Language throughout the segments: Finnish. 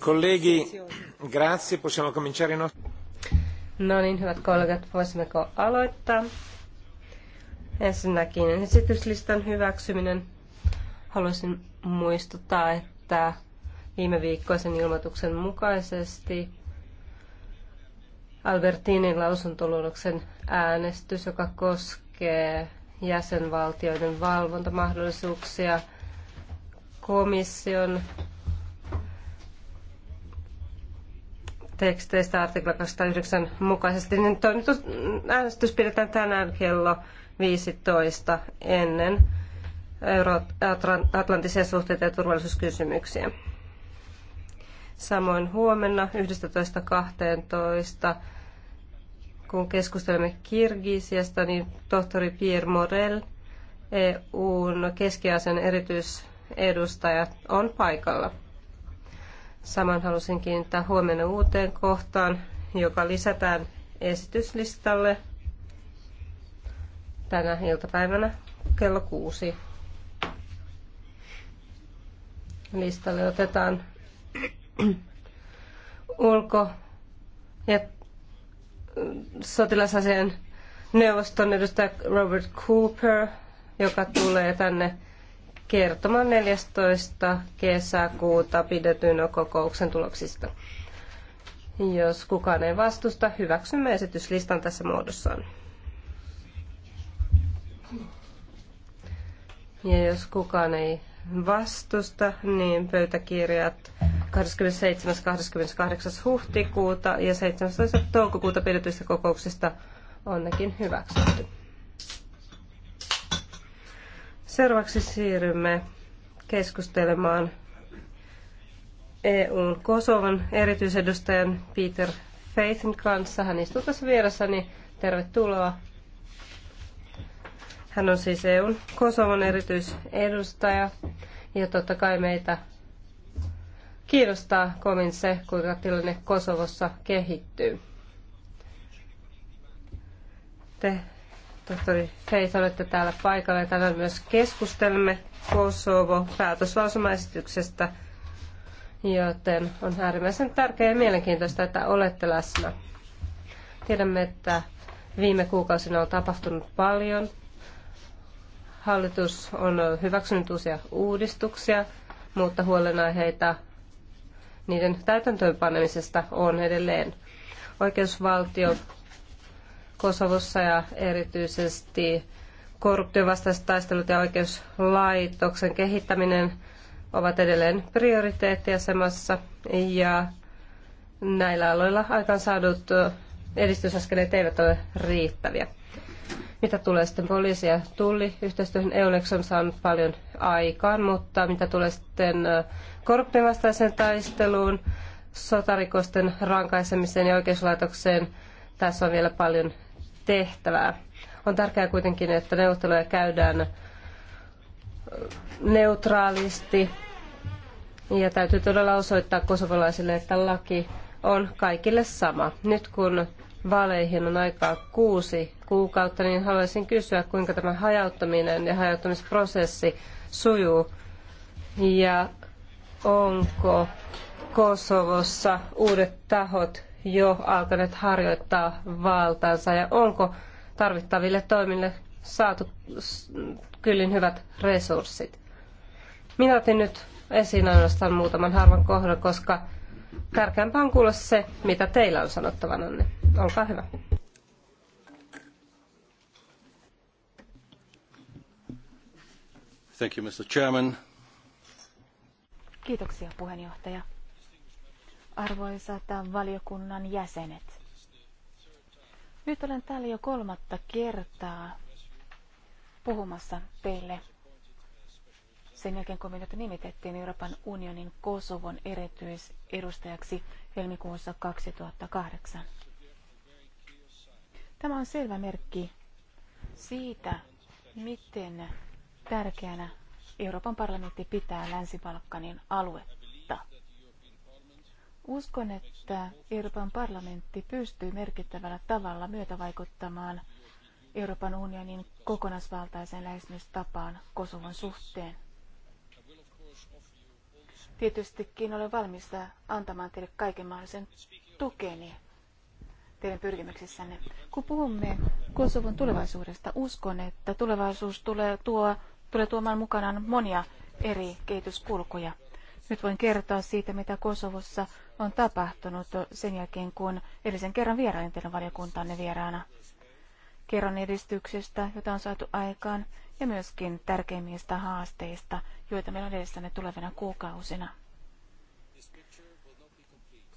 Kollegi, grazie, possiamo cominciare no? No niin, hyvät kollegat, voisimmeko aloittaa? Ensinnäkin esityslistan hyväksyminen. Haluaisin muistuttaa, että viime viikkoisen ilmoituksen mukaisesti Albertinin lausuntoluonnoksen äänestys, joka koskee jäsenvaltioiden valvontamahdollisuuksia komission teksteistä artikla 209 mukaisesti, niin toimitus, äänestys pidetään tänään kello 15 ennen euroatlantisia suhteita ja turvallisuuskysymyksiä. Samoin huomenna 11.12. kun keskustelemme Kirgisiasta, niin tohtori Pierre Morel, EUn keskiasian erityisedustaja, on paikalla. Saman halusin kiinnittää huomenna uuteen kohtaan, joka lisätään esityslistalle tänä iltapäivänä kello kuusi. Listalle otetaan ulko- ja sotilasasian neuvoston edustaja Robert Cooper, joka tulee tänne kertomaan 14. kesäkuuta pidetyn kokouksen tuloksista. Jos kukaan ei vastusta, hyväksymme esityslistan tässä muodossaan. Ja jos kukaan ei vastusta, niin pöytäkirjat 27. 28. huhtikuuta ja 17. toukokuuta pidetyistä kokouksista on nekin hyväksytty. Seuraavaksi siirrymme keskustelemaan EUn Kosovan erityisedustajan Peter Faithin kanssa. Hän istuu tässä vieressäni. Tervetuloa. Hän on siis EUn Kosovan erityisedustaja. Ja totta kai meitä kiinnostaa kovin se, kuinka tilanne Kosovossa kehittyy. Te Tohtori Feit, olette täällä paikalla ja tänään myös keskustelemme Kosovo-päätöslausumaesityksestä, joten on äärimmäisen tärkeää ja mielenkiintoista, että olette läsnä. Tiedämme, että viime kuukausina on tapahtunut paljon. Hallitus on hyväksynyt uusia uudistuksia, mutta huolenaiheita niiden täytäntöönpanemisesta on edelleen. Oikeusvaltio Kosovossa ja erityisesti korruptiovastaiset taistelut ja oikeuslaitoksen kehittäminen ovat edelleen prioriteettiasemassa ja näillä aloilla aikaansaadut edistysaskeleet eivät ole riittäviä. Mitä tulee sitten poliisi- ja tulliyhteistyöhön, EULEX on saanut paljon aikaan, mutta mitä tulee sitten korruptivastaiseen taisteluun, sotarikosten rankaisemiseen ja oikeuslaitokseen, tässä on vielä paljon tehtävää. On tärkeää kuitenkin, että neuvotteluja käydään neutraalisti ja täytyy todella osoittaa kosovolaisille, että laki on kaikille sama. Nyt kun vaaleihin on aikaa kuusi kuukautta, niin haluaisin kysyä, kuinka tämä hajauttaminen ja hajauttamisprosessi sujuu ja onko Kosovossa uudet tahot jo alkaneet harjoittaa valtaansa ja onko tarvittaville toimille saatu kyllin hyvät resurssit. Minä otin nyt esiin ainoastaan muutaman harvan kohdan, koska tärkeämpää on kuulla se, mitä teillä on sanottavananne. Olkaa hyvä. Thank you, Mr. Chairman. Kiitoksia puheenjohtaja arvoisat valiokunnan jäsenet. Nyt olen täällä jo kolmatta kertaa puhumassa teille sen jälkeen, kun minut nimitettiin Euroopan unionin Kosovon erityisedustajaksi helmikuussa 2008. Tämä on selvä merkki siitä, miten tärkeänä Euroopan parlamentti pitää Länsi-Balkanin aluetta. Uskon, että Euroopan parlamentti pystyy merkittävällä tavalla myötävaikuttamaan Euroopan unionin kokonaisvaltaiseen lähestymistapaan Kosovon suhteen. Tietystikin olen valmis antamaan teille kaiken mahdollisen tukeni teidän pyrkimyksissänne. Kun puhumme Kosovon tulevaisuudesta, uskon, että tulevaisuus tulee, tuo, tulee tuomaan mukanaan monia eri kehityskulkuja. Nyt voin kertoa siitä, mitä Kosovossa on tapahtunut sen jälkeen, kun edellisen kerran vierailin teidän valiokuntanne vieraana. Kerron edistyksestä, jota on saatu aikaan, ja myöskin tärkeimmistä haasteista, joita meillä on edessämme tulevina kuukausina.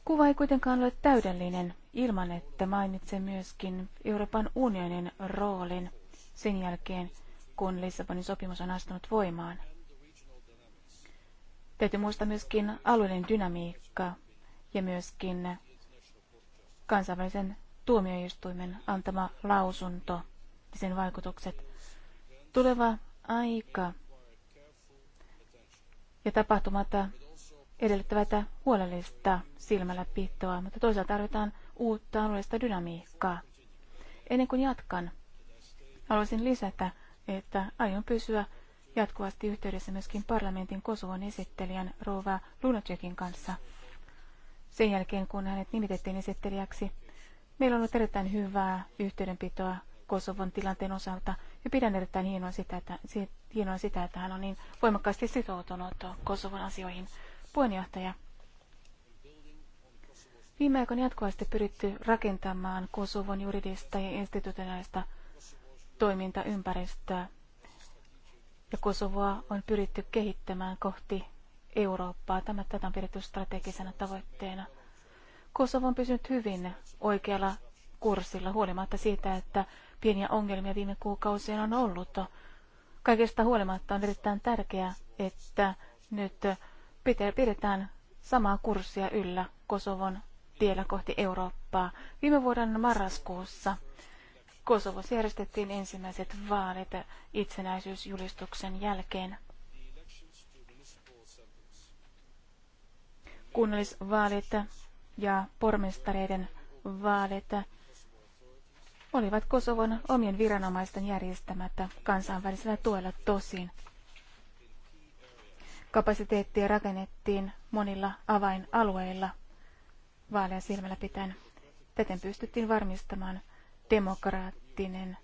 Kuva ei kuitenkaan ole täydellinen ilman, että mainitsen myöskin Euroopan unionin roolin sen jälkeen, kun Lissabonin sopimus on astunut voimaan – Täytyy muistaa myöskin alueellinen dynamiikka ja myöskin kansainvälisen tuomioistuimen antama lausunto ja sen vaikutukset. Tuleva aika ja tapahtumat edellyttävät huolellista silmälläpitoa, mutta toisaalta tarvitaan uutta alueellista dynamiikkaa. Ennen kuin jatkan, haluaisin lisätä, että aion pysyä jatkuvasti yhteydessä myöskin parlamentin Kosovon esittelijän Rova Lunacekin kanssa. Sen jälkeen, kun hänet nimitettiin esittelijäksi, meillä on ollut erittäin hyvää yhteydenpitoa Kosovon tilanteen osalta ja pidän erittäin hienoa sitä, että, hienoa sitä, että hän on niin voimakkaasti sitoutunut Kosovon asioihin. Puheenjohtaja, viime aikoina jatkuvasti pyritty rakentamaan Kosovon juridista ja institutionaalista toimintaympäristöä ja Kosovoa on pyritty kehittämään kohti Eurooppaa. Tämä tätä on pidetty strategisena tavoitteena. Kosovo on pysynyt hyvin oikealla kurssilla huolimatta siitä, että pieniä ongelmia viime kuukausina on ollut. Kaikesta huolimatta on erittäin tärkeää, että nyt pidetään samaa kurssia yllä Kosovon tiellä kohti Eurooppaa. Viime vuoden marraskuussa Kosovossa järjestettiin ensimmäiset vaalit itsenäisyysjulistuksen jälkeen. Kunnallisvaalit ja pormestareiden vaalit olivat Kosovon omien viranomaisten järjestämättä kansainvälisellä tuella tosin. Kapasiteettia rakennettiin monilla avainalueilla vaaleja silmällä pitäen. Täten pystyttiin varmistamaan demokraattinen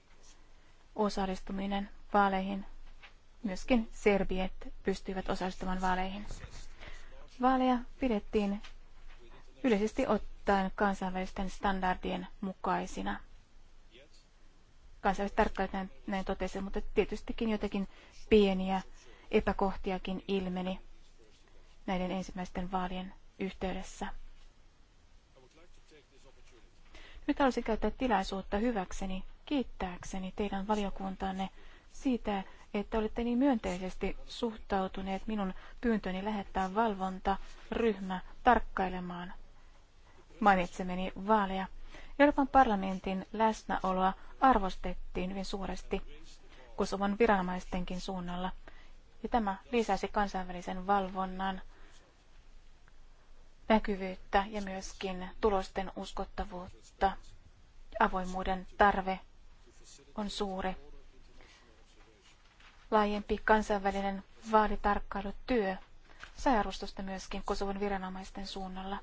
osallistuminen vaaleihin. Myöskin serbiet pystyivät osallistumaan vaaleihin. Vaaleja pidettiin yleisesti ottaen kansainvälisten standardien mukaisina. Kansainväliset tarkkailijat näin, näin totesivat, mutta tietystikin jotakin pieniä epäkohtiakin ilmeni näiden ensimmäisten vaalien yhteydessä. Nyt haluaisin käyttää tilaisuutta hyväkseni, kiittääkseni teidän valiokuntanne siitä, että olette niin myönteisesti suhtautuneet minun pyyntöni lähettää valvontaryhmä tarkkailemaan mainitsemeni vaaleja. Euroopan parlamentin läsnäoloa arvostettiin hyvin suuresti Kosovon viranomaistenkin suunnalla, ja tämä lisäsi kansainvälisen valvonnan näkyvyyttä ja myöskin tulosten uskottavuutta. Avoimuuden tarve on suuri. Laajempi kansainvälinen vaalitarkkailutyö sai arvostusta myöskin Kosovon viranomaisten suunnalla.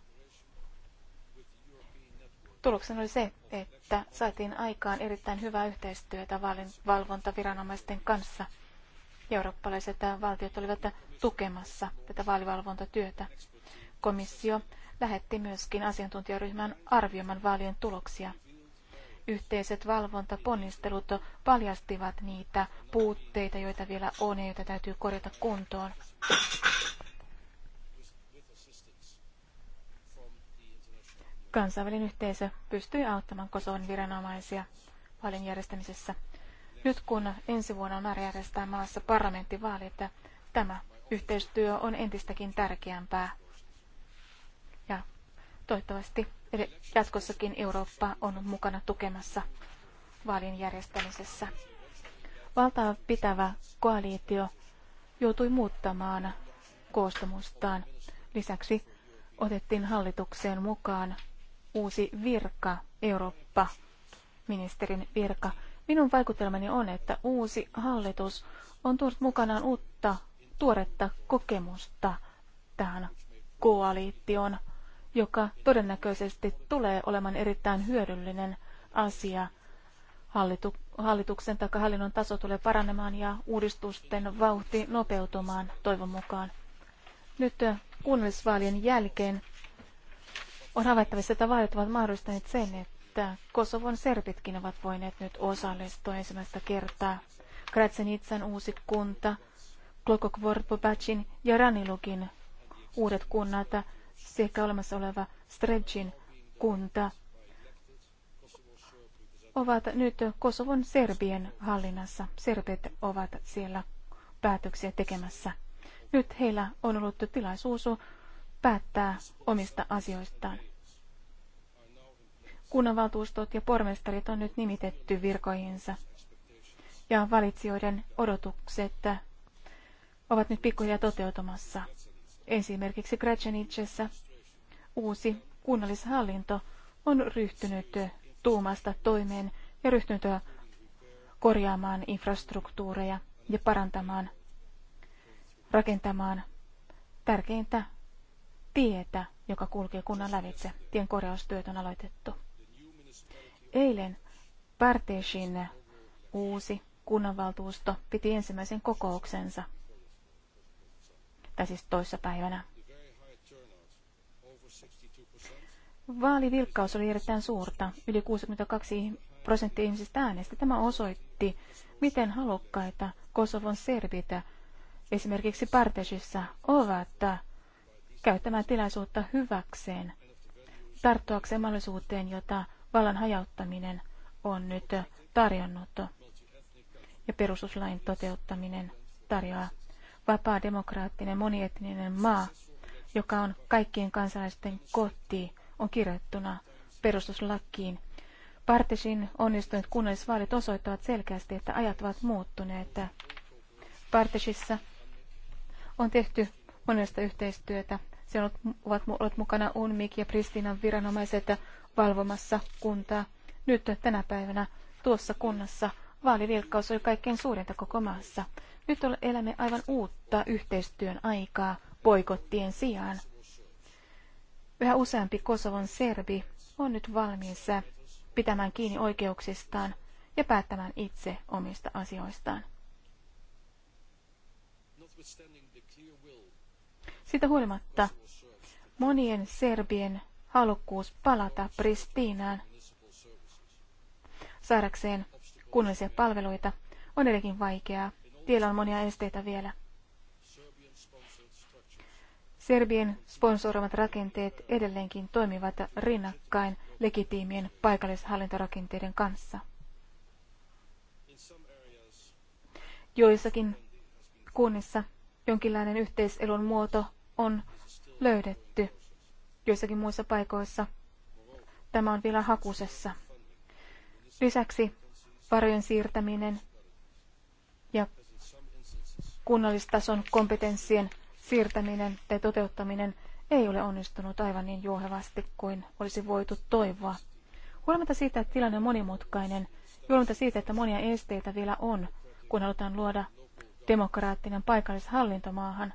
Tuloksena oli se, että saatiin aikaan erittäin hyvää yhteistyötä vaalivalvontaviranomaisten kanssa. Eurooppalaiset valtiot olivat tukemassa tätä vaalivalvontatyötä. Komissio lähetti myöskin asiantuntijaryhmän arvioiman vaalien tuloksia. Yhteiset valvontaponnistelut paljastivat niitä puutteita, joita vielä on ja joita täytyy korjata kuntoon. Kansainvälinen yhteisö pystyi auttamaan Kosovon viranomaisia vaalien järjestämisessä. Nyt kun ensi vuonna on määrä järjestää maassa parlamenttivaalit, tämä yhteistyö on entistäkin tärkeämpää. Toivottavasti jatkossakin Eurooppa on mukana tukemassa vaalien järjestämisessä. Valtaa pitävä koalitio joutui muuttamaan koostumustaan. Lisäksi otettiin hallitukseen mukaan uusi virka, Eurooppa-ministerin virka. Minun vaikutelmani on, että uusi hallitus on tuonut mukanaan uutta, tuoretta kokemusta tähän koalitioon joka todennäköisesti tulee olemaan erittäin hyödyllinen asia. Hallitu, hallituksen tai hallinnon taso tulee paranemaan ja uudistusten vauhti nopeutumaan toivon mukaan. Nyt äh, kunnallisvaalien jälkeen on havaittavissa, että vaalit ovat mahdollistaneet sen, että Kosovon serbitkin ovat voineet nyt osallistua ensimmäistä kertaa. Kratsenitsan uusi kunta, Klokokvorpobacin ja Ranilukin uudet kunnat sekä olemassa oleva Strebcin kunta ovat nyt Kosovon serbien hallinnassa. Serbet ovat siellä päätöksiä tekemässä. Nyt heillä on ollut tilaisuus päättää omista asioistaan. Kunnanvaltuustot ja pormestarit on nyt nimitetty virkoihinsa. Ja valitsijoiden odotukset ovat nyt pikkuhiljaa toteutumassa. Esimerkiksi Gracenicessä uusi kunnallishallinto on ryhtynyt tuumasta toimeen ja ryhtynyt korjaamaan infrastruktuureja ja parantamaan, rakentamaan tärkeintä tietä, joka kulkee kunnan lävitse. Tien korjaustyöt on aloitettu. Eilen Parteshin uusi kunnanvaltuusto piti ensimmäisen kokouksensa tai siis päivänä. Vaalivilkkaus oli erittäin suurta. Yli 62 prosenttia ihmisistä äänesti. Tämä osoitti, miten halukkaita Kosovon servitä esimerkiksi Partesissa ovat käyttämään tilaisuutta hyväkseen, tarttuakseen mahdollisuuteen, jota vallan hajauttaminen on nyt tarjonnut ja perustuslain toteuttaminen tarjoaa vapaa, demokraattinen, monietninen maa, joka on kaikkien kansalaisten koti, on kirjattuna perustuslakiin. Partisin onnistuneet kunnallisvaalit osoittavat selkeästi, että ajat ovat muuttuneet. Partisissa on tehty monesta yhteistyötä. Siellä ovat, ovat mukana UNMIK ja Pristinan viranomaiset valvomassa kuntaa. Nyt tänä päivänä tuossa kunnassa vaalivilkkaus oli kaikkein suurinta koko maassa. Nyt elämme aivan uutta yhteistyön aikaa poikottien sijaan. Yhä useampi Kosovon serbi on nyt valmis pitämään kiinni oikeuksistaan ja päättämään itse omista asioistaan. Sitä huolimatta monien serbien halukkuus palata Pristinaan saadakseen kunnallisia palveluita on edelleenkin vaikeaa vielä on monia esteitä vielä. Serbien sponsoroimat rakenteet edelleenkin toimivat rinnakkain legitiimien paikallishallintorakenteiden kanssa. Joissakin kunnissa jonkinlainen yhteiselon muoto on löydetty. Joissakin muissa paikoissa tämä on vielä hakusessa. Lisäksi varojen siirtäminen ja kunnallistason kompetenssien siirtäminen tai toteuttaminen ei ole onnistunut aivan niin juohevasti kuin olisi voitu toivoa. Huolimatta siitä, että tilanne on monimutkainen, huolimatta siitä, että monia esteitä vielä on, kun halutaan luoda demokraattinen paikallishallinto maahan.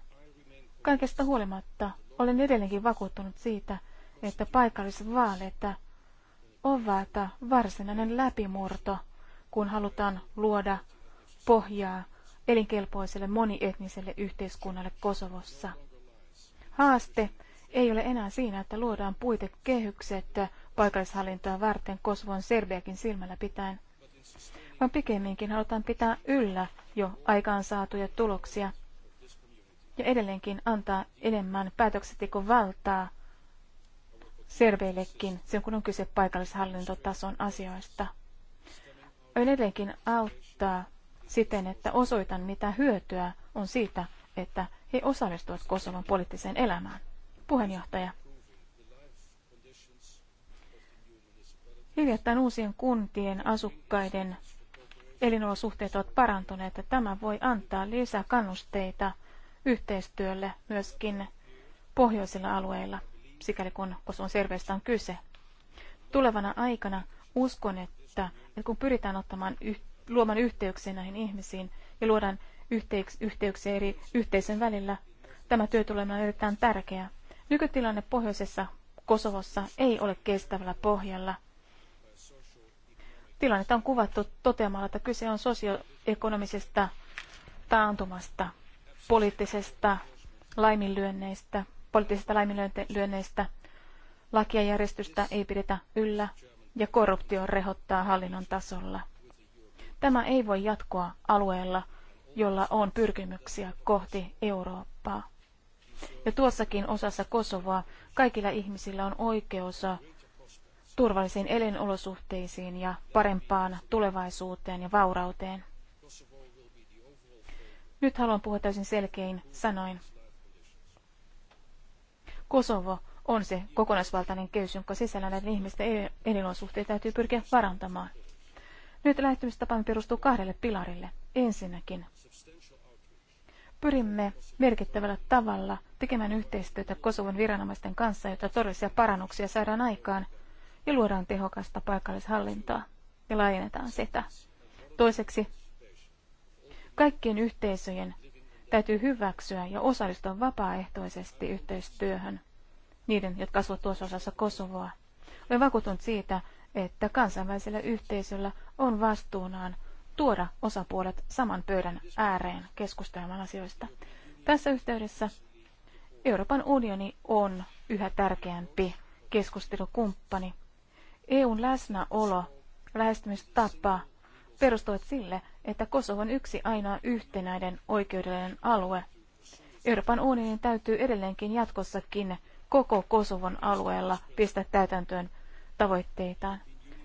kaikesta huolimatta olen edelleenkin vakuuttunut siitä, että paikallisvaalit ovat varsinainen läpimurto, kun halutaan luoda pohjaa elinkelpoiselle monietniselle yhteiskunnalle Kosovossa. Haaste ei ole enää siinä, että luodaan puitekehykset paikallishallintoa varten Kosovon Serbiakin silmällä pitäen, vaan pikemminkin halutaan pitää yllä jo aikaan saatuja tuloksia ja edelleenkin antaa enemmän valtaa serveillekin, sen kun on kyse paikallishallintotason asioista. On edelleenkin auttaa siten, että osoitan, mitä hyötyä on siitä, että he osallistuvat Kosovan poliittiseen elämään. Puheenjohtaja. Hiljattain uusien kuntien asukkaiden elinolosuhteet ovat parantuneet ja tämä voi antaa lisää kannusteita yhteistyölle myöskin pohjoisilla alueilla, sikäli kun Kosovan serveistä on kyse. Tulevana aikana uskon, että kun pyritään ottamaan yhteistyötä, luomaan yhteyksiä näihin ihmisiin ja luodaan yhteyks, yhteyksiä eri yhteisön välillä. Tämä työ tulee olemaan erittäin tärkeää. Nykytilanne pohjoisessa Kosovossa ei ole kestävällä pohjalla. Tilannetta on kuvattu toteamalla, että kyse on sosioekonomisesta taantumasta, poliittisesta laiminlyönneistä, poliittisista laiminlyönneistä, lakia järjestystä ei pidetä yllä ja korruptio rehottaa hallinnon tasolla. Tämä ei voi jatkoa alueella, jolla on pyrkimyksiä kohti Eurooppaa. Ja tuossakin osassa Kosovoa kaikilla ihmisillä on oikeus turvallisiin elinolosuhteisiin ja parempaan tulevaisuuteen ja vaurauteen. Nyt haluan puhua täysin selkein sanoin. Kosovo on se kokonaisvaltainen keys, jonka sisällä näiden ihmisten elinolosuhteita täytyy pyrkiä parantamaan. Nyt lähestymistapamme perustuu kahdelle pilarille. Ensinnäkin pyrimme merkittävällä tavalla tekemään yhteistyötä Kosovon viranomaisten kanssa, jotta todellisia parannuksia saadaan aikaan ja luodaan tehokasta paikallishallintoa ja laajennetaan sitä. Toiseksi, kaikkien yhteisöjen täytyy hyväksyä ja osallistua vapaaehtoisesti yhteistyöhön niiden, jotka asuvat tuossa osassa Kosovoa. Olen vakuuttunut siitä, että kansainvälisellä yhteisöllä on vastuunaan tuoda osapuolet saman pöydän ääreen keskustelemaan asioista. Tässä yhteydessä Euroopan unioni on yhä tärkeämpi keskustelukumppani. EUn läsnäolo, lähestymistapa perustuvat sille, että Kosovo on yksi ainoa yhtenäinen oikeudellinen alue. Euroopan unionin täytyy edelleenkin jatkossakin koko Kosovon alueella pistää täytäntöön tavoitteitaan.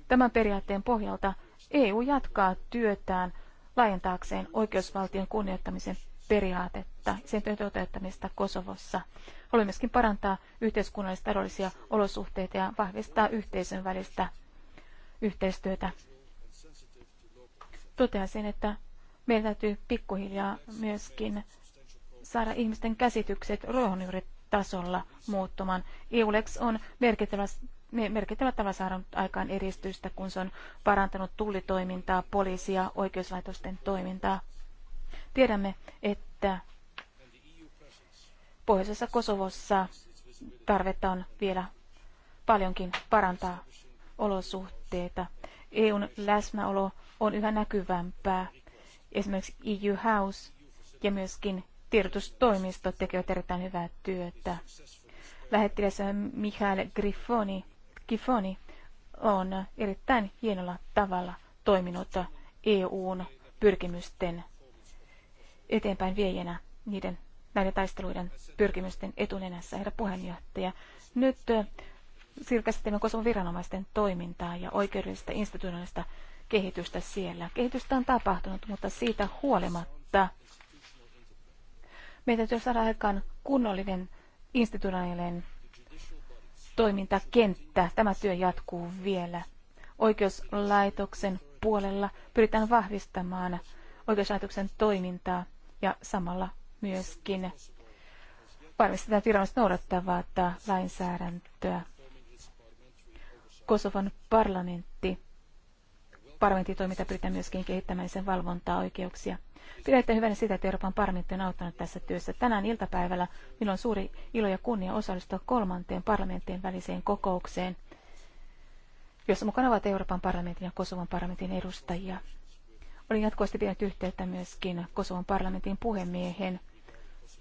Tämän periaatteen pohjalta EU jatkaa työtään laajentaakseen oikeusvaltion kunnioittamisen periaatetta, sen toteuttamista Kosovossa. Haluamme myöskin parantaa yhteiskunnallisia taloudellisia olosuhteita ja vahvistaa yhteisön välistä yhteistyötä. Toteaisin, että meidän täytyy pikkuhiljaa myöskin saada ihmisten käsitykset ruohonjuuritasolla muuttumaan. EULEX on merkittävä merkittävällä tavalla saanut aikaan edistystä, kun se on parantanut tullitoimintaa, poliisia, oikeuslaitosten toimintaa. Tiedämme, että pohjoisessa Kosovossa tarvetta on vielä paljonkin parantaa olosuhteita. EUn läsnäolo on yhä näkyvämpää. Esimerkiksi EU House ja myöskin tiedotustoimisto tekevät erittäin hyvää työtä. Lähettiläs Michael Griffoni Gifoni on erittäin hienolla tavalla toiminut EUn pyrkimysten eteenpäin viejänä niiden näiden taisteluiden pyrkimysten etunenässä, herra puheenjohtaja. Nyt äh, siirrytään Kosovon viranomaisten toimintaa ja oikeudellista instituutioista kehitystä siellä. Kehitystä on tapahtunut, mutta siitä huolimatta meidän täytyy saada aikaan kunnollinen institutionaalinen toimintakenttä. Tämä työ jatkuu vielä. Oikeuslaitoksen puolella pyritään vahvistamaan oikeuslaitoksen toimintaa ja samalla myöskin varmistetaan, että viranomaiset noudattavat lainsäädäntöä. Kosovan parlamentti, parlamentin toiminta pyritään myöskin kehittämään sen valvontaa oikeuksia. Pidätte hyvänä sitä, että Euroopan parlamentti on auttanut tässä työssä. Tänään iltapäivällä minulla on suuri ilo ja kunnia osallistua kolmanteen parlamenttien väliseen kokoukseen, jossa mukana ovat Euroopan parlamentin ja Kosovan parlamentin edustajia. Olin jatkuvasti pitänyt yhteyttä myöskin Kosovan parlamentin puhemiehen.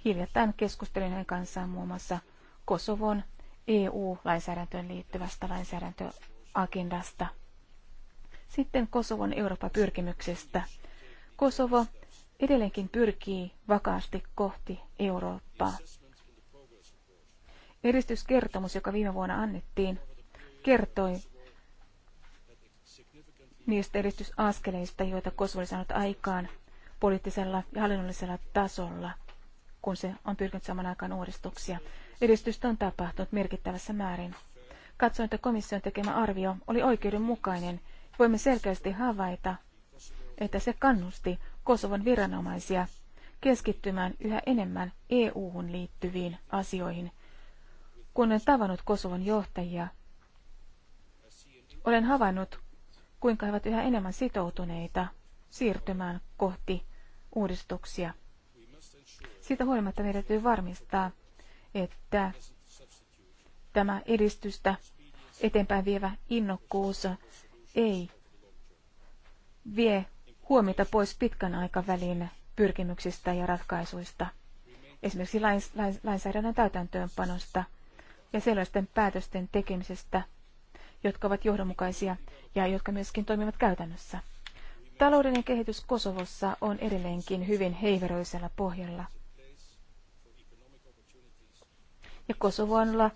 Hiljattain keskustelin hänen kanssaan muun muassa Kosovon EU-lainsäädäntöön liittyvästä lainsäädäntöagendasta. Sitten Kosovon Eurooppa-pyrkimyksestä. Kosovo edelleenkin pyrkii vakaasti kohti Eurooppaa. Edistyskertomus, joka viime vuonna annettiin, kertoi niistä edistysaskeleista, joita Kosovo oli saanut aikaan poliittisella ja hallinnollisella tasolla, kun se on pyrkinyt saman aikaan uudistuksia. Edistystä on tapahtunut merkittävässä määrin. Katsoin, että komission tekemä arvio oli oikeudenmukainen. Voimme selkeästi havaita, että se kannusti Kosovon viranomaisia keskittymään yhä enemmän EU-hun liittyviin asioihin. Kun olen tavannut Kosovon johtajia, olen havainnut, kuinka he ovat yhä enemmän sitoutuneita siirtymään kohti uudistuksia. Siitä huolimatta meidän täytyy varmistaa, että tämä edistystä eteenpäin vievä innokkuus ei vie huomiota pois pitkän aikavälin pyrkimyksistä ja ratkaisuista, esimerkiksi lains, lains, lainsäädännön täytäntöönpanosta ja sellaisten päätösten tekemisestä, jotka ovat johdonmukaisia ja jotka myöskin toimivat käytännössä. Taloudellinen kehitys Kosovossa on edelleenkin hyvin heiveröisellä pohjalla. Ja Kosovolla,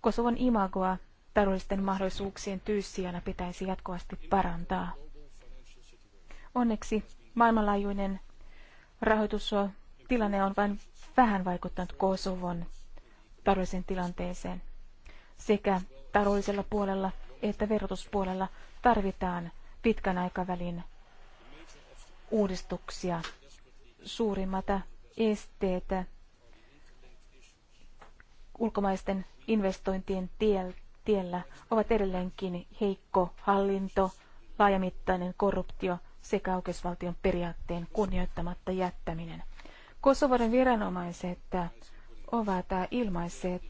Kosovon imagoa taloudellisten mahdollisuuksien tyyssijana pitäisi jatkuvasti parantaa. Onneksi maailmanlaajuinen rahoitustilanne on vain vähän vaikuttanut Kosovon taloudelliseen tilanteeseen. Sekä taloudellisella puolella että verotuspuolella tarvitaan pitkän aikavälin uudistuksia. Suurimmat esteet ulkomaisten investointien tiellä ovat edelleenkin heikko hallinto, laajamittainen korruptio sekä oikeusvaltion periaatteen kunnioittamatta jättäminen. Kosovoiden viranomaiset ovat ilmaisseet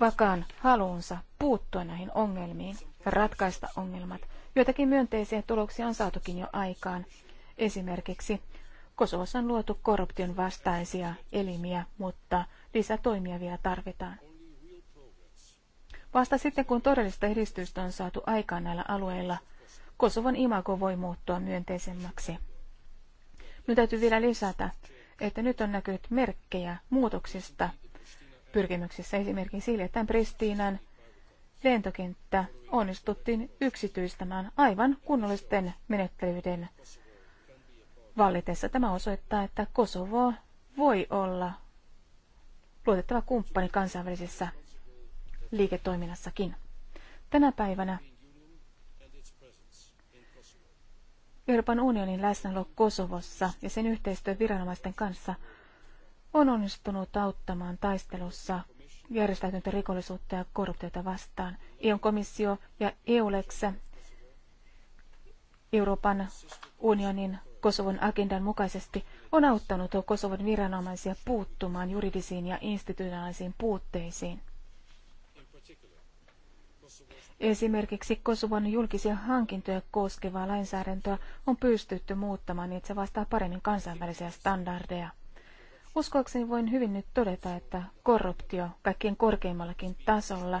vakaan halunsa puuttua näihin ongelmiin ja ratkaista ongelmat. Joitakin myönteisiä tuloksia on saatukin jo aikaan. Esimerkiksi Kosovossa on luotu korruption vastaisia elimiä, mutta lisätoimia vielä tarvitaan. Vasta sitten, kun todellista edistystä on saatu aikaan näillä alueilla – Kosovon imago voi muuttua myönteisemmäksi. Nyt täytyy vielä lisätä, että nyt on näkynyt merkkejä muutoksista pyrkimyksissä esimerkiksi että Pristiinan lentokenttä onnistuttiin yksityistämään aivan kunnollisten menettelyiden vallitessa. Tämä osoittaa, että Kosovo voi olla luotettava kumppani kansainvälisessä liiketoiminnassakin. Tänä päivänä Euroopan unionin läsnäolo Kosovossa ja sen yhteistyö viranomaisten kanssa on onnistunut auttamaan taistelussa järjestäytyntä rikollisuutta ja korruptiota vastaan. EU-komissio ja EULEX Euroopan unionin Kosovon agendan mukaisesti on auttanut Kosovon viranomaisia puuttumaan juridisiin ja institutionaalisiin puutteisiin. Esimerkiksi Kosovon julkisia hankintoja koskevaa lainsäädäntöä on pystytty muuttamaan niin, että se vastaa paremmin kansainvälisiä standardeja. Uskoakseni voin hyvin nyt todeta, että korruptio kaikkien korkeimmallakin tasolla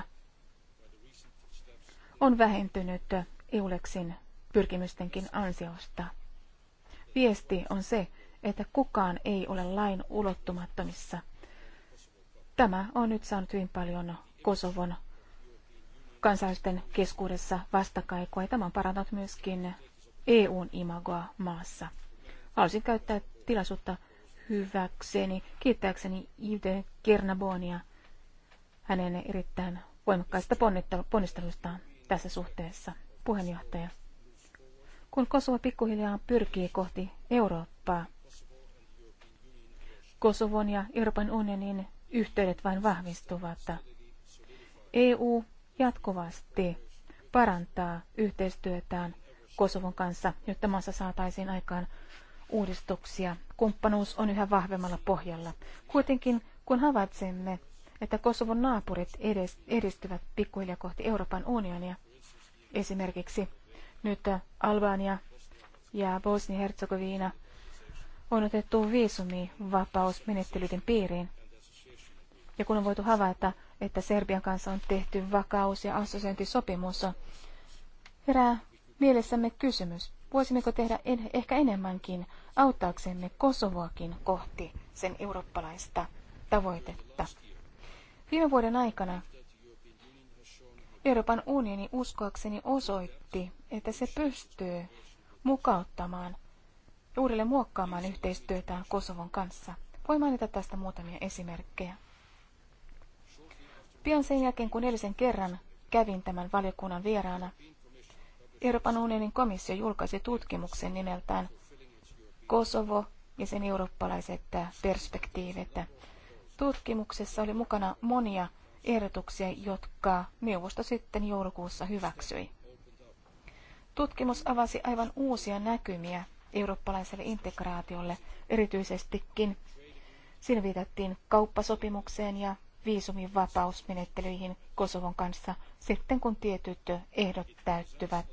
on vähentynyt Euleksin pyrkimystenkin ansiosta. Viesti on se, että kukaan ei ole lain ulottumattomissa. Tämä on nyt saanut hyvin paljon Kosovon kansalaisten keskuudessa vastakaikua ja tämä on parantanut myöskin EUn imagoa maassa. Haluaisin käyttää tilaisuutta hyväkseni, kiittääkseni Yves Kernabonia hänen erittäin voimakkaista ponnisteluistaan tässä suhteessa. Puheenjohtaja. Kun Kosovo pikkuhiljaa pyrkii kohti Eurooppaa, Kosovon ja Euroopan unionin yhteydet vain vahvistuvat. EU jatkuvasti parantaa yhteistyötään Kosovon kanssa, jotta maassa saataisiin aikaan uudistuksia. Kumppanuus on yhä vahvemmalla pohjalla. Kuitenkin kun havaitsemme, että Kosovon naapurit edistyvät pikkuhiljaa kohti Euroopan unionia, esimerkiksi nyt Albania ja Bosnia-Herzegovina on otettu viisumivapausmenettelyiden piiriin. Ja kun on voitu havaita, että Serbian kanssa on tehty vakaus- ja assosentisopimus. Herää mielessämme kysymys, voisimmeko tehdä en, ehkä enemmänkin auttaaksemme Kosovoakin kohti sen eurooppalaista tavoitetta. Viime vuoden aikana Euroopan unioni uskoakseni osoitti, että se pystyy mukauttamaan uudelleen muokkaamaan yhteistyötään Kosovon kanssa. Voin mainita tästä muutamia esimerkkejä. Pian sen jälkeen, kun edellisen kerran kävin tämän valiokunnan vieraana, Euroopan unionin komissio julkaisi tutkimuksen nimeltään Kosovo ja sen eurooppalaiset perspektiivit. Tutkimuksessa oli mukana monia ehdotuksia, jotka neuvosto sitten joulukuussa hyväksyi. Tutkimus avasi aivan uusia näkymiä eurooppalaiselle integraatiolle, erityisestikin. Siinä viitattiin kauppasopimukseen ja viisumin vapausmenettelyihin Kosovon kanssa sitten, kun tietyt ehdot täyttyvät.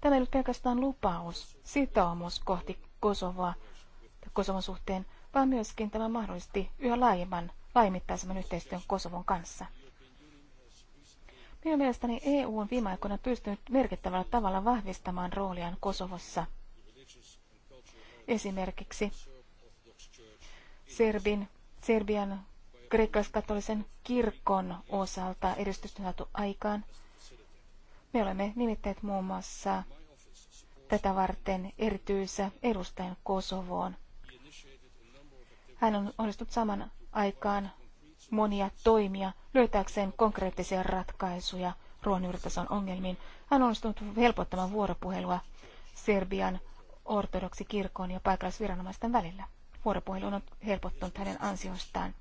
Tämä ei ollut pelkästään lupaus, sitoumus kohti Kosovoa Kosovon suhteen, vaan myöskin tämä mahdollisti yhä laajemman, laajemittaisemman yhteistyön Kosovon kanssa. Minun mielestäni EU on viime aikoina pystynyt merkittävällä tavalla vahvistamaan rooliaan Kosovossa. Esimerkiksi Serbin Serbian kreikkalaiskatolisen kirkon osalta edistystä aikaan. Me olemme nimittäin muun muassa tätä varten erityisen edustajan Kosovoon. Hän on onnistunut saman aikaan monia toimia löytääkseen konkreettisia ratkaisuja ruohonjuuritason ongelmiin. Hän on onnistunut helpottamaan vuoropuhelua Serbian ortodoksi kirkon ja paikallisviranomaisten välillä vuoropuhelu on helpottunut hänen ansiostaan.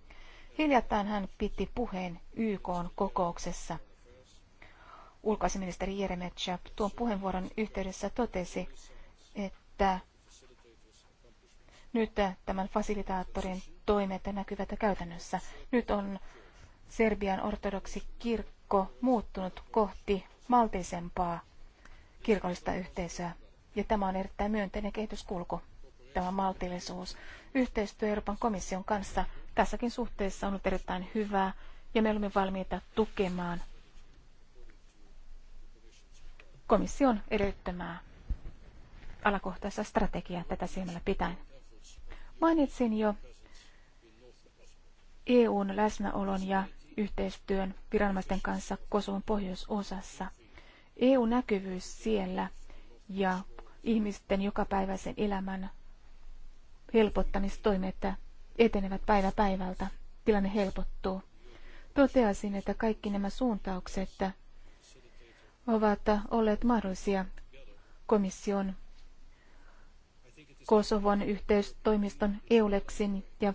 Hiljattain hän piti puheen YK kokouksessa. Jeremy Jeremetschev tuon puheenvuoron yhteydessä totesi, että nyt tämän fasilitaattorin toimet näkyvät käytännössä. Nyt on Serbian ortodoksi kirkko muuttunut kohti maltisempaa kirkollista yhteisöä, ja tämä on erittäin myönteinen kehityskulku riittävä maltillisuus. Yhteistyö Euroopan komission kanssa tässäkin suhteessa on ollut erittäin hyvää ja me olemme valmiita tukemaan komission edellyttämää alakohtaista strategiaa tätä silmällä pitäen. Mainitsin jo EUn läsnäolon ja yhteistyön viranomaisten kanssa Kosovon pohjoisosassa. EU-näkyvyys siellä ja ihmisten jokapäiväisen elämän helpottamistoimet niin etenevät päivä päivältä. Tilanne helpottuu. Toteasin, että kaikki nämä suuntaukset ovat olleet mahdollisia komission Kosovon yhteistoimiston EULEXin ja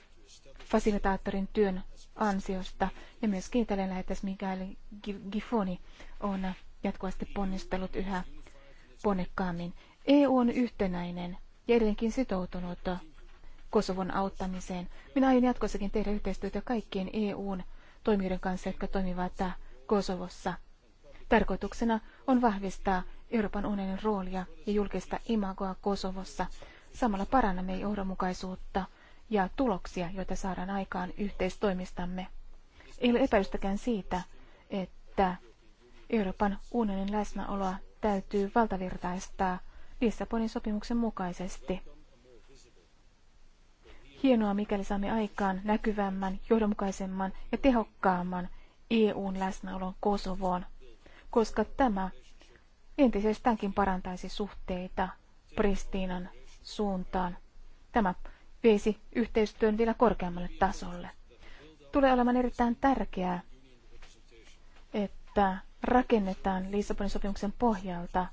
fasilitaattorin työn ansiosta. Ja myös kiitelen lähetys Mikael Gifoni on jatkuvasti ponnistellut yhä ponnekkaammin. EU on yhtenäinen ja edelleenkin sitoutunut Kosovon auttamiseen. Minä aion jatkossakin tehdä yhteistyötä kaikkien EUn toimijoiden kanssa, jotka toimivat Kosovossa. Tarkoituksena on vahvistaa Euroopan unionin roolia ja julkista imagoa Kosovossa. Samalla parannamme johdonmukaisuutta ja tuloksia, joita saadaan aikaan yhteistoimistamme. Ei ole epäilystäkään siitä, että Euroopan unionin läsnäoloa täytyy valtavirtaistaa Lissabonin sopimuksen mukaisesti hienoa, mikäli saamme aikaan näkyvämmän, johdonmukaisemman ja tehokkaamman EUn läsnäolon Kosovoon, koska tämä entisestäänkin parantaisi suhteita Pristiinan suuntaan. Tämä veisi yhteistyön vielä korkeammalle tasolle. Tulee olemaan erittäin tärkeää, että rakennetaan Lissabonin sopimuksen pohjalta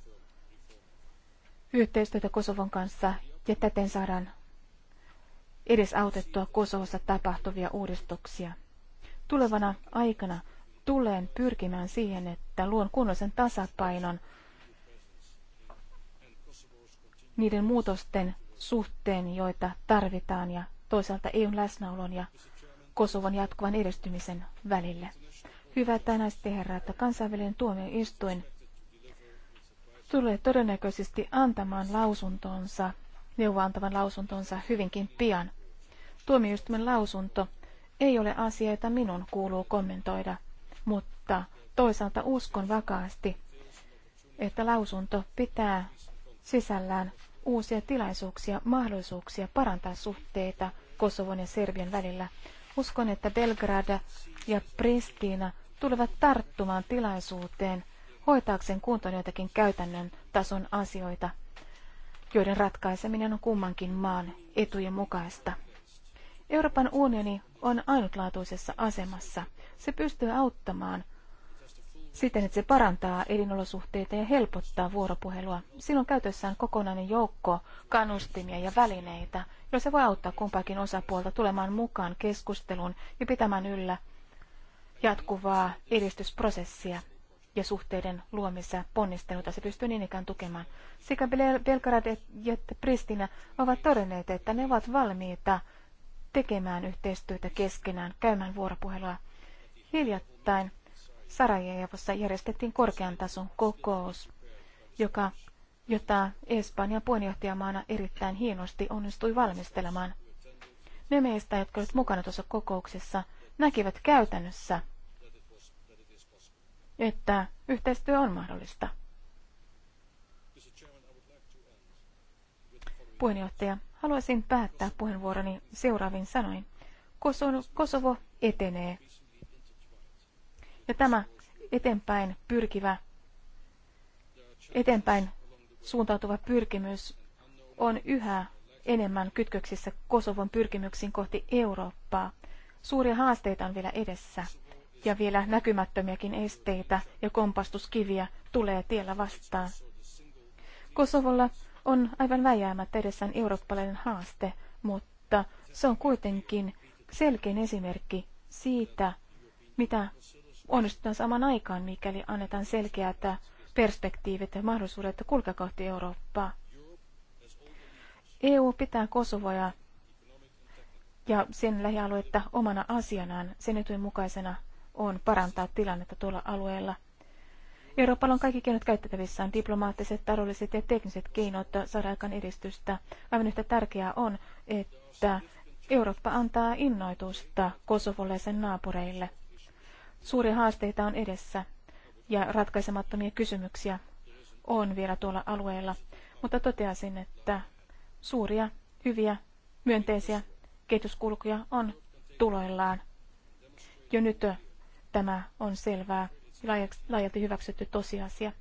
yhteistyötä Kosovon kanssa ja täten saadaan edesautettua Kosovossa tapahtuvia uudistuksia. Tulevana aikana tulen pyrkimään siihen, että luon kunnollisen tasapainon niiden muutosten suhteen, joita tarvitaan, ja toisaalta EUn läsnäolon ja Kosovon jatkuvan edistymisen välille. Hyvä tänäistä herra, että kansainvälinen tuomioistuin tulee todennäköisesti antamaan lausuntonsa neuvoantavan lausuntonsa hyvinkin pian. Tuomioistuimen lausunto ei ole asia, jota minun kuuluu kommentoida, mutta toisaalta uskon vakaasti, että lausunto pitää sisällään uusia tilaisuuksia, mahdollisuuksia parantaa suhteita Kosovon ja Serbian välillä. Uskon, että Belgrada ja Pristina tulevat tarttumaan tilaisuuteen hoitaakseen kuntoon joitakin käytännön tason asioita – joiden ratkaiseminen on kummankin maan etujen mukaista. Euroopan unioni on ainutlaatuisessa asemassa. Se pystyy auttamaan siten, että se parantaa elinolosuhteita ja helpottaa vuoropuhelua. Silloin käytössään kokonainen joukko kannustimia ja välineitä, joilla se voi auttaa kumpaakin osapuolta tulemaan mukaan keskusteluun ja pitämään yllä jatkuvaa edistysprosessia ja suhteiden luomisessa ponnisteluita se pystyy niin ikään tukemaan. Sekä Belgrad että Pristina ovat todenneet, että ne ovat valmiita tekemään yhteistyötä keskenään, käymään vuoropuhelua. Hiljattain Sarajevossa järjestettiin korkean tason kokous, joka, jota Espanjan puheenjohtajamaana erittäin hienosti onnistui valmistelemaan. Ne meistä, jotka olivat mukana tuossa kokouksessa, näkivät käytännössä, että yhteistyö on mahdollista. Puheenjohtaja, haluaisin päättää puheenvuoroni seuraavin sanoin. Kosovo etenee. Ja tämä eteenpäin pyrkivä, eteenpäin suuntautuva pyrkimys on yhä enemmän kytköksissä Kosovon pyrkimyksiin kohti Eurooppaa. Suuria haasteita on vielä edessä ja vielä näkymättömiäkin esteitä ja kompastuskiviä tulee tiellä vastaan. Kosovolla on aivan väjäämättä edessään eurooppalainen haaste, mutta se on kuitenkin selkein esimerkki siitä, mitä onnistutaan saman aikaan, mikäli annetaan selkeät perspektiivit ja mahdollisuudet kulkea kohti Eurooppaa. EU pitää Kosovoja ja sen lähialuetta omana asianaan sen etujen mukaisena on parantaa tilannetta tuolla alueella. Euroopalla on kaikki keinot käytettävissään, diplomaattiset, taloudelliset ja tekniset keinot saada aikaan edistystä. Aivan yhtä tärkeää on, että Eurooppa antaa innoitusta Kosovolle ja sen naapureille. Suuria haasteita on edessä ja ratkaisemattomia kysymyksiä on vielä tuolla alueella, mutta toteaisin, että suuria, hyviä, myönteisiä kehityskulkuja on tuloillaan. Jo nyt Tämä on selvää laajalti hyväksytty tosiasia.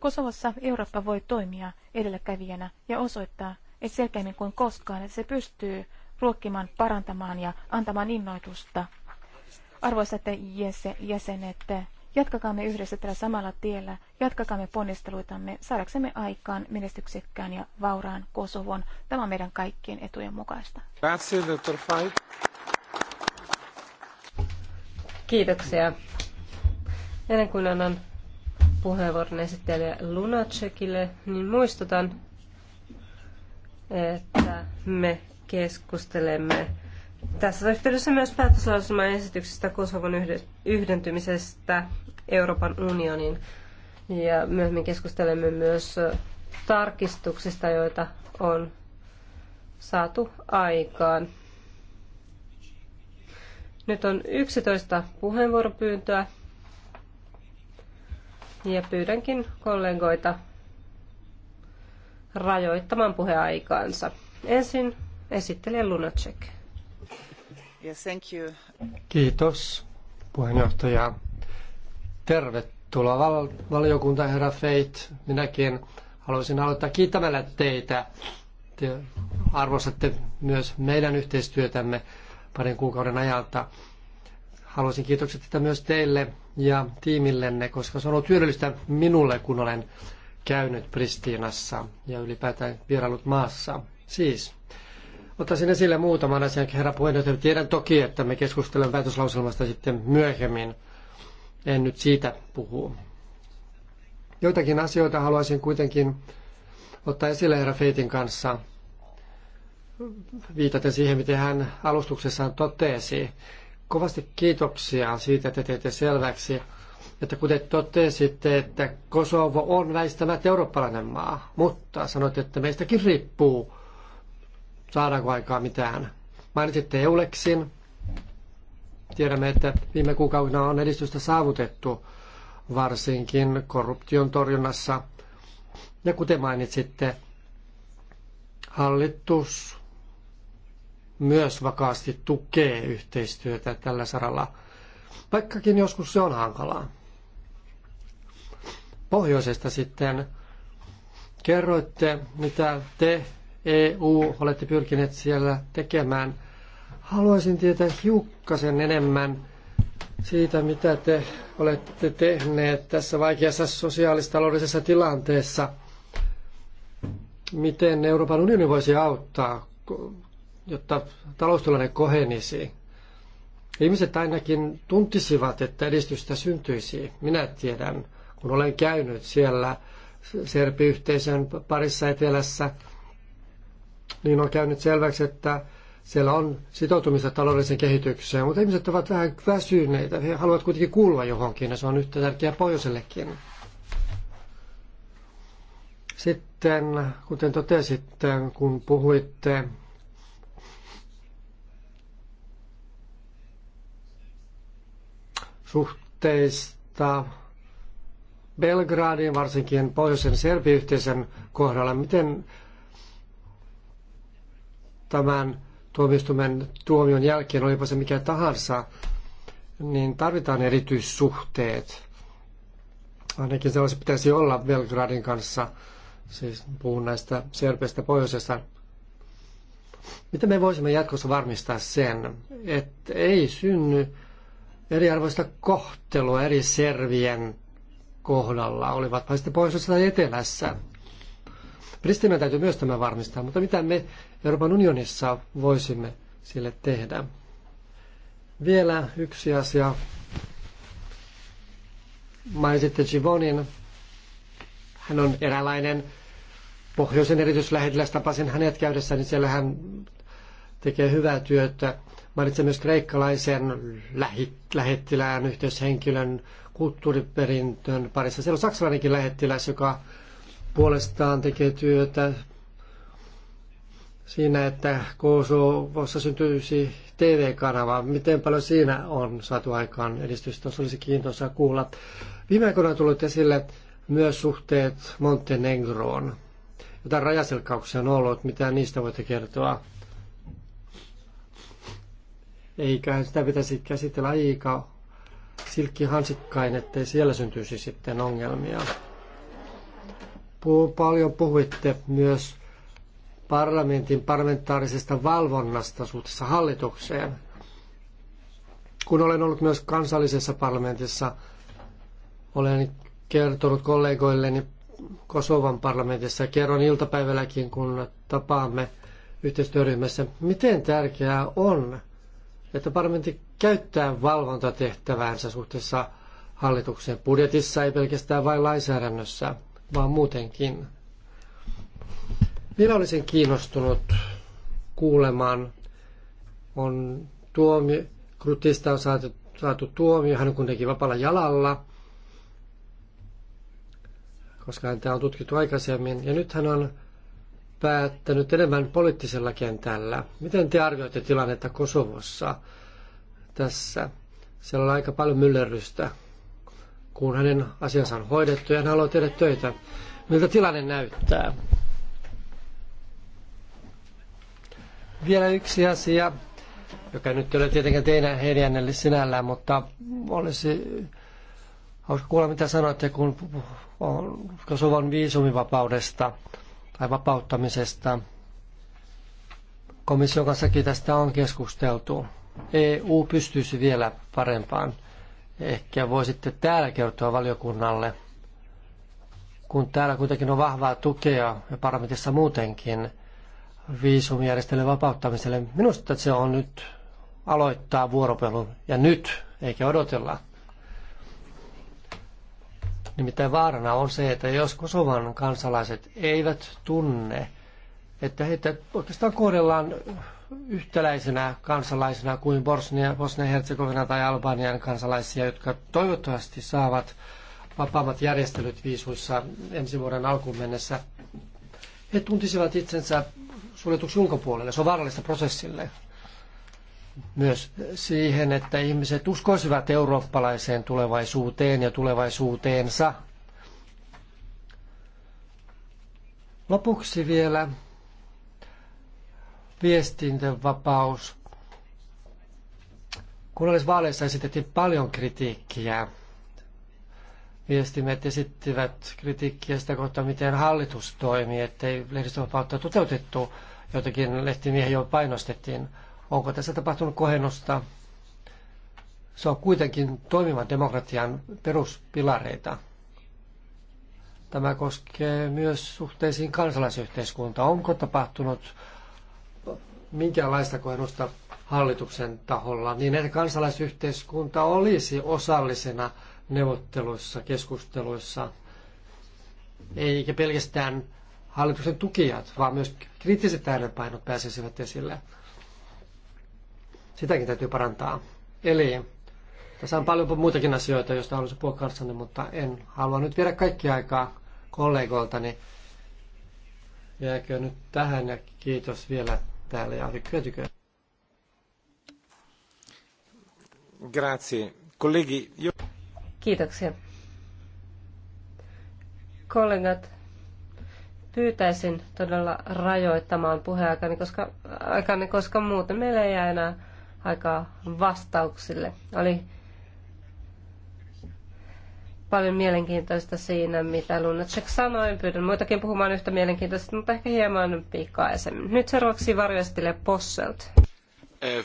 Kosovossa Eurooppa voi toimia edelläkävijänä ja osoittaa, että selkeämmin kuin koskaan, että se pystyy ruokkimaan, parantamaan ja antamaan innoitusta. Arvoisat jäsenet, jatkakaamme yhdessä tällä samalla tiellä, jatkakaamme ponnisteluitamme saadaksemme aikaan menestyksekkään ja vauraan Kosovon. Tämä on meidän kaikkien etujen mukaista. Grazie, Kiitoksia. Ennen kuin annan puheenvuoron esittelijä Lunacekille, niin muistutan, että me keskustelemme tässä yhteydessä myös päätöslauselman esityksestä Kosovon yhdentymisestä Euroopan unionin. Ja myöhemmin keskustelemme myös tarkistuksista, joita on saatu aikaan. Nyt on 11 puheenvuoropyyntöä ja pyydänkin kollegoita rajoittamaan puheaikaansa. Ensin esittelee Lunacek. Yes, thank you. Kiitos puheenjohtaja. Tervetuloa val- valiokunta, herra Feit. Minäkin haluaisin aloittaa kiittämällä teitä. Te arvostatte myös meidän yhteistyötämme parin kuukauden ajalta. Haluaisin kiitokset sitä myös teille ja tiimillenne, koska se on ollut hyödyllistä minulle, kun olen käynyt Pristiinassa ja ylipäätään vierailut maassa. Siis, ottaisin esille muutaman asian, herra puheenjohtaja. Tiedän toki, että me keskustelemme väitöslauselmasta sitten myöhemmin. En nyt siitä puhu. Joitakin asioita haluaisin kuitenkin ottaa esille herra Feitin kanssa – viitaten siihen, miten hän alustuksessaan totesi. Kovasti kiitoksia siitä, että teitte selväksi, että kuten totesitte, että Kosovo on väistämättä eurooppalainen maa, mutta sanoitte, että meistäkin riippuu, saadaanko aikaa mitään. Mainitsitte Euleksin. Tiedämme, että viime kuukautena on edistystä saavutettu varsinkin korruption torjunnassa. Ja kuten mainitsitte, hallitus myös vakaasti tukee yhteistyötä tällä saralla, vaikkakin joskus se on hankalaa. Pohjoisesta sitten kerroitte, mitä te EU olette pyrkineet siellä tekemään. Haluaisin tietää hiukkasen enemmän siitä, mitä te olette tehneet tässä vaikeassa sosiaalistaloudellisessa tilanteessa. Miten Euroopan unioni voisi auttaa jotta taloustilanne kohenisi. Ihmiset ainakin tuntisivat, että edistystä syntyisi. Minä tiedän, kun olen käynyt siellä Serpi-yhteisön parissa etelässä, niin on käynyt selväksi, että siellä on sitoutumista taloudelliseen kehitykseen, mutta ihmiset ovat vähän väsyneitä. He haluavat kuitenkin kuulua johonkin ja se on yhtä tärkeää pohjoisellekin. Sitten, kuten totesitte, kun puhuitte suhteista Belgradin, varsinkin pohjoisen serbiyhteisön kohdalla. Miten tämän tuomistumen tuomion jälkeen, olipa se mikä tahansa, niin tarvitaan erityissuhteet. Ainakin sellaiset pitäisi olla Belgradin kanssa, siis puhun näistä serpeistä pohjoisesta. Miten me voisimme jatkossa varmistaa sen, että ei synny eriarvoista kohtelua eri servien kohdalla, olivat sitten pohjoisessa tai etelässä. Pristinä täytyy myös tämä varmistaa, mutta mitä me Euroopan unionissa voisimme sille tehdä? Vielä yksi asia. Mainitsitte Givonin. Hän on eräänlainen pohjoisen erityislähetilästä. Tapasin hänet käydessäni, niin siellä hän tekee hyvää työtä Mainitsen myös kreikkalaisen lähettilään, yhteyshenkilön, kulttuuriperintön parissa. Siellä on saksalainenkin lähettiläs, joka puolestaan tekee työtä siinä, että Kosovossa syntyisi TV-kanava. Miten paljon siinä on saatu aikaan edistystä? Se olisi kiintoisaa kuulla. Viime aikoina on tullut esille myös suhteet Montenegroon. Jotain rajaselkkauksia on ollut. Mitä niistä voitte kertoa? eikä sitä pitäisi käsitellä aika silkkihansikkain, ettei siellä syntyisi sitten ongelmia. Paljon puhuitte myös parlamentin parlamentaarisesta valvonnasta suhteessa hallitukseen. Kun olen ollut myös kansallisessa parlamentissa, olen kertonut kollegoilleni Kosovan parlamentissa ja kerron iltapäivälläkin, kun tapaamme yhteistyöryhmässä, miten tärkeää on, että parlamentti käyttää valvontatehtäväänsä suhteessa hallituksen budjetissa, ei pelkästään vain lainsäädännössä, vaan muutenkin. Minä olisin kiinnostunut kuulemaan, on tuomio, Krutista on saatu, saatu tuomio, hän on kuitenkin vapaalla jalalla, koska häntä on tutkittu aikaisemmin, ja nyt hän on päättänyt enemmän poliittisella kentällä. Miten te arvioitte tilannetta Kosovossa tässä? Siellä on aika paljon myllerrystä, kun hänen asiansa on hoidettu ja hän haluaa tehdä töitä. Miltä tilanne näyttää? Vielä yksi asia, joka nyt ei ole tietenkään teidän heljännelle sinällään, mutta olisi hauska kuulla, mitä sanoitte, kun on Kosovan viisumivapaudesta – tai vapauttamisesta. Komission kanssakin tästä on keskusteltu. EU pystyisi vielä parempaan. Ehkä voisitte täällä kertoa valiokunnalle, kun täällä kuitenkin on vahvaa tukea ja parlamentissa muutenkin viisumijärjestelmän vapauttamiselle. Minusta se on nyt aloittaa vuoropelun ja nyt, eikä odotella. Nimittäin vaarana on se, että jos Kosovan kansalaiset eivät tunne, että heitä oikeastaan kohdellaan yhtäläisenä kansalaisena kuin Bosnia, Bosnia-Herzegovina tai Albanian kansalaisia, jotka toivottavasti saavat vapaammat järjestelyt viisuissa ensi vuoden alkuun mennessä, he tuntisivat itsensä suljetuksi ulkopuolelle. Se on vaarallista prosessille myös siihen, että ihmiset uskoisivat eurooppalaiseen tulevaisuuteen ja tulevaisuuteensa. Lopuksi vielä viestintävapaus. Kunnallisvaaleissa esitettiin paljon kritiikkiä. Viestimet esittivät kritiikkiä sitä kohta, miten hallitus toimii, ettei lehdistövapautta toteutettu. Jotakin lehtimiehiä jo painostettiin Onko tässä tapahtunut kohennusta? Se on kuitenkin toimivan demokratian peruspilareita. Tämä koskee myös suhteisiin kansalaisyhteiskuntaan. Onko tapahtunut minkäänlaista kohennusta hallituksen taholla, niin että kansalaisyhteiskunta olisi osallisena neuvotteluissa, keskusteluissa, eikä pelkästään hallituksen tukijat, vaan myös kriittiset äänenpainot pääsisivät esille. Sitäkin täytyy parantaa. Eli tässä on paljon muitakin asioita, joista haluaisin puhua kanssanne, mutta en halua nyt viedä kaikki aikaa kollegoiltani. Jääkö nyt tähän ja kiitos vielä täällä ja hyötykö. Grazie. Kollegi, jo... Kiitoksia. Kollegat, pyytäisin todella rajoittamaan puheaikani, koska, aikani, koska muuten meillä ei jää enää aikaa vastauksille. Oli paljon mielenkiintoista siinä, mitä Lunacek sanoi. Pyydän muitakin puhumaan yhtä mielenkiintoista, mutta ehkä hieman pikaisemmin. Nyt seuraavaksi varjostille Posselt. Äh,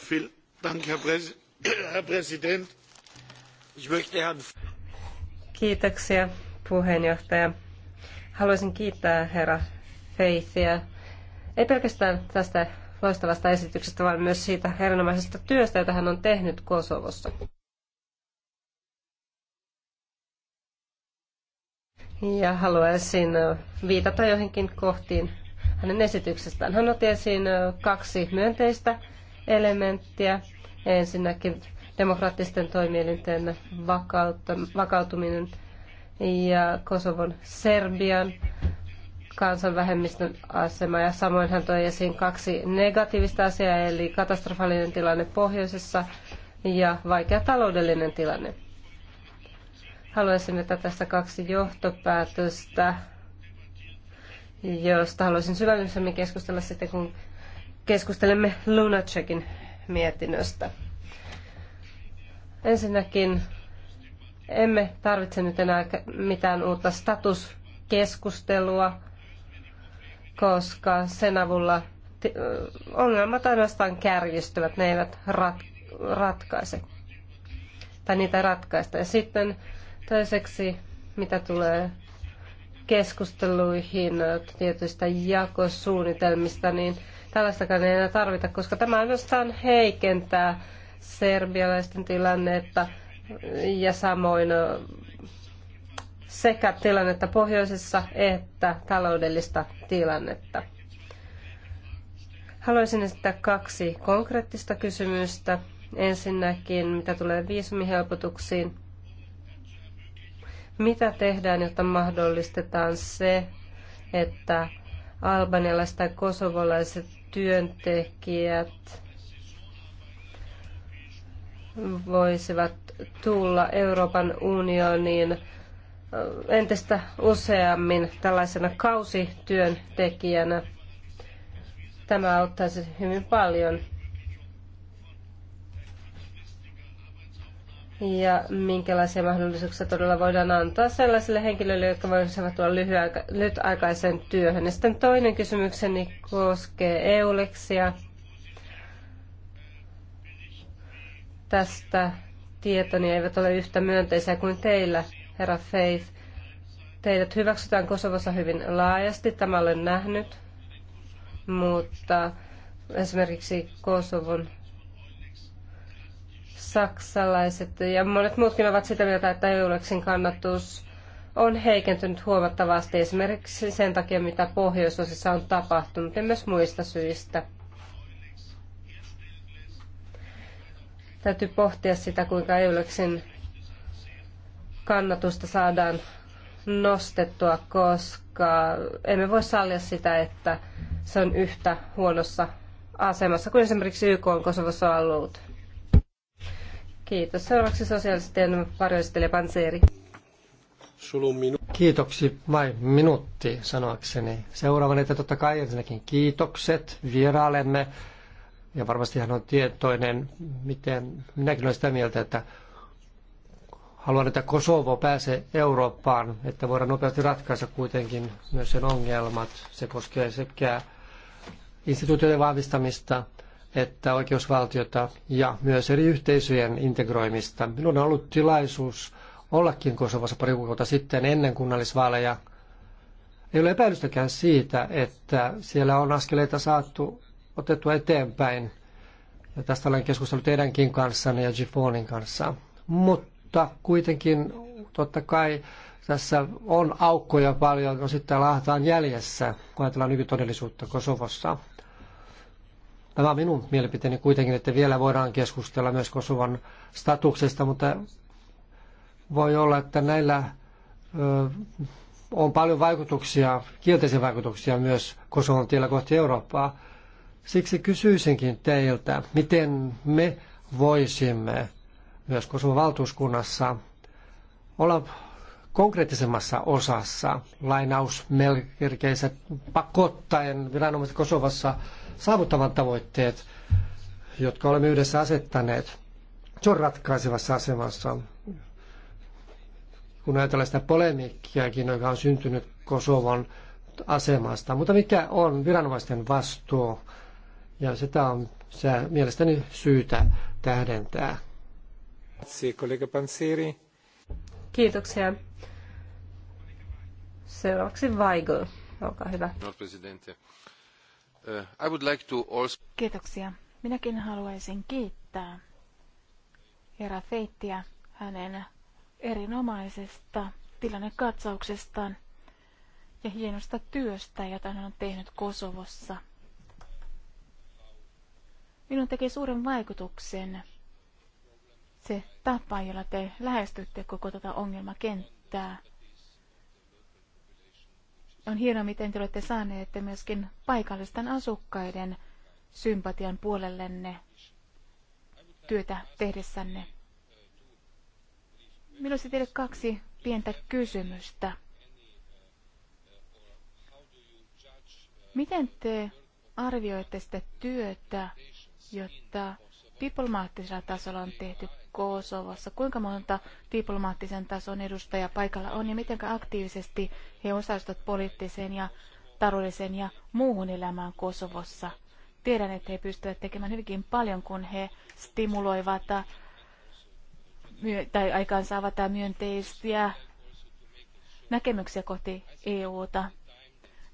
Kiitoksia puheenjohtaja. Haluaisin kiittää herra Faithia, ei pelkästään tästä loistavasta esityksestä, vaan myös siitä erinomaisesta työstä, jota hän on tehnyt Kosovossa. Ja haluaisin viitata johonkin kohtiin hänen esityksestään. Hän otti esiin kaksi myönteistä elementtiä. Ensinnäkin demokraattisten toimielinten vakautuminen ja Kosovon Serbian kansanvähemmistön asema ja samoin hän toi esiin kaksi negatiivista asiaa eli katastrofaalinen tilanne pohjoisessa ja vaikea taloudellinen tilanne. Haluaisin vetää tästä kaksi johtopäätöstä, josta haluaisin syvällisemmin keskustella sitten, kun keskustelemme Lunacekin mietinnöstä. Ensinnäkin emme tarvitse nyt enää mitään uutta statuskeskustelua koska sen avulla ongelmat ainoastaan kärjistyvät, ne eivät rat- ratkaise tai niitä ratkaista. Ja sitten toiseksi, mitä tulee keskusteluihin tietyistä jakosuunnitelmista, niin tällaistakaan ei enää tarvita, koska tämä ainoastaan heikentää serbialaisten tilannetta ja samoin sekä tilannetta pohjoisessa että taloudellista tilannetta. Haluaisin esittää kaksi konkreettista kysymystä. Ensinnäkin, mitä tulee viisumihelpotuksiin. Mitä tehdään, jotta mahdollistetaan se, että albanialaiset tai kosovolaiset työntekijät voisivat tulla Euroopan unioniin entistä useammin tällaisena kausityöntekijänä. Tämä auttaisi hyvin paljon. Ja minkälaisia mahdollisuuksia todella voidaan antaa sellaisille henkilöille, jotka voisivat tulla lyhytaikaisen työhön. Ja sitten toinen kysymykseni koskee EULEXia. Tästä tietoni eivät ole yhtä myönteisiä kuin teillä herra Faith. Teidät hyväksytään Kosovossa hyvin laajasti, tämä olen nähnyt, mutta esimerkiksi Kosovon saksalaiset ja monet muutkin ovat sitä mieltä, että EULEXin kannatus on heikentynyt huomattavasti esimerkiksi sen takia, mitä pohjoisosissa on tapahtunut ja myös muista syistä. Täytyy pohtia sitä, kuinka EULEXin kannatusta saadaan nostettua, koska emme voi sallia sitä, että se on yhtä huonossa asemassa kuin esimerkiksi YK on Kosovossa ollut. Kiitos. Seuraavaksi sosiaalisten varjoistelija Panseeri. Kiitoksi vain minuutti sanoakseni. Seuraavan että totta kai ensinnäkin kiitokset vieraallemme. Ja varmasti hän on tietoinen, miten minäkin olen sitä mieltä, että Haluan, että Kosovo pääsee Eurooppaan, että voidaan nopeasti ratkaista kuitenkin myös sen ongelmat. Se koskee sekä instituutioiden vahvistamista että oikeusvaltiota ja myös eri yhteisöjen integroimista. Minulla on ollut tilaisuus ollakin Kosovassa pari kuukautta sitten ennen kunnallisvaaleja. Ei ole epäilystäkään siitä, että siellä on askeleita saatu otettua eteenpäin. Ja tästä olen keskustellut teidänkin kanssanne ja Gifonin kanssa. Mutta mutta kuitenkin totta kai tässä on aukkoja paljon, no sitten lahtaan jäljessä, kun ajatellaan nykytodellisuutta Kosovossa. Tämä on minun mielipiteeni kuitenkin, että vielä voidaan keskustella myös Kosovan statuksesta, mutta voi olla, että näillä ö, on paljon vaikutuksia, kielteisiä vaikutuksia myös Kosovan tiellä kohti Eurooppaa. Siksi kysyisinkin teiltä, miten me voisimme myös Kosovon valtuuskunnassa olla konkreettisemmassa osassa lainausmerkeissä pakottaen viranomaiset Kosovassa saavuttavan tavoitteet, jotka olemme yhdessä asettaneet. Se on ratkaisevassa asemassa. Kun ajatellaan sitä polemiikkiakin, joka on syntynyt Kosovon asemasta. Mutta mikä on viranomaisten vastuu? Ja sitä on mielestäni syytä tähdentää kollega Panseri. Kiitoksia. Seuraavaksi Weigel. Olkaa hyvä. Eh, I would like to also... Kiitoksia. Minäkin haluaisin kiittää Jera Feittiä hänen erinomaisesta tilannekatsauksestaan ja hienosta työstä, jota hän on tehnyt Kosovossa. Minun teki suuren vaikutuksen se tapa, jolla te lähestytte koko tätä ongelmakenttää. On hienoa, miten te olette saaneet myöskin paikallisten asukkaiden sympatian puolellenne työtä tehdessänne. Minulla olisi teille kaksi pientä kysymystä. Miten te arvioitte sitä työtä, jotta diplomaattisella tasolla on tehty Kosovossa. Kuinka monta diplomaattisen tason edustajaa paikalla on ja miten aktiivisesti he osallistuvat poliittiseen ja taloudelliseen ja muuhun elämään Kosovossa? Tiedän, että he pystyvät tekemään hyvinkin paljon, kun he stimuloivat äh, tai aikaansaavat äh, myönteisiä näkemyksiä kohti EUta.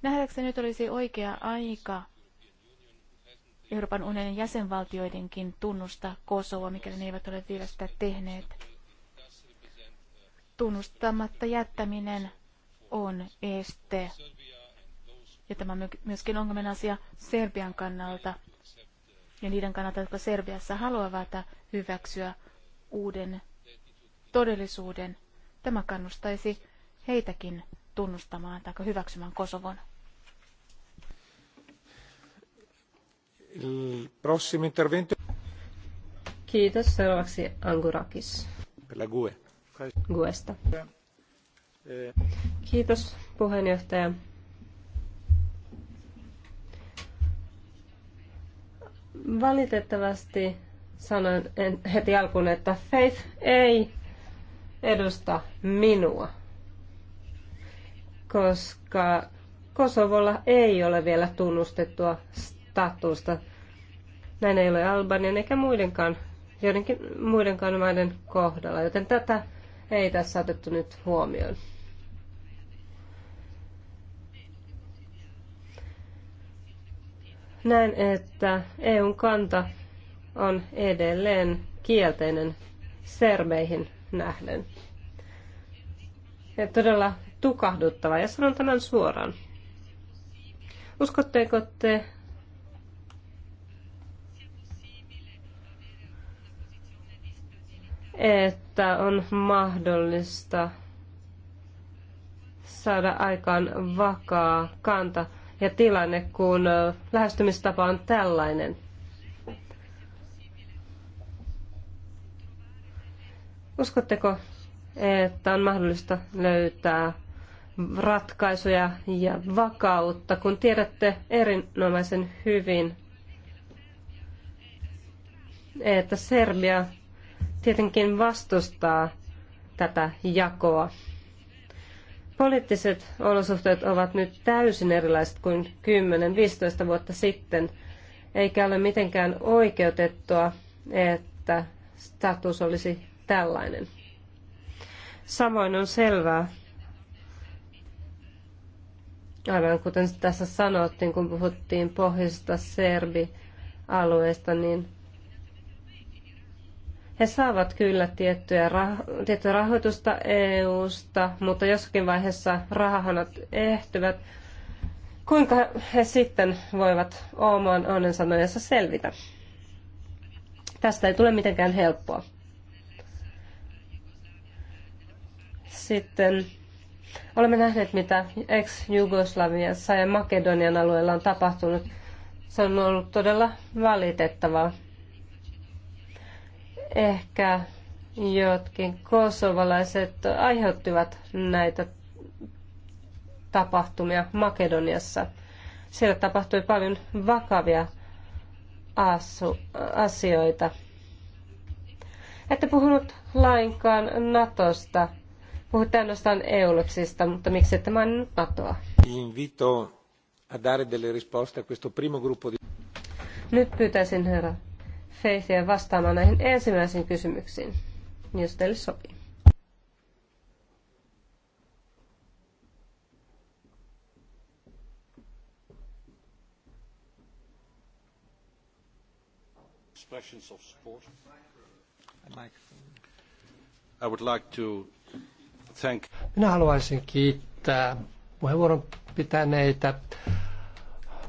Nähdäkseni nyt olisi oikea aika Euroopan unionin jäsenvaltioidenkin tunnustaa Kosovoa, mikäli ne eivät ole vielä sitä tehneet. Tunnustamatta jättäminen on este. Ja tämä on myöskin ongelman asia Serbian kannalta ja niiden kannalta, jotka Serbiassa haluavat hyväksyä uuden todellisuuden. Tämä kannustaisi heitäkin tunnustamaan tai hyväksymään Kosovon. prossimo intervento. Kiitos. Seuraavaksi Angurakis. Per GUE. GUEsta. Kiitos puheenjohtaja. Valitettavasti sanoin heti alkuun, että Faith ei edusta minua, koska Kosovolla ei ole vielä tunnustettua tahtoista. Näin ei ole Albanian eikä muidenkaan, joidenkin muidenkaan maiden kohdalla, joten tätä ei tässä otettu nyt huomioon. Näin, että EUn kanta on edelleen kielteinen sermeihin nähden. Ja todella tukahduttava, ja sanon tämän suoraan. Uskotteko te että on mahdollista saada aikaan vakaa kanta ja tilanne, kun lähestymistapa on tällainen. Uskotteko, että on mahdollista löytää ratkaisuja ja vakautta, kun tiedätte erinomaisen hyvin, että Serbia tietenkin vastustaa tätä jakoa. Poliittiset olosuhteet ovat nyt täysin erilaiset kuin 10-15 vuotta sitten, eikä ole mitenkään oikeutettua, että status olisi tällainen. Samoin on selvää, aivan kuten tässä sanottiin, kun puhuttiin pohjoisesta serbi-alueesta, niin he saavat kyllä tiettyä, rah- tiettyä rahoitusta EU-sta, mutta jossakin vaiheessa rahahanat ehtyvät. Kuinka he sitten voivat oman onnensanojensa selvitä? Tästä ei tule mitenkään helppoa. Sitten olemme nähneet, mitä ex-Jugoslaviassa ja Makedonian alueella on tapahtunut. Se on ollut todella valitettavaa ehkä jotkin kosovalaiset aiheuttivat näitä tapahtumia Makedoniassa. Siellä tapahtui paljon vakavia asu- asioita. Ette puhunut lainkaan Natosta. Puhutte ainoastaan EULEXista, mutta miksi ette maininnut Natoa? Invito a dare delle risposte a questo primo gruppo di... Nyt pyytäisin herra Faithia vastaamaan näihin ensimmäisiin kysymyksiin, jos teille sopii. expressions of support. I would like to thank... Minä haluaisin kiittää puheenvuoron pitäneitä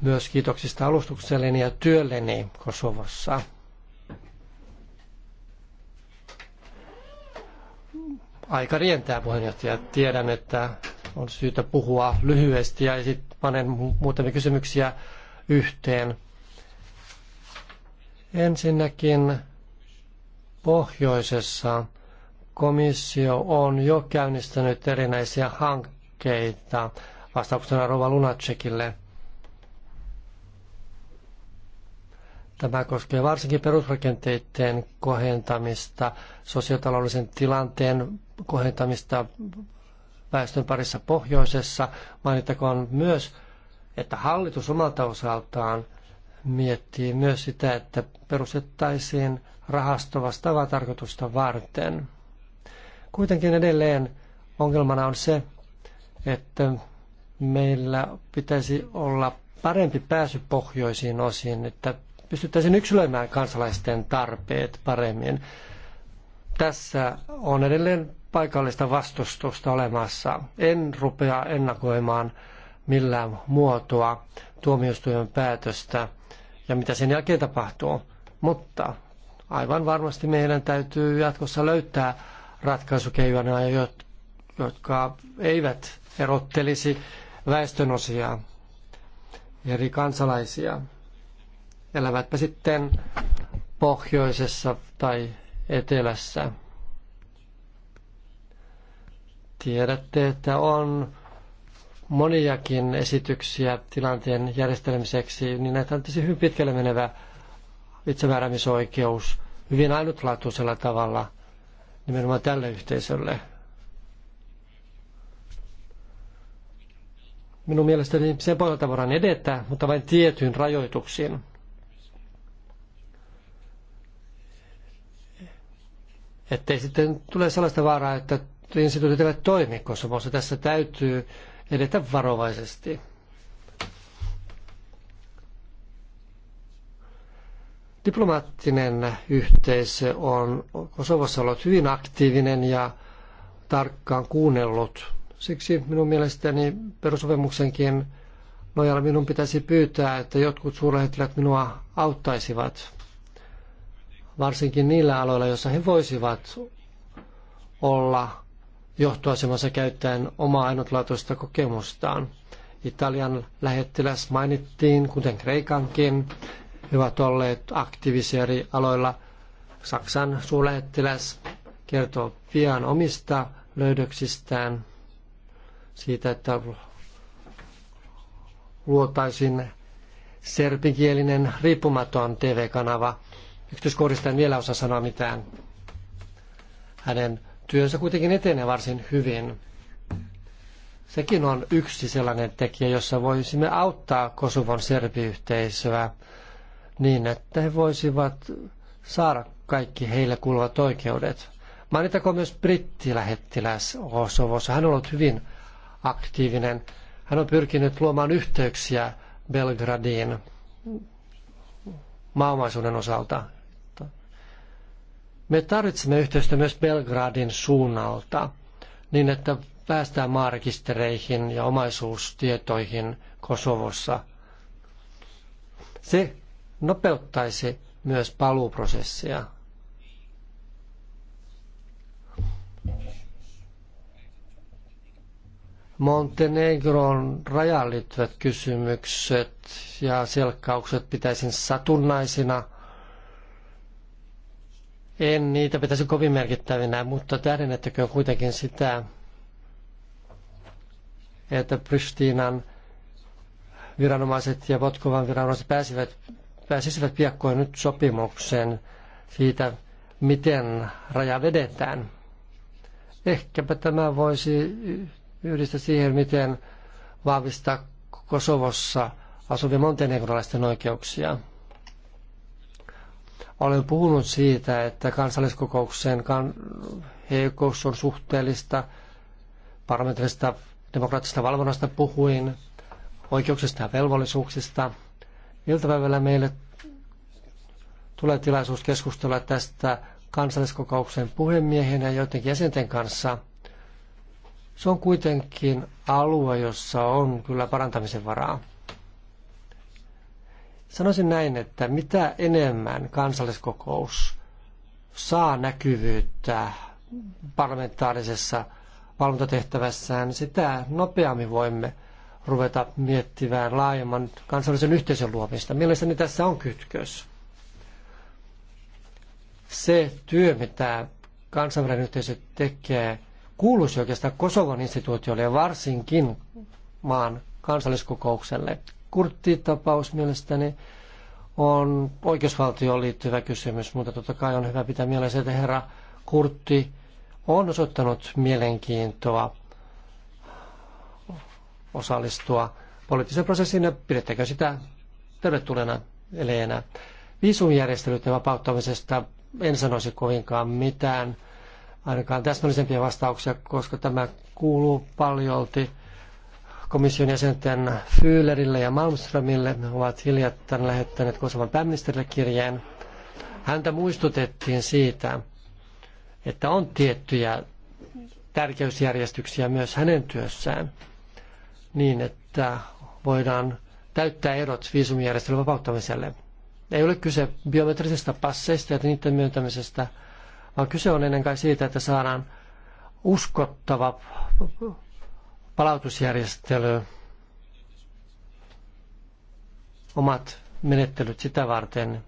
myös kiitoksista alustukselleni ja työlleni Kosovossa. Aika rientää puheenjohtaja. Tiedän, että on syytä puhua lyhyesti ja sitten panen muutamia kysymyksiä yhteen. Ensinnäkin pohjoisessa komissio on jo käynnistänyt erinäisiä hankkeita vastauksena Rova Lunacekille – Tämä koskee varsinkin perusrakenteiden kohentamista, sosiotaloudellisen tilanteen kohentamista väestön parissa pohjoisessa. Mainittakoon myös, että hallitus omalta osaltaan miettii myös sitä, että perustettaisiin rahasto vastaavaa tarkoitusta varten. Kuitenkin edelleen ongelmana on se, että meillä pitäisi olla parempi pääsy pohjoisiin osiin, että pystyttäisiin yksilöimään kansalaisten tarpeet paremmin. Tässä on edelleen paikallista vastustusta olemassa. En rupea ennakoimaan millään muotoa tuomioistuimen päätöstä ja mitä sen jälkeen tapahtuu. Mutta aivan varmasti meidän täytyy jatkossa löytää ratkaisukeinoja, jotka eivät erottelisi väestönosia eri kansalaisia elävätpä sitten pohjoisessa tai etelässä. Tiedätte, että on moniakin esityksiä tilanteen järjestelmiseksi, niin näitä on tietysti hyvin pitkälle menevä itsemääräämisoikeus hyvin ainutlaatuisella tavalla nimenomaan tälle yhteisölle. Minun mielestäni sen pohjalta voidaan edetä, mutta vain tietyin rajoituksiin. ettei sitten tule sellaista vaaraa, että instituutit eivät toimi Kosovossa. Tässä täytyy edetä varovaisesti. Diplomaattinen yhteisö on Kosovossa ollut hyvin aktiivinen ja tarkkaan kuunnellut. Siksi minun mielestäni perusopimuksenkin nojalla minun pitäisi pyytää, että jotkut suurlähettilät minua auttaisivat varsinkin niillä aloilla, joissa he voisivat olla johtoasemassa käyttäen omaa ainutlaatuista kokemustaan. Italian lähettiläs mainittiin, kuten Kreikankin. He ovat olleet aktiivisia eri aloilla. Saksan suurlähettiläs kertoo pian omista löydöksistään siitä, että luotaisin serpikielinen riippumaton TV-kanava yksityiskohdista en vielä osaa sanoa mitään. Hänen työnsä kuitenkin etenee varsin hyvin. Sekin on yksi sellainen tekijä, jossa voisimme auttaa Kosovon serbiyhteisöä niin, että he voisivat saada kaikki heille kuuluvat oikeudet. Mainitako myös brittilähettiläs Kosovossa. Hän on ollut hyvin aktiivinen. Hän on pyrkinyt luomaan yhteyksiä Belgradiin maaomaisuuden osalta. Me tarvitsemme yhteistyötä myös Belgradin suunnalta, niin että päästään maarekistereihin ja omaisuustietoihin Kosovossa. Se nopeuttaisi myös paluuprosessia. Montenegron rajaan liittyvät kysymykset ja selkkaukset pitäisin satunnaisina – en niitä pitäisi kovin merkittävinä, mutta tähdennettäköön kuitenkin sitä, että Pristinan viranomaiset ja Votkovan viranomaiset pääsivät, pääsisivät piakkoin nyt sopimukseen siitä, miten raja vedetään. Ehkäpä tämä voisi yhdistää siihen, miten vahvistaa Kosovossa asuvien montenegrolaisten oikeuksia. Olen puhunut siitä, että kansalliskokouksen kan- heikkous on suhteellista. Parlamentaarista demokraattisesta valvonnasta puhuin, oikeuksista ja velvollisuuksista. Iltapäivällä meille tulee tilaisuus keskustella tästä kansalliskokouksen puhemiehen ja joidenkin jäsenten kanssa. Se on kuitenkin alue, jossa on kyllä parantamisen varaa. Sanoisin näin, että mitä enemmän kansalliskokous saa näkyvyyttä parlamentaarisessa valvontatehtävässään, sitä nopeammin voimme ruveta miettimään laajemman kansallisen yhteisön luomista. Mielestäni tässä on kytkös. Se työ, mitä kansainvälinen yhteisö tekee, kuuluisi oikeastaan Kosovan instituutiolle ja varsinkin maan kansalliskokoukselle kurttitapaus mielestäni on oikeusvaltioon liittyvä kysymys, mutta totta kai on hyvä pitää mielessä, että herra Kurtti on osoittanut mielenkiintoa osallistua poliittiseen prosessiin ja pidettäkö sitä tervetulleena eleenä. ja vapauttamisesta en sanoisi kovinkaan mitään, ainakaan täsmällisempiä vastauksia, koska tämä kuuluu paljolti komission jäsenten Fühlerille ja Malmströmille ovat hiljattain lähettäneet Kosovan pääministerille kirjeen. Häntä muistutettiin siitä, että on tiettyjä tärkeysjärjestyksiä myös hänen työssään niin, että voidaan täyttää erot viisumijärjestelmän vapauttamiselle. Ei ole kyse biometrisistä passeista ja niiden myöntämisestä, vaan kyse on ennen kaikkea siitä, että saadaan uskottava palautusjärjestely, omat menettelyt sitä varten.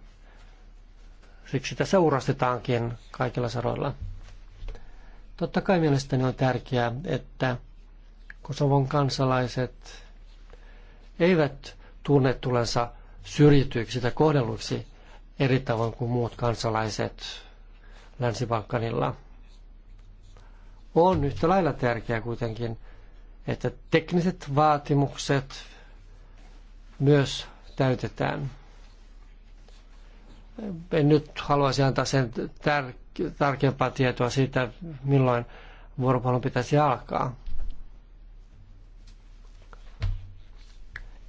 Siksi tässä seurastetaankin kaikilla saroilla. Totta kai mielestäni on tärkeää, että Kosovon kansalaiset eivät tunne tulensa syrjityiksi tai kohdelluiksi eri tavoin kuin muut kansalaiset Länsi-Balkanilla. On yhtä lailla tärkeää kuitenkin että tekniset vaatimukset myös täytetään. En nyt haluaisi antaa sen tär- tarkempaa tietoa siitä, milloin vuoropuhelun pitäisi alkaa.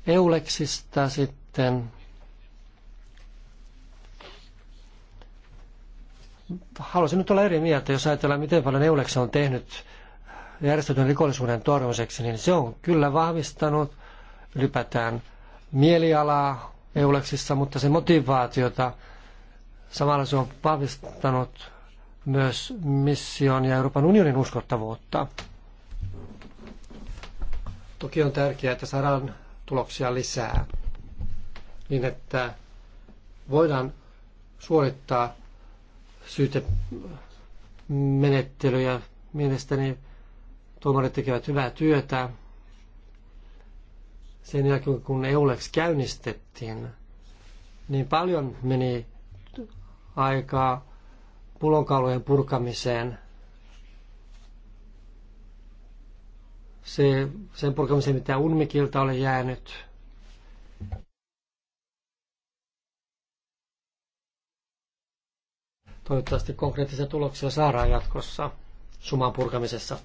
Euleksista sitten haluaisin nyt olla eri mieltä, jos ajatellaan, miten paljon Eulex on tehnyt järjestetyn rikollisuuden torjumiseksi, niin se on kyllä vahvistanut ylipäätään mielialaa EULEXissa, mutta se motivaatiota samalla se on vahvistanut myös mission ja Euroopan unionin uskottavuutta. Toki on tärkeää, että saadaan tuloksia lisää, niin että voidaan suorittaa syytemenettelyjä. Mielestäni Tuomarit tekevät hyvää työtä. Sen jälkeen, kun EULEX käynnistettiin, niin paljon meni aikaa pullonkaulojen purkamiseen. Se, sen purkamiseen, mitä Unmikilta oli jäänyt. Toivottavasti konkreettisia tuloksia saadaan jatkossa suman purkamisessa.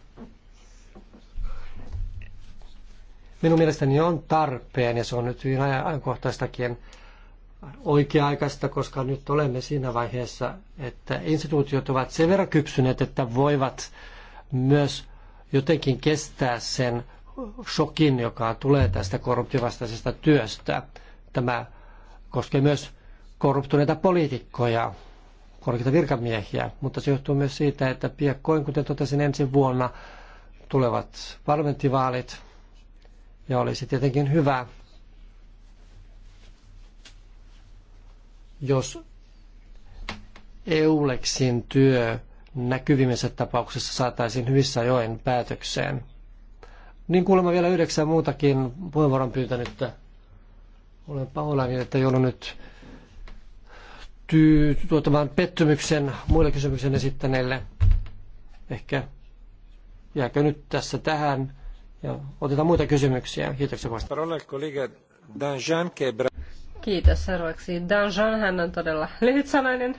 minun mielestäni on tarpeen ja se on nyt hyvin ajankohtaistakin oikea-aikaista, koska nyt olemme siinä vaiheessa, että instituutiot ovat sen verran kypsyneet, että voivat myös jotenkin kestää sen shokin, joka tulee tästä korruptivastaisesta työstä. Tämä koskee myös korruptuneita poliitikkoja, korkeita virkamiehiä, mutta se johtuu myös siitä, että piakkoin, kuten totesin ensi vuonna, tulevat parlamenttivaalit, ja olisi tietenkin hyvä, jos Euleksin työ näkyvimmissä tapauksessa saataisiin hyvissä ajoin päätökseen. Niin kuulemma vielä yhdeksän muutakin puheenvuoron pyytänyt, Olen pahoillani, että joudun nyt tyy- tuottamaan pettymyksen muille kysymyksen esittäneille. Ehkä jääkö nyt tässä tähän. Ja otetaan muita kysymyksiä. Kiitoksia vasta. Kiitos seuraavaksi. Danjean, hän on todella lyhytsanainen.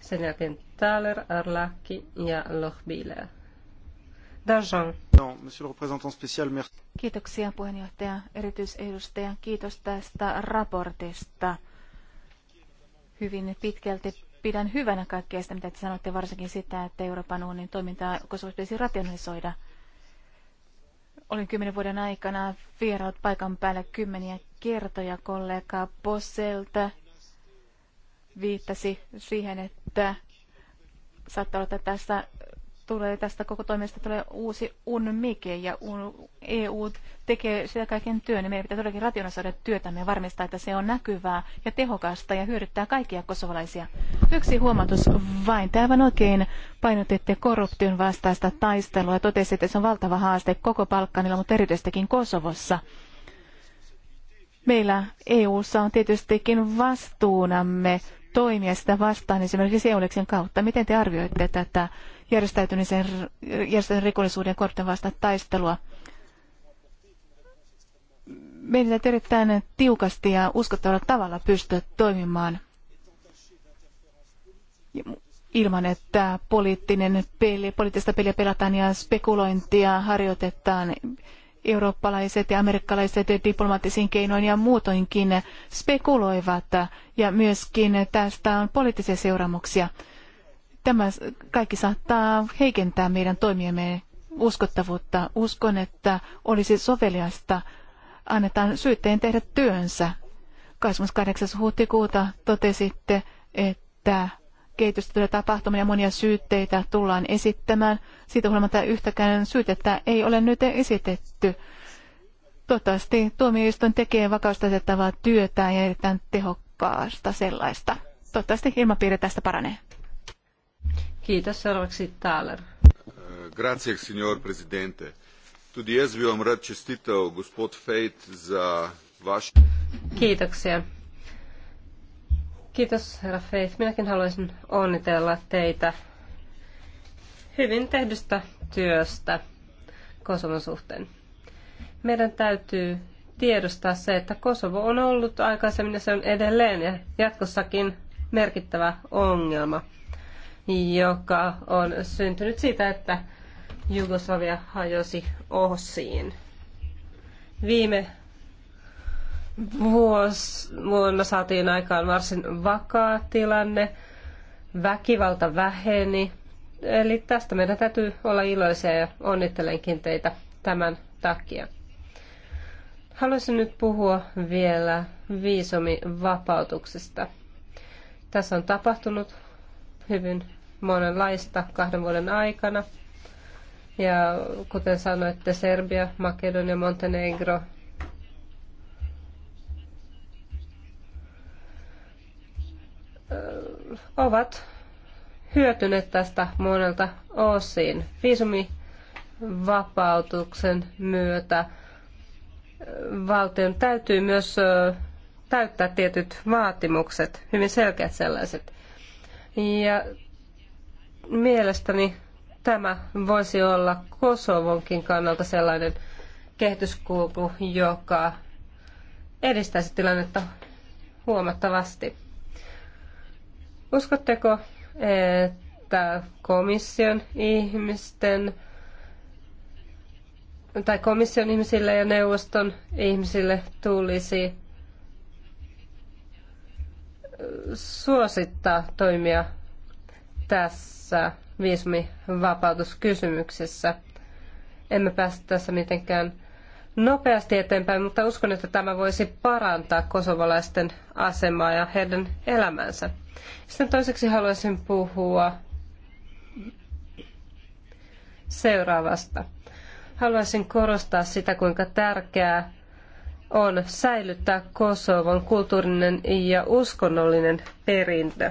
Sen jälkeen Thaler, Arlaki ja Lohbiler. Danjean. Kiitoksia puheenjohtaja, erityisedustaja. Kiitos tästä raportista. Hyvin pitkälti pidän hyvänä kaikkea sitä, mitä te sanoitte, varsinkin sitä, että Euroopan unionin toimintaa koska rationalisoida – Olin kymmenen vuoden aikana vieraut paikan päällä kymmeniä kertoja kollega Bosselta viittasi siihen, että saattaa olla, että tässä tulee tästä koko toimesta tulee uusi unmike ja EU e tekee sitä kaiken työn, niin meidän pitää todellakin rationalisoida työtämme ja varmistaa, että se on näkyvää ja tehokasta ja hyödyttää kaikkia kosovalaisia. Yksi huomatus vain. Täyvän oikein painotitte korruption vastaista taistelua ja totesitte, että se on valtava haaste koko Balkanilla, mutta erityisestikin Kosovossa. Meillä EU:ssa on tietystikin vastuunamme toimia sitä vastaan esimerkiksi Euleksen kautta. Miten te arvioitte tätä järjestäytyneen järjestäytymisen rikollisuuden korten vasta taistelua. Meidän täytyy erittäin tiukasti ja uskottavalla tavalla pystyä toimimaan ilman, että poliittinen peli, poliittista peliä pelataan ja spekulointia harjoitetaan eurooppalaiset ja amerikkalaiset diplomaattisiin keinoin ja muutoinkin spekuloivat ja myöskin tästä on poliittisia seuraamuksia. Tämä kaikki saattaa heikentää meidän toimiemme uskottavuutta. Uskon, että olisi soveliasta annetaan syytteen tehdä työnsä. 28. huhtikuuta totesitte, että kehitystä tulee ja monia syytteitä tullaan esittämään. Siitä huolimatta yhtäkään syytettä ei ole nyt esitetty. Toivottavasti tuomioistuin tekee vakausta työtä ja erittäin tehokkaasta sellaista. Toivottavasti ilmapiiri tästä paranee. Kiitos. Seuraavaksi Thaler. Grazie, signor presidente. Tudi jaz bi vam rad čestitev, gospod Fejt, za vaš... Kiitoksia. Kiitos, herra Faith. Minäkin haluaisin onnitella teitä hyvin tehdystä työstä Kosovon suhteen. Meidän täytyy tiedostaa se, että Kosovo on ollut aikaisemmin ja se on edelleen ja jatkossakin merkittävä ongelma joka on syntynyt siitä, että Jugoslavia hajosi osiin. Viime vuos, vuonna saatiin aikaan varsin vakaa tilanne, väkivalta väheni. Eli tästä meidän täytyy olla iloisia ja onnittelenkin teitä tämän takia. Haluaisin nyt puhua vielä viisomivapautuksesta. Tässä on tapahtunut hyvin monenlaista kahden vuoden aikana. Ja kuten sanoitte, Serbia, Makedonia, Montenegro ovat hyötyneet tästä monelta osin. Viisumivapautuksen myötä valtion täytyy myös täyttää tietyt vaatimukset, hyvin selkeät sellaiset. Ja mielestäni tämä voisi olla Kosovonkin kannalta sellainen kehityskulku, joka edistäisi tilannetta huomattavasti. Uskotteko, että komission ihmisten tai komission ihmisille ja neuvoston ihmisille tulisi suosittaa toimia tässä viisumivapautuskysymyksessä. Emme päästä tässä mitenkään nopeasti eteenpäin, mutta uskon, että tämä voisi parantaa kosovalaisten asemaa ja heidän elämänsä. Sitten toiseksi haluaisin puhua seuraavasta. Haluaisin korostaa sitä, kuinka tärkeää on säilyttää Kosovon kulttuurinen ja uskonnollinen perintö.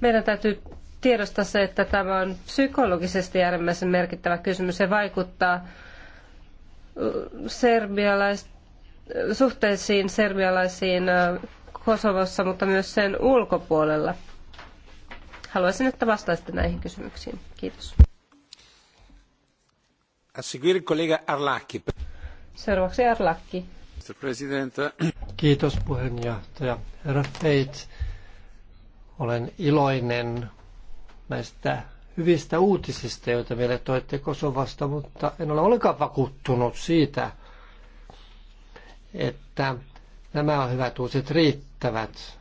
Meidän täytyy tiedostaa se, että tämä on psykologisesti äärimmäisen merkittävä kysymys ja vaikuttaa serbialais, suhteisiin serbialaisiin Kosovossa, mutta myös sen ulkopuolella. Haluaisin, että vastaisitte näihin kysymyksiin. Kiitos. A seguire collega Arlacchi. Seuraavaksi Erlakki. Äh, Kiitos puheenjohtaja. Herra Feit, olen iloinen näistä hyvistä uutisista, joita meille toitte Kosovasta, mutta en ole ollenkaan vakuuttunut siitä, että nämä hyvät uutiset riittävät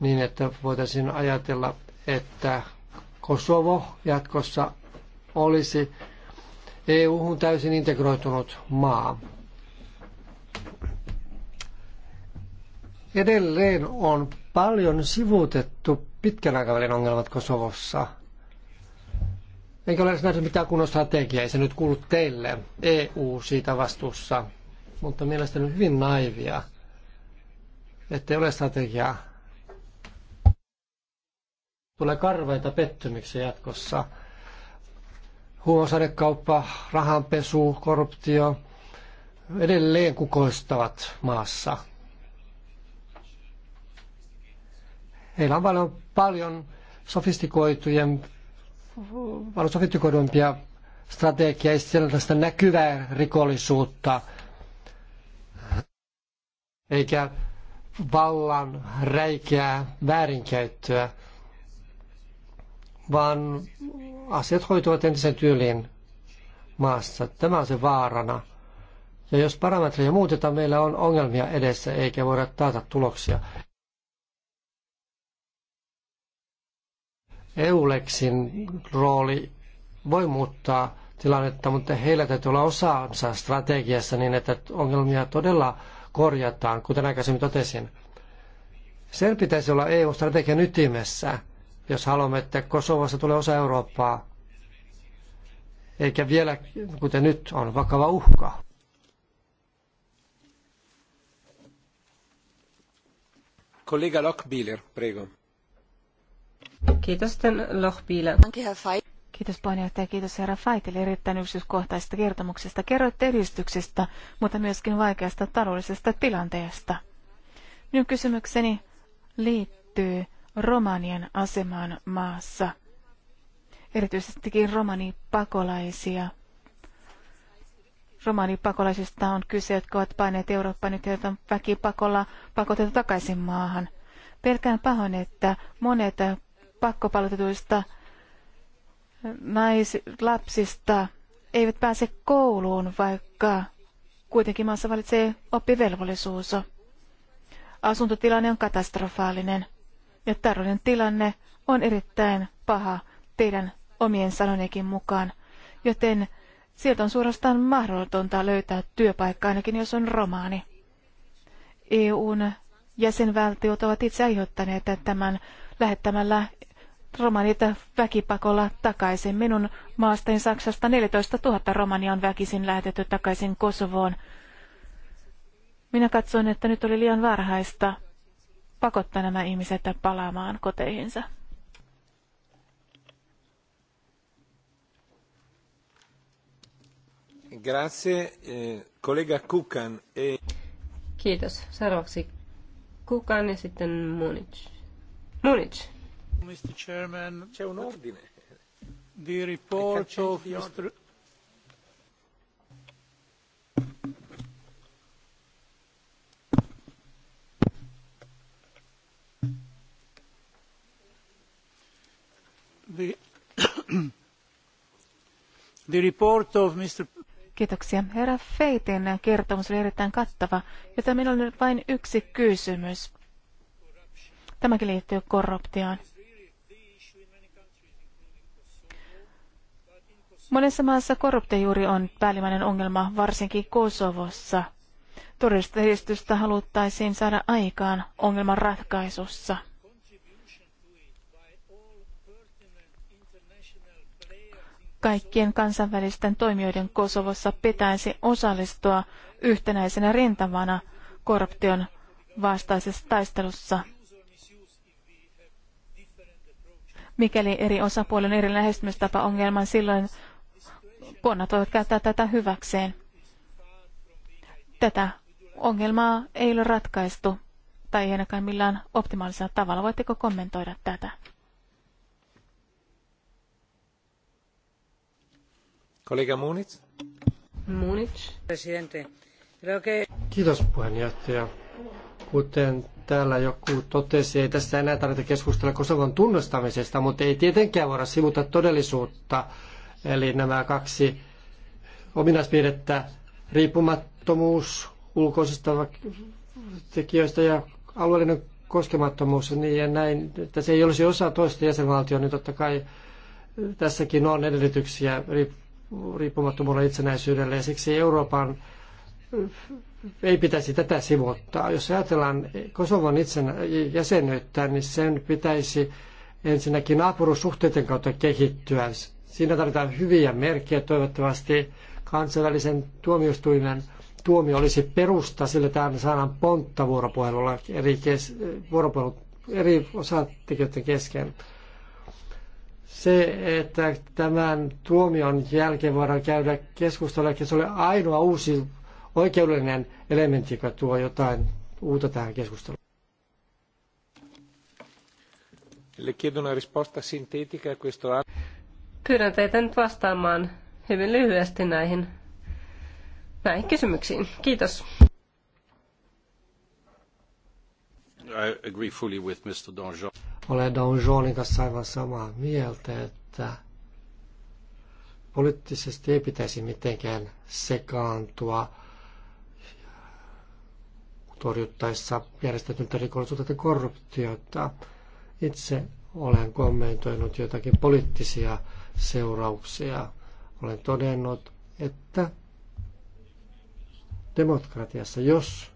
niin, että voitaisiin ajatella, että Kosovo jatkossa olisi EU on täysin integroitunut maa. Edelleen on paljon sivuutettu pitkän aikavälin ongelmat Kosovossa. Enkä ole edes nähnyt mitään kunnon strategiaa, ei se nyt kuulu teille, EU siitä vastuussa. Mutta mielestäni on hyvin naivia, ettei ole strategiaa. Tulee karvaita pettymyksiä jatkossa huumausainekauppa, rahanpesu, korruptio edelleen kukoistavat maassa. Heillä on paljon, paljon sofistikoitujen, paljon sofistikoidumpia strategiaa ja sellaista näkyvää rikollisuutta, eikä vallan räikeää väärinkäyttöä vaan asiat hoituvat entisen tyyliin maassa. Tämä on se vaarana. Ja jos parametreja muutetaan, meillä on ongelmia edessä eikä voida taata tuloksia. EULEXin rooli voi muuttaa tilannetta, mutta heillä täytyy olla osaansa strategiassa niin, että ongelmia todella korjataan, kuten aikaisemmin totesin. Sen pitäisi olla EU-strategian ytimessä – jos haluamme, että Kosovassa tulee osa Eurooppaa, eikä vielä, kuten nyt, on vakava uhka. Kollega Lochbieler, prego. Kiitos, Lochbieler. Kiitos puheenjohtaja, kiitos herra Faitel erittäin yksityiskohtaisesta kertomuksesta. Kerroitte edistyksestä, mutta myöskin vaikeasta taloudellisesta tilanteesta. Minun kysymykseni liittyy romanien asemaan maassa, erityisestikin romanipakolaisia. Romanipakolaisista on kyse, jotka ovat paineet Eurooppaan, nyt heidät on väkipakolla pakotettu takaisin maahan. Pelkään pahoin, että monet pakkopalotetuista naislapsista eivät pääse kouluun, vaikka kuitenkin maassa valitsee oppivelvollisuus. Asuntotilanne on katastrofaalinen. Ja taloudellinen tilanne on erittäin paha teidän omien sanonekin mukaan, joten sieltä on suorastaan mahdotonta löytää työpaikkaa, ainakin jos on romaani. EUn jäsenvaltiot ovat itse aiheuttaneet tämän lähettämällä romaniita väkipakolla takaisin. Minun maastani Saksasta 14 000 romania on väkisin lähetetty takaisin Kosovoon. Minä katsoin, että nyt oli liian varhaista pakottaa nämä ihmiset palaamaan koteihinsa. Grazie, kollega eh, Kukan. E- Kiitos. Seuraavaksi Kukan ja sitten Munich. Munich. Mr. Chairman, c'è un ordine. The report of Mr. Kiitoksia. Herra Feitin kertomus oli erittäin kattava, joten minulla on vain yksi kysymys. Tämäkin liittyy korruptioon. Monessa maassa korruptio juuri on päällimmäinen ongelma, varsinkin Kosovossa. Todistusta haluttaisiin saada aikaan ongelman ratkaisussa. kaikkien kansainvälisten toimijoiden Kosovossa pitäisi osallistua yhtenäisenä rintamana korruption vastaisessa taistelussa. Mikäli eri osapuolen eri lähestymistapa ongelman, silloin kunnat voivat käyttää tätä hyväkseen. Tätä ongelmaa ei ole ratkaistu tai ei ainakaan millään optimaalisella tavalla. Voitteko kommentoida tätä? Kollega puhemies Kiitos Kuten täällä joku totesi, ei tässä enää tarvitse keskustella Kosovon tunnustamisesta, mutta ei tietenkään voida sivuta todellisuutta. Eli nämä kaksi ominaispiirrettä, riippumattomuus ulkoisista tekijöistä ja alueellinen koskemattomuus niin ja näin, että se ei olisi osa toista jäsenvaltiota, niin totta kai tässäkin on edellytyksiä riippumattomuudella itsenäisyydelle ja siksi Euroopan ei pitäisi tätä sivuuttaa. Jos ajatellaan Kosovon itsen jäsenyyttä, niin sen pitäisi ensinnäkin naapurussuhteiden kautta kehittyä. Siinä tarvitaan hyviä merkkejä. Toivottavasti kansainvälisen tuomioistuimen tuomio olisi perusta, sillä täällä saadaan pontta vuoropuhelulla eri, kes, eri osatekijöiden kesken se, että tämän tuomion jälkeen voidaan käydä keskustelua, se oli ainoa uusi oikeudellinen elementti, joka tuo jotain uutta tähän keskusteluun. Le chiedo una risposta sintetica a questo Pyydän teitä nyt vastaamaan hyvin lyhyesti näihin, näihin kysymyksiin. Kiitos. I agree fully with Mr. Donjon. Olen Don Juanin kanssa aivan samaa mieltä, että poliittisesti ei pitäisi mitenkään sekaantua torjuttaessa järjestetyntä rikollisuutta ja korruptiota. Itse olen kommentoinut jotakin poliittisia seurauksia. Olen todennut, että demokratiassa, jos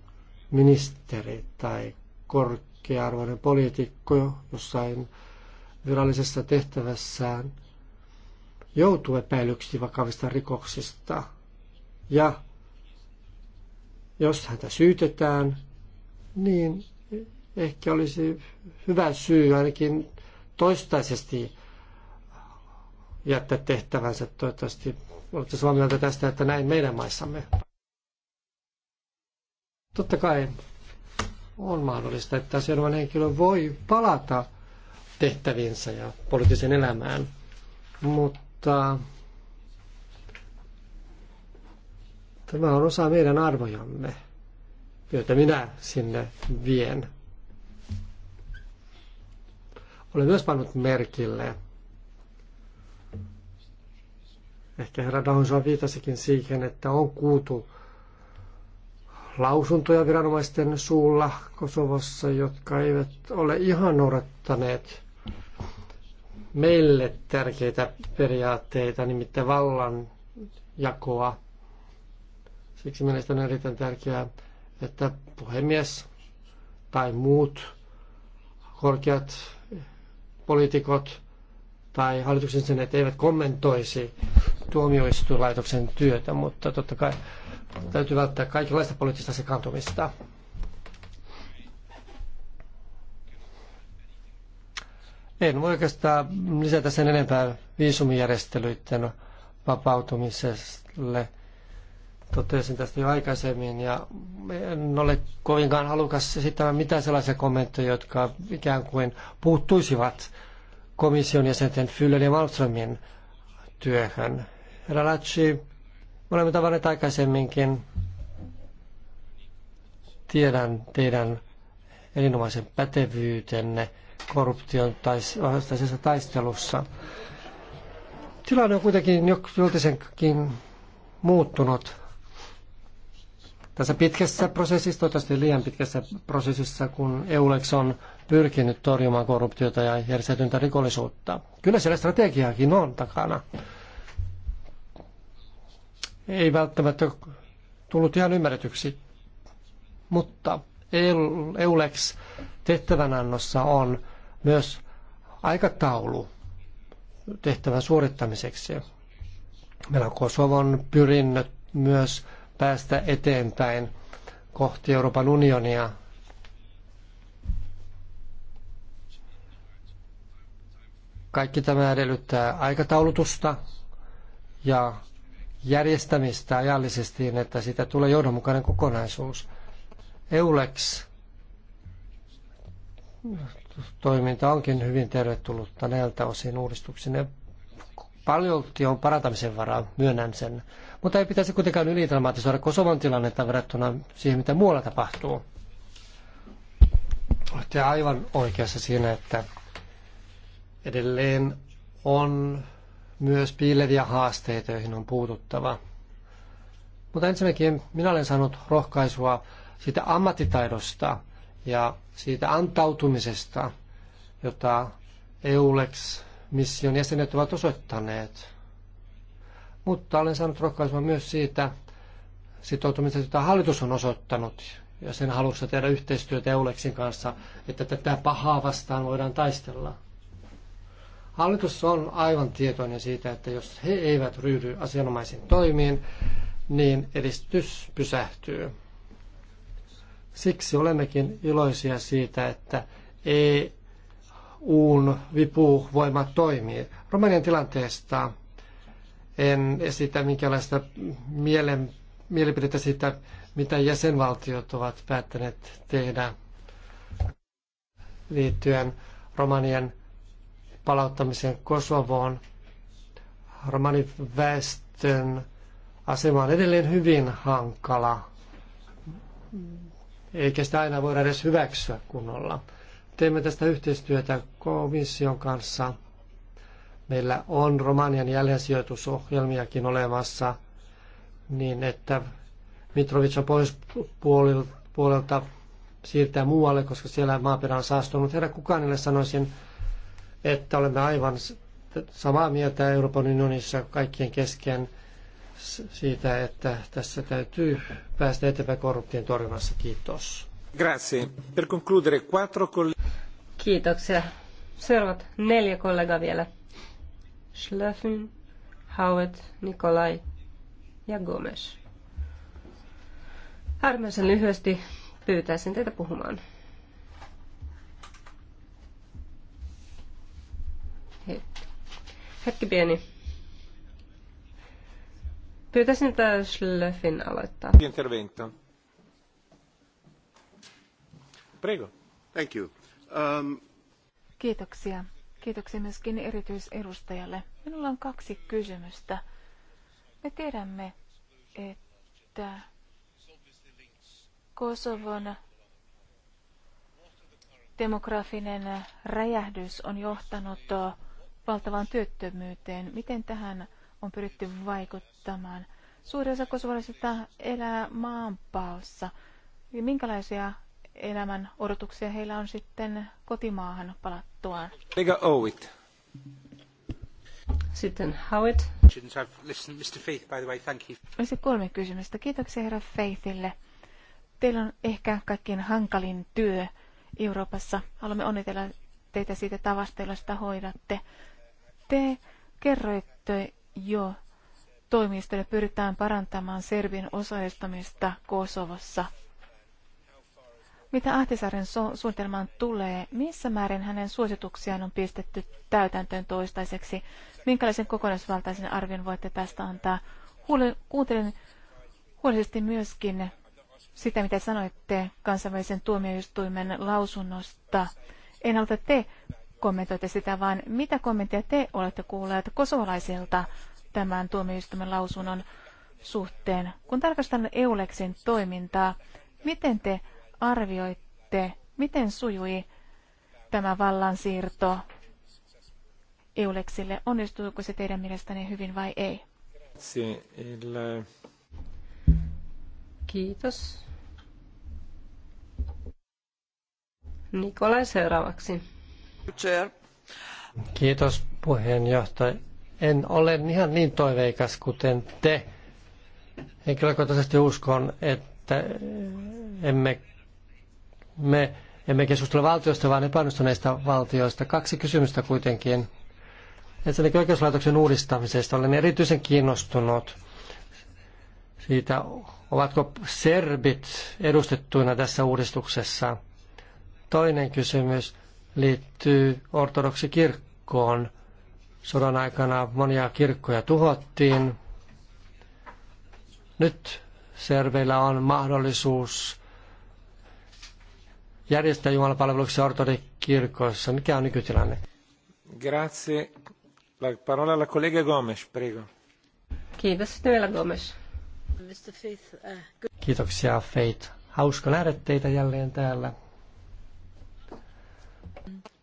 ministeri tai korkeus korkearvoinen poliitikko jossain virallisessa tehtävässään joutuu epäilyksi vakavista rikoksista. Ja jos häntä syytetään, niin ehkä olisi hyvä syy ainakin toistaisesti jättää tehtävänsä. Toivottavasti olette samaa mieltä tästä, että näin meidän maissamme. Totta kai on mahdollista, että asianomainen henkilö voi palata tehtäviinsä ja poliittiseen elämään. Mutta tämä on osa meidän arvojamme, joita minä sinne vien. Olen myös pannut merkille, ehkä herra Dahonsoa viitasikin siihen, että on kuutu lausuntoja viranomaisten suulla Kosovossa, jotka eivät ole ihan noudattaneet meille tärkeitä periaatteita, nimittäin vallan jakoa. Siksi mielestäni on erittäin tärkeää, että puhemies tai muut korkeat poliitikot tai hallituksen senet eivät kommentoisi tuomioistuinlaitoksen työtä, mutta totta kai Täytyy välttää kaikenlaista poliittista sekaantumista. En voi oikeastaan lisätä sen enempää viisumijärjestelyiden vapautumiselle. Totesin tästä jo aikaisemmin ja en ole kovinkaan halukas esittämään mitään sellaisia kommentteja, jotka ikään kuin puuttuisivat komission jäsenten Fyllen ja Malmströmin työhön. Herra Latsi, olemme tavanneet aikaisemminkin. Tiedän teidän erinomaisen pätevyytenne korruption vastaisessa taistelussa. Tilanne on kuitenkin joltisenkin muuttunut. Tässä pitkässä prosessissa, toivottavasti liian pitkässä prosessissa, kun EULEX on pyrkinyt torjumaan korruptiota ja järjestäytyntä rikollisuutta. Kyllä siellä strategiaakin on takana ei välttämättä tullut ihan ymmärretyksi, mutta EULEX tehtävänannossa on myös aikataulu tehtävän suorittamiseksi. Meillä on Kosovon pyrinnöt myös päästä eteenpäin kohti Euroopan unionia. Kaikki tämä edellyttää aikataulutusta ja järjestämistä ajallisesti, niin että siitä tulee johdonmukainen kokonaisuus. EULEX toiminta onkin hyvin tervetullutta näiltä osin uudistuksen. Paljolti on parantamisen varaa, myönnän sen. Mutta ei pitäisi kuitenkaan ylidramatisoida Kosovan tilannetta verrattuna siihen, mitä muualla tapahtuu. Olette aivan oikeassa siinä, että edelleen on myös piileviä haasteita, joihin on puututtava. Mutta ensinnäkin minä olen saanut rohkaisua siitä ammattitaidosta ja siitä antautumisesta, jota EULEX-mission jäsenet ovat osoittaneet. Mutta olen saanut rohkaisua myös siitä sitoutumisesta, jota hallitus on osoittanut ja sen halussa tehdä yhteistyötä EULEXin kanssa, että tätä pahaa vastaan voidaan taistella. Hallitus on aivan tietoinen siitä, että jos he eivät ryhdy asianomaisiin toimiin, niin edistys pysähtyy. Siksi olemmekin iloisia siitä, että EUn vipuvoima toimii. Romanian tilanteesta en esitä minkäänlaista mielen, mielipidettä siitä, mitä jäsenvaltiot ovat päättäneet tehdä liittyen Romanian palauttamiseen Kosovoon. Romaniväestön asema on edelleen hyvin hankala, eikä sitä aina voida edes hyväksyä kunnolla. Teemme tästä yhteistyötä komission kanssa. Meillä on Romanian jäljensijoitusohjelmiakin olemassa, niin että Mitrovic on pois puolelta siirtää muualle, koska siellä maaperä on saastunut. Herra Kukanille sanoisin, että olemme aivan samaa mieltä Euroopan unionissa kaikkien kesken siitä, että tässä täytyy päästä eteenpäin korruption torjunnassa. Kiitos. Grazie. Per concludere, quattro Kiitoksia. Seuraavat neljä kollegaa vielä. Schlöfin, Howard, Nikolai ja Gomes. Harmaisen lyhyesti pyytäisin teitä puhumaan. Hetki pieni. Pyytäisin, että Schlöfin aloittaa. Intervento. Prego. Thank you. Um... Kiitoksia. Kiitoksia myöskin erityisedustajalle. Minulla on kaksi kysymystä. Me tiedämme, että Kosovon demografinen räjähdys on johtanut valtavaan työttömyyteen. Miten tähän on pyritty vaikuttamaan? Suuri osa kosovalaisista elää maanpaossa. Minkälaisia elämän odotuksia heillä on sitten kotimaahan palattuaan? Mega Owit. Sitten Howard. Mr. Faith, by the way, thank you. Olisi kolme kysymystä. Kiitoksia herra Faithille. Teillä on ehkä kaikkein hankalin työ Euroopassa. Haluamme onnitella teitä siitä tavasta, jolla sitä hoidatte. Te kerroitte jo toimista, pyritään parantamaan Serbin osallistumista Kosovossa. Mitä Ahtisaaren su- suunnitelmaan tulee, missä määrin hänen suosituksiaan on pistetty täytäntöön toistaiseksi? Minkälaisen kokonaisvaltaisen arvion voitte tästä antaa? Huule- kuuntelin huolellisesti myöskin sitä, mitä sanoitte kansainvälisen tuomioistuimen lausunnosta. En halua te kommentoitte sitä, vaan mitä kommentteja te olette kuulleet kosovalaisilta tämän tuomioistuimen lausunnon suhteen? Kun tarkastan Eulexin toimintaa, miten te arvioitte, miten sujui tämä vallansiirto Eulexille? Onnistuiko se teidän mielestänne hyvin vai ei? Eh, Kiitos. Nikolai seuraavaksi. Kiitos puheenjohtaja. En ole ihan niin toiveikas kuten te. Henkilökohtaisesti uskon, että emme, me emme keskustele valtioista, vaan epäonnistuneista valtioista. Kaksi kysymystä kuitenkin. Ensinnäkin oikeuslaitoksen uudistamisesta olen erityisen kiinnostunut siitä, ovatko serbit edustettuina tässä uudistuksessa. Toinen kysymys liittyy kirkkoon. Sodan aikana monia kirkkoja tuhottiin. Nyt serveillä on mahdollisuus järjestää jumalapalveluksia ortodoksikirkoissa. Mikä on nykytilanne? Grazie. La parola alla collega Gomes, prego. Kiitos, Työllä Gomes. Eh, Kiitoksia, Faith. Hauska nähdä teitä jälleen täällä.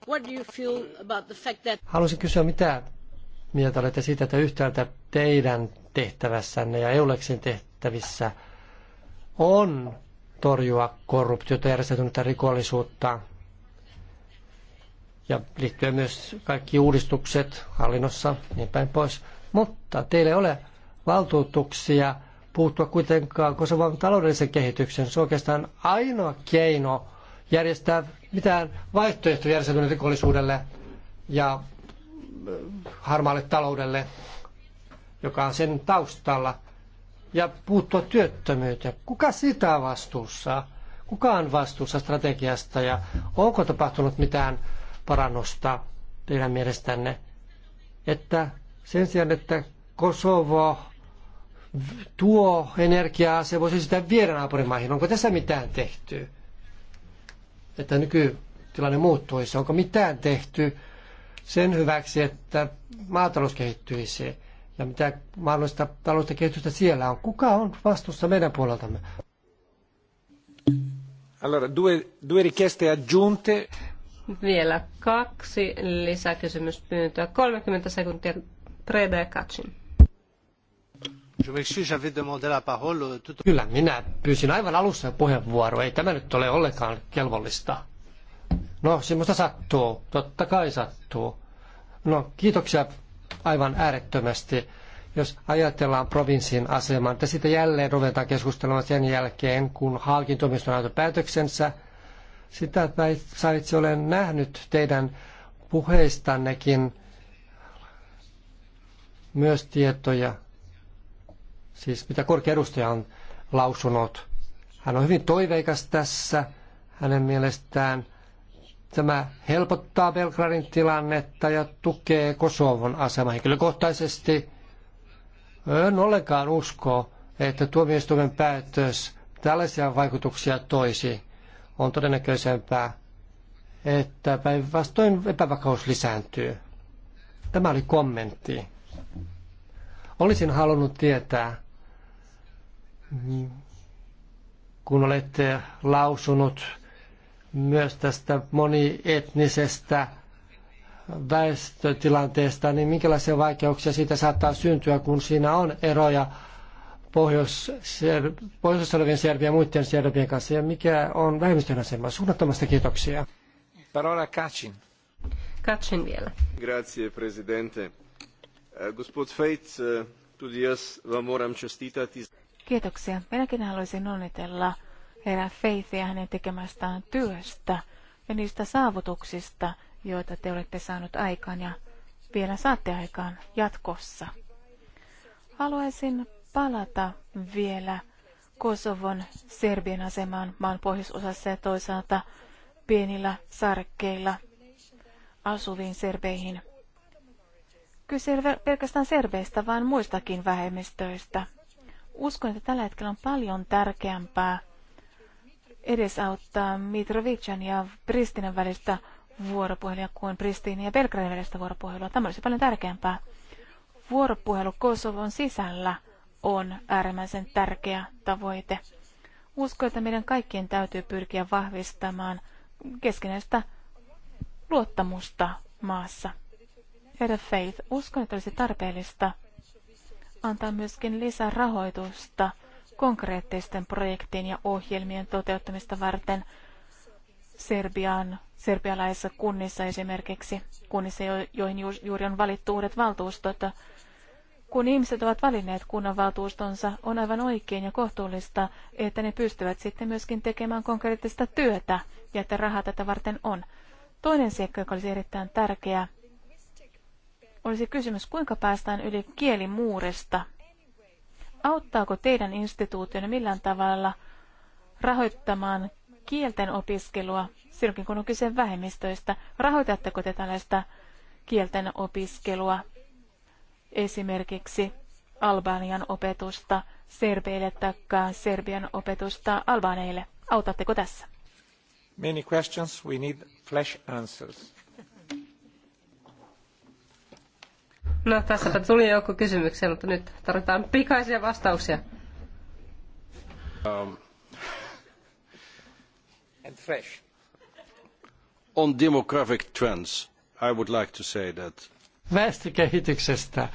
What do you feel about the fact that... Haluaisin kysyä, mitä mieltä olette siitä, että yhtäältä teidän tehtävässänne ja EULEXin tehtävissä on torjua korruptiota ja järjestäytynyttä rikollisuutta ja liittyen myös kaikki uudistukset hallinnossa niin päin pois. Mutta teillä ei ole valtuutuksia puuttua kuitenkaan Kosovan taloudellisen kehityksen. Se on oikeastaan ainoa keino järjestää mitään vaihtoehtoja järjestelmän rikollisuudelle ja äh, harmaalle taloudelle, joka on sen taustalla, ja puuttua työttömyyteen. Kuka sitä vastuussa? Kuka on vastuussa strategiasta ja onko tapahtunut mitään parannusta teidän mielestänne? Että sen sijaan, että Kosovo tuo energiaa, se voisi sitä viedä naapurimaihin. Onko tässä mitään tehty? että nykytilanne muuttuisi? Onko mitään tehty sen hyväksi, että maatalous kehittyisi? Ja mitä mahdollista taloudellista kehitystä siellä on? Kuka on vastuussa meidän puoleltamme? Allora, due, due richieste aggiunte. Vielä kaksi lisäkysymyspyyntöä. 30 sekuntia Prede Kacin. Euh, Kyllä, minä pyysin aivan alussa puheenvuoro. Ei tämä nyt ole ollenkaan kelvollista. No, semmoista sattuu. Totta kai sattuu. No, kiitoksia aivan äärettömästi. Jos ajatellaan provinssin asemaa, että sitä jälleen ruvetaan keskustelemaan sen jälkeen, kun Haalkin tuomioistuin on päätöksensä. Sitä saitse olen nähnyt teidän puheistannekin myös tietoja siis mitä korkea edustaja on lausunut. Hän on hyvin toiveikas tässä. Hänen mielestään tämä helpottaa Belgradin tilannetta ja tukee Kosovon asemaa henkilökohtaisesti. En ollenkaan usko, että tuomioistuimen päätös tällaisia vaikutuksia toisi. On todennäköisempää, että päinvastoin epävakaus lisääntyy. Tämä oli kommentti. Olisin halunnut tietää, niin, kun olette lausunut myös tästä monietnisestä väestötilanteesta, niin minkälaisia vaikeuksia siitä saattaa syntyä, kun siinä on eroja pohjois olevien Pohjois Serbien ja muiden Serbien kanssa, ja mikä on vähemmistön asema? Suunnattomasta kiitoksia. Parola Kacin. Kacin vielä. Grazie, presidente. Eh, gospod Feitz, eh, tudi jaz vam moram čestitati. Kiitoksia. Minäkin haluaisin onnitella herää Faithia hänen tekemästään työstä ja niistä saavutuksista, joita te olette saanut aikaan ja vielä saatte aikaan jatkossa. Haluaisin palata vielä Kosovon Serbian asemaan maan pohjoisosassa ja toisaalta pienillä sarkkeilla asuviin serbeihin. Kyse ei pelkästään serbeistä, vaan muistakin vähemmistöistä, Uskon, että tällä hetkellä on paljon tärkeämpää edesauttaa Mitrovicin ja pristinen välistä vuoropuhelua kuin Pristinin ja Belgradin välistä vuoropuhelua. Tämä olisi paljon tärkeämpää. Vuoropuhelu Kosovon sisällä on äärimmäisen tärkeä tavoite. Uskon, että meidän kaikkien täytyy pyrkiä vahvistamaan keskinäistä luottamusta maassa. Herra Faith, uskon, että olisi tarpeellista – antaa myöskin lisärahoitusta konkreettisten projektien ja ohjelmien toteuttamista varten Serbian, serbialaisissa kunnissa esimerkiksi, kunnissa, joihin juuri on valittu uudet valtuustot. Kun ihmiset ovat valinneet kunnanvaltuustonsa, on aivan oikein ja kohtuullista, että ne pystyvät sitten myöskin tekemään konkreettista työtä ja että rahaa tätä varten on. Toinen seikka, joka olisi erittäin tärkeä, olisi kysymys, kuinka päästään yli kielimuuresta? Auttaako teidän instituutionne millään tavalla rahoittamaan kielten opiskelua silloin, kun on kyse vähemmistöistä? Rahoitatteko te tällaista kielten opiskelua, esimerkiksi Albanian opetusta serbeille tai Serbian opetusta albaaneille? Autatteko tässä? Many questions, we need flash answers. No tässäpä tuli joku kysymyksiä, mutta nyt tarvitaan pikaisia vastauksia. Um, and fresh. On demographic trends, I would like to say that. Väestökehityksestä.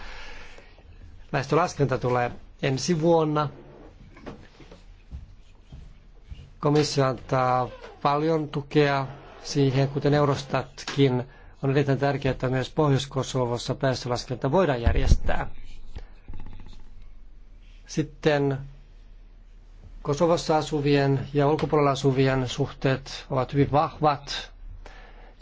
Väestölaskenta tulee ensi vuonna. Komissio antaa paljon tukea siihen, kuten Eurostatkin on erittäin tärkeää, että myös Pohjois-Kosovossa päästölaskenta voidaan järjestää. Sitten Kosovossa asuvien ja ulkopuolella asuvien suhteet ovat hyvin vahvat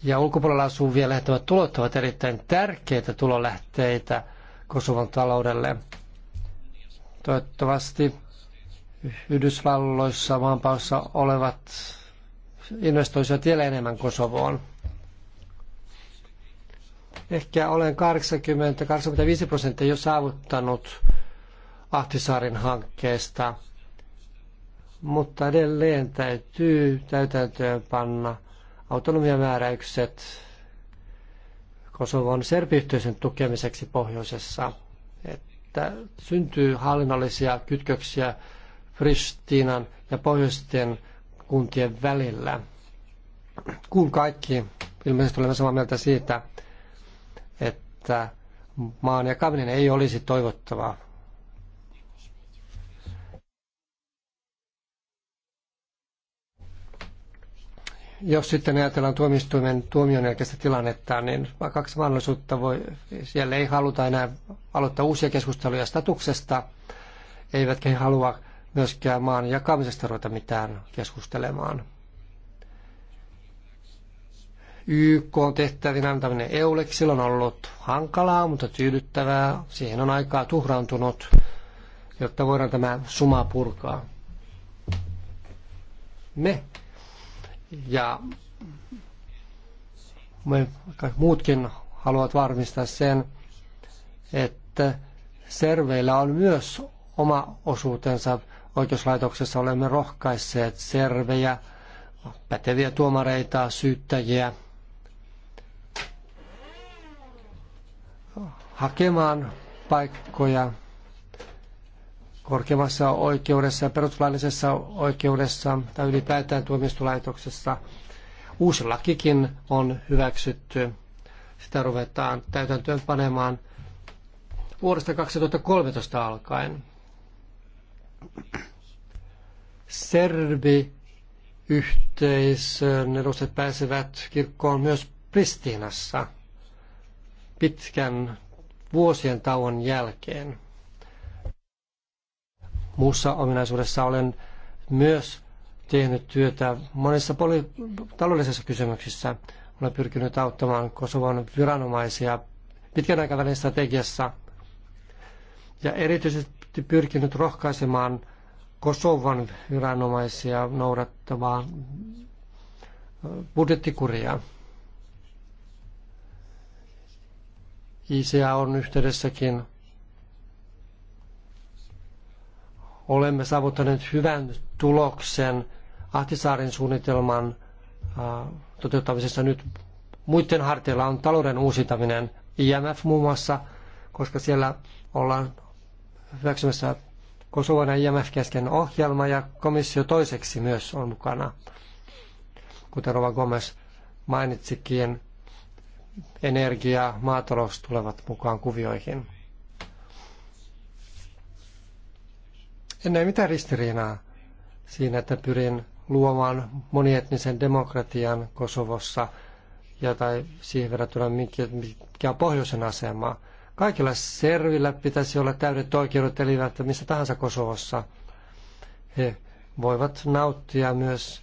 ja ulkopuolella asuvien lähettämät tulot ovat erittäin tärkeitä tulolähteitä Kosovon taloudelle. Toivottavasti Yhdysvalloissa maanpaossa olevat investoisivat vielä enemmän Kosovoon. Ehkä olen 80-85 prosenttia jo saavuttanut Ahtisaaren hankkeesta, mutta edelleen täytyy täytäntöön panna autonomiamääräykset Kosovon serbiyhteisön tukemiseksi pohjoisessa, että syntyy hallinnollisia kytköksiä Pristinan ja pohjoisten kuntien välillä. Kun kaikki ilmeisesti olemme samaa mieltä siitä, että maan jakaminen ei olisi toivottavaa. Jos sitten ajatellaan tuomistuimen tuomion jälkeistä tilannetta, niin kaksi mahdollisuutta voi, siellä ei haluta enää aloittaa uusia keskusteluja statuksesta, eivätkä he halua myöskään maan jakamisesta ruveta mitään keskustelemaan yk tehtävin antaminen EUlle. on ollut hankalaa, mutta tyydyttävää. Siihen on aikaa tuhraantunut, jotta voidaan tämä suma purkaa. Me ja me, muutkin haluavat varmistaa sen, että serveillä on myös oma osuutensa. Oikeuslaitoksessa olemme rohkaisseet servejä, päteviä tuomareita, syyttäjiä – hakemaan paikkoja korkeimmassa oikeudessa perustuslaillisessa oikeudessa tai ylipäätään tuomistolaitoksessa. Uusi lakikin on hyväksytty. Sitä ruvetaan täytäntöön panemaan vuodesta 2013 alkaen. Serbi yhteisön edustajat pääsevät kirkkoon myös Pristiinassa pitkän vuosien tauon jälkeen. Muussa ominaisuudessa olen myös tehnyt työtä monissa poli- taloudellisissa kysymyksissä. Olen pyrkinyt auttamaan Kosovon viranomaisia pitkän aikavälin strategiassa ja erityisesti pyrkinyt rohkaisemaan Kosovan viranomaisia noudattamaan budjettikuria. ICA on yhteydessäkin. Olemme saavuttaneet hyvän tuloksen Ahtisaarin suunnitelman äh, toteuttamisessa nyt muiden harteilla on talouden uusitaminen, IMF muun muassa, koska siellä ollaan hyväksymässä Kosovan ja IMF kesken ohjelma ja komissio toiseksi myös on mukana. Kuten Rova Gomes mainitsikin, energia, maatalous tulevat mukaan kuvioihin. En näe mitään ristiriinaa siinä, että pyrin luomaan monietnisen demokratian Kosovossa ja tai siihen verrattuna mikä on pohjoisen asema. Kaikilla servillä pitäisi olla täydet oikeudet että missä tahansa Kosovossa. He voivat nauttia myös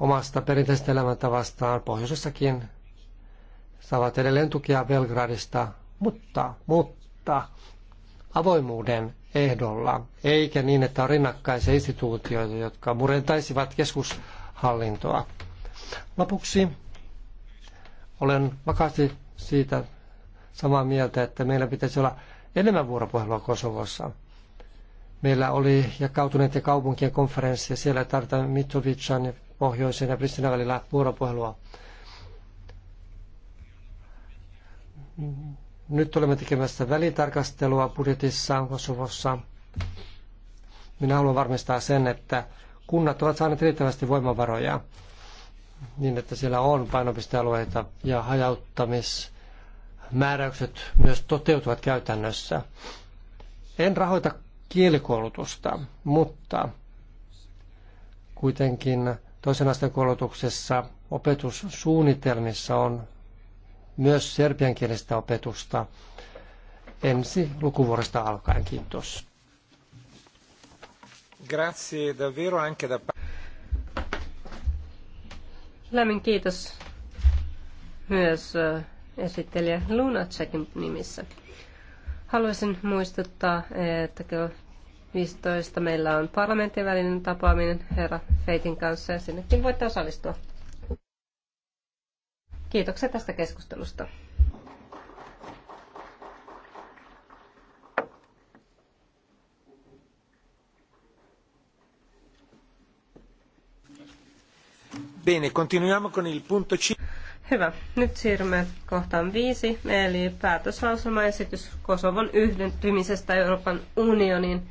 omasta perinteisestä elämäntavastaan pohjoisessakin saavat edelleen tukea Belgradista, mutta, mutta avoimuuden ehdolla, eikä niin, että on rinnakkaisia instituutioita, jotka murentaisivat keskushallintoa. Lopuksi olen vakaasti siitä samaa mieltä, että meillä pitäisi olla enemmän vuoropuhelua Kosovossa. Meillä oli ja kaupunkien konferenssi ja siellä tarvitaan Mitrovican ja pohjoisen ja Pristinan välillä vuoropuhelua. Nyt olemme tekemässä välitarkastelua budjetissa Kosovossa. Minä haluan varmistaa sen, että kunnat ovat saaneet riittävästi voimavaroja niin, että siellä on painopistealueita ja hajauttamismääräykset myös toteutuvat käytännössä. En rahoita kielikoulutusta, mutta kuitenkin toisen asteen koulutuksessa opetussuunnitelmissa on myös serbiankielistä opetusta ensi lukuvuodesta alkaen. Kiitos. Grazie davvero anche da... Lämmin kiitos myös esittelijä Lunacekin nimissä. Haluaisin muistuttaa, että 15 meillä on parlamentin välinen tapaaminen herra Feitin kanssa ja sinnekin voitte osallistua. Kiitoksia tästä keskustelusta. Bene, continuiamo con il punto C. Hyvä. Nyt siirrymme kohtaan viisi, eli päätöslauselmaesitys Kosovon yhdentymisestä Euroopan unioniin.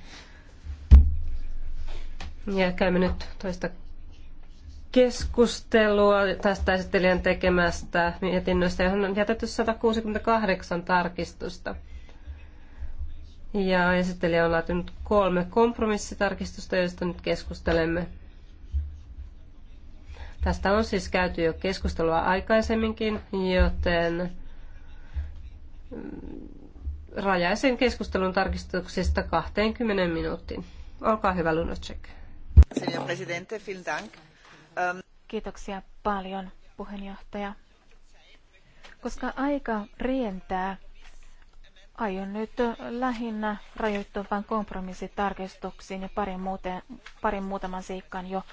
Ja käymme nyt toista keskustelua tästä esittelijän tekemästä mietinnöstä, johon on jätetty 168 tarkistusta. Ja esittelijä on laatinut kolme kompromissitarkistusta, joista nyt keskustelemme. Tästä on siis käyty jo keskustelua aikaisemminkin, joten mm, rajaisen keskustelun tarkistuksista 20 minuuttiin. Olkaa hyvä, Lunacek. Signor Presidente, vielen Dank. Kiitoksia paljon, puheenjohtaja. Koska aika rientää, aion nyt lähinnä rajoittua vain kompromissitarkistuksiin ja parin, muuten, parin muutaman seikkaan jo.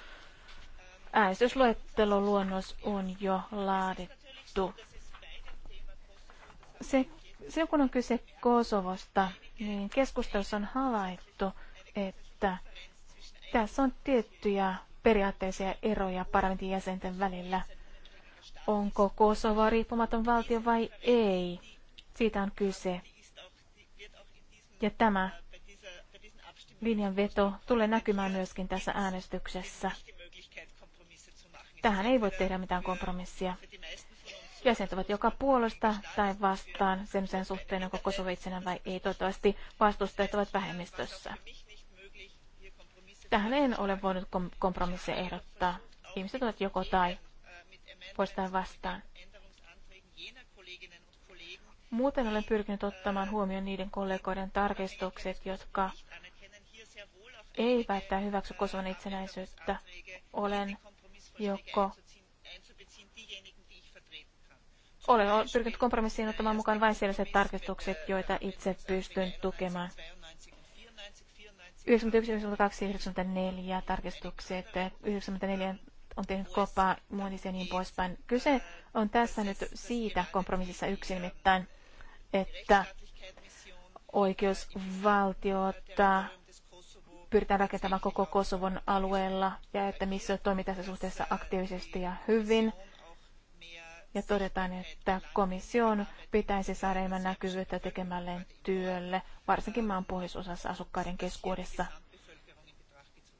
Äänestysluetteloluonnos on jo laadittu. Se, se kun on kyse Kosovosta, niin keskustelussa on havaittu, että tässä on tiettyjä periaatteisia eroja parlamentin jäsenten välillä. Onko Kosovo riippumaton valtio vai ei? Siitä on kyse. Ja tämä linjanveto tulee näkymään myöskin tässä äänestyksessä. Tähän ei voi tehdä mitään kompromissia. Jäsenet ovat joka puolesta tai vastaan sen, sen suhteen, onko Kosovo itsenä vai ei. Toivottavasti vastustajat ovat vähemmistössä. Tähän en ole voinut kompromisseja ehdottaa. Ihmiset ovat joko tai poistaa vastaan. Muuten olen pyrkinyt ottamaan huomioon niiden kollegoiden tarkistukset, jotka eivät hyväksy Kosovan itsenäisyyttä. Olen joko olen pyrkinyt kompromissiin ottamaan mukaan vain sellaiset tarkistukset, joita itse pystyn tukemaan. 91, 92, 94 tarkistukset, 94 on tehnyt kopaa muodissa ja niin poispäin. Kyse on tässä nyt siitä kompromississa yksi että oikeusvaltiota pyritään rakentamaan koko Kosovon alueella ja että missä toimii tässä suhteessa aktiivisesti ja hyvin – ja todetaan, että komission pitäisi saada enemmän näkyvyyttä tekemälleen työlle, varsinkin maan pohjoisosassa asukkaiden keskuudessa,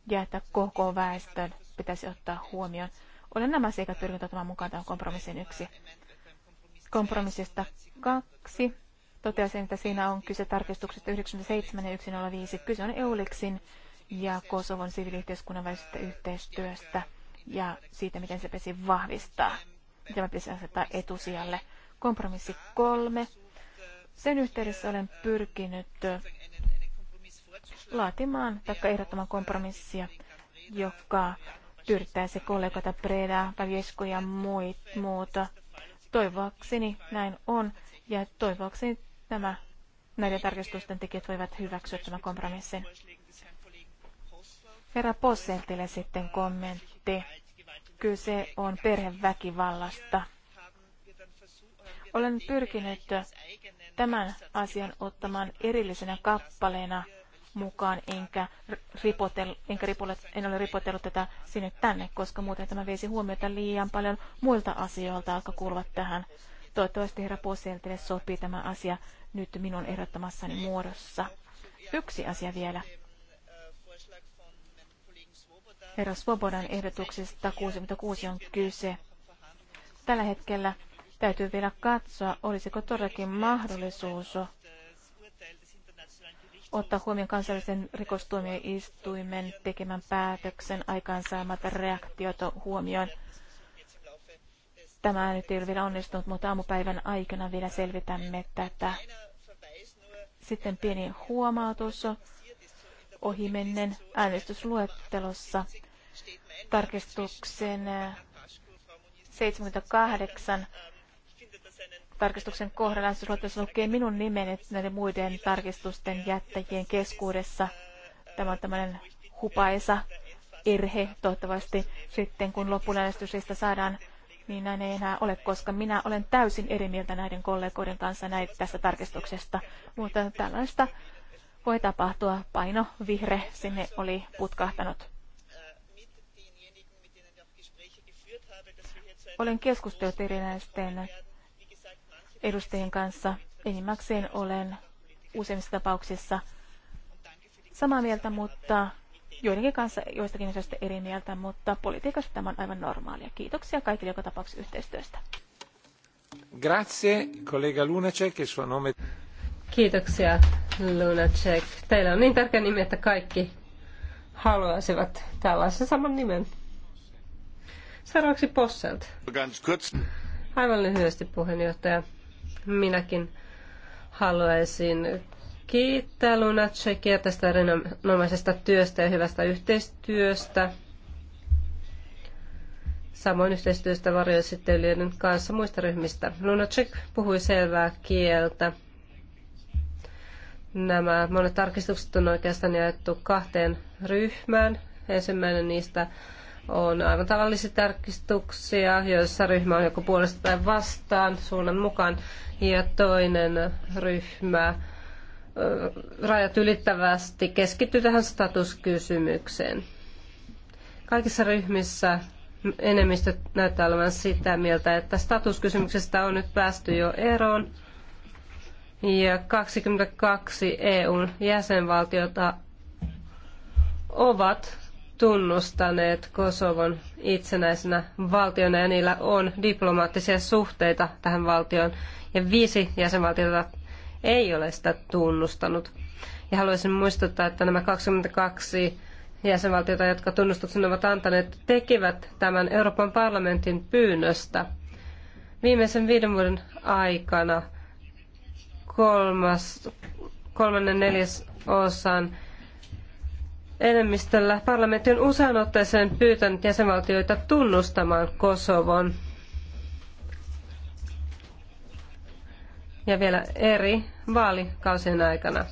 ja että koko väestön pitäisi ottaa huomioon. Olen nämä seikat pyrkinyt ottamaan mukaan tämän kompromissin yksi. Kompromissista kaksi. Toteasin, että siinä on kyse tarkistuksesta 97 ja 105. Kyse on EULIXin ja Kosovon siviiliyhteiskunnan välisestä yhteistyöstä ja siitä, miten se pesi vahvistaa. Tämä pitäisi asettaa etusijalle. Kompromissi kolme. Sen yhteydessä olen pyrkinyt laatimaan tai ehdottamaan kompromissia, joka se kollegoita Preda, Paviesko ja muut, muuta. Toivoakseni näin on ja toivoakseni nämä näiden tarkistusten tekijät voivat hyväksyä tämän kompromissin. Herra Posseltille sitten kommentti kyse on perheväkivallasta. Olen pyrkinyt tämän asian ottamaan erillisenä kappaleena mukaan, enkä, ripotel, enkä ripole, en ole ripotellut tätä sinne tänne, koska muuten tämä veisi huomiota liian paljon muilta asioilta, jotka kuuluvat tähän. Toivottavasti herra Posseltille sopii tämä asia nyt minun ehdottamassani muodossa. Yksi asia vielä herra Svobodan ehdotuksesta 66 on kyse. Tällä hetkellä täytyy vielä katsoa, olisiko todellakin mahdollisuus ottaa huomioon kansallisen rikostuomioistuimen tekemän päätöksen aikaansaamat reaktiot huomioon. Tämä nyt ei ole vielä onnistunut, mutta aamupäivän aikana vielä selvitämme tätä. Sitten pieni huomautus ohimennen äänestysluettelossa tarkistuksen 78 äh, tarkistuksen kohdalla äänestysluettelossa lukee minun nimeni näiden muiden tarkistusten jättäjien keskuudessa. Tämä on tämmöinen hupaisa erhe toivottavasti sitten, kun loppuäänestyslista saadaan, niin näin ei enää ole, koska minä olen täysin eri mieltä näiden kollegoiden kanssa näin tästä tarkistuksesta. Mutta tällaista voi tapahtua. Paino vihre sinne oli putkahtanut. Olen keskustellut erinäisten edustajien kanssa. Enimmäkseen olen useimmissa tapauksissa samaa mieltä, mutta joidenkin kanssa joistakin asioista eri mieltä, mutta politiikassa tämä on aivan normaalia. Kiitoksia kaikille joka tapauksessa yhteistyöstä. Grazie, kollega Lunacek, che suo nome... Kiitoksia, Lunacek. Teillä on niin tärkeä nimi, että kaikki haluaisivat tällaisen saman nimen. Seuraavaksi Posselt. Aivan lyhyesti puheenjohtaja. Minäkin haluaisin kiittää Lunacekia tästä erinomaisesta työstä ja hyvästä yhteistyöstä. Samoin yhteistyöstä varjoesittelijöiden kanssa muista ryhmistä. Lunacek puhui selvää kieltä. Nämä monet tarkistukset on oikeastaan jaettu kahteen ryhmään. Ensimmäinen niistä on aivan tavallisia tarkistuksia, joissa ryhmä on joko puolesta tai vastaan suunnan mukaan, ja toinen ryhmä rajat ylittävästi keskittyy tähän statuskysymykseen. Kaikissa ryhmissä enemmistö näyttää olevan sitä mieltä, että statuskysymyksestä on nyt päästy jo eroon, ja 22 EUn jäsenvaltiota ovat tunnustaneet Kosovon itsenäisenä valtiona ja niillä on diplomaattisia suhteita tähän valtioon. Ja viisi jäsenvaltiota ei ole sitä tunnustanut. Ja haluaisin muistuttaa, että nämä 22 jäsenvaltiota, jotka tunnustuksen ovat antaneet, tekivät tämän Euroopan parlamentin pyynnöstä. Viimeisen viiden vuoden aikana kolmas, kolmannen neljäs osan enemmistöllä parlamentti on usean otteeseen pyytänyt jäsenvaltioita tunnustamaan Kosovon. Ja vielä eri vaalikausien aikana.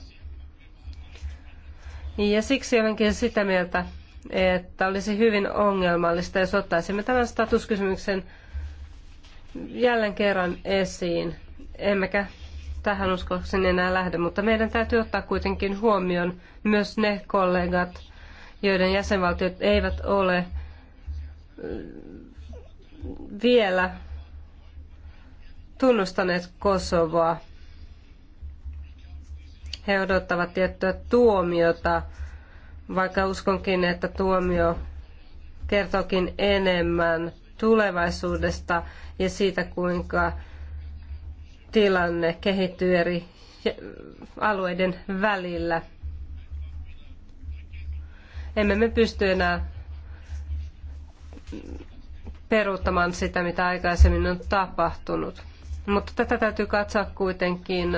Ja siksi olenkin sitä mieltä, että olisi hyvin ongelmallista, jos ottaisimme tämän statuskysymyksen jälleen kerran esiin, emmekä tähän uskoakseni enää lähde, mutta meidän täytyy ottaa kuitenkin huomioon myös ne kollegat, joiden jäsenvaltiot eivät ole vielä tunnustaneet Kosovoa. He odottavat tiettyä tuomiota, vaikka uskonkin, että tuomio kertookin enemmän tulevaisuudesta ja siitä, kuinka tilanne kehittyy eri alueiden välillä. Emme me pysty enää peruuttamaan sitä, mitä aikaisemmin on tapahtunut. Mutta tätä täytyy katsoa kuitenkin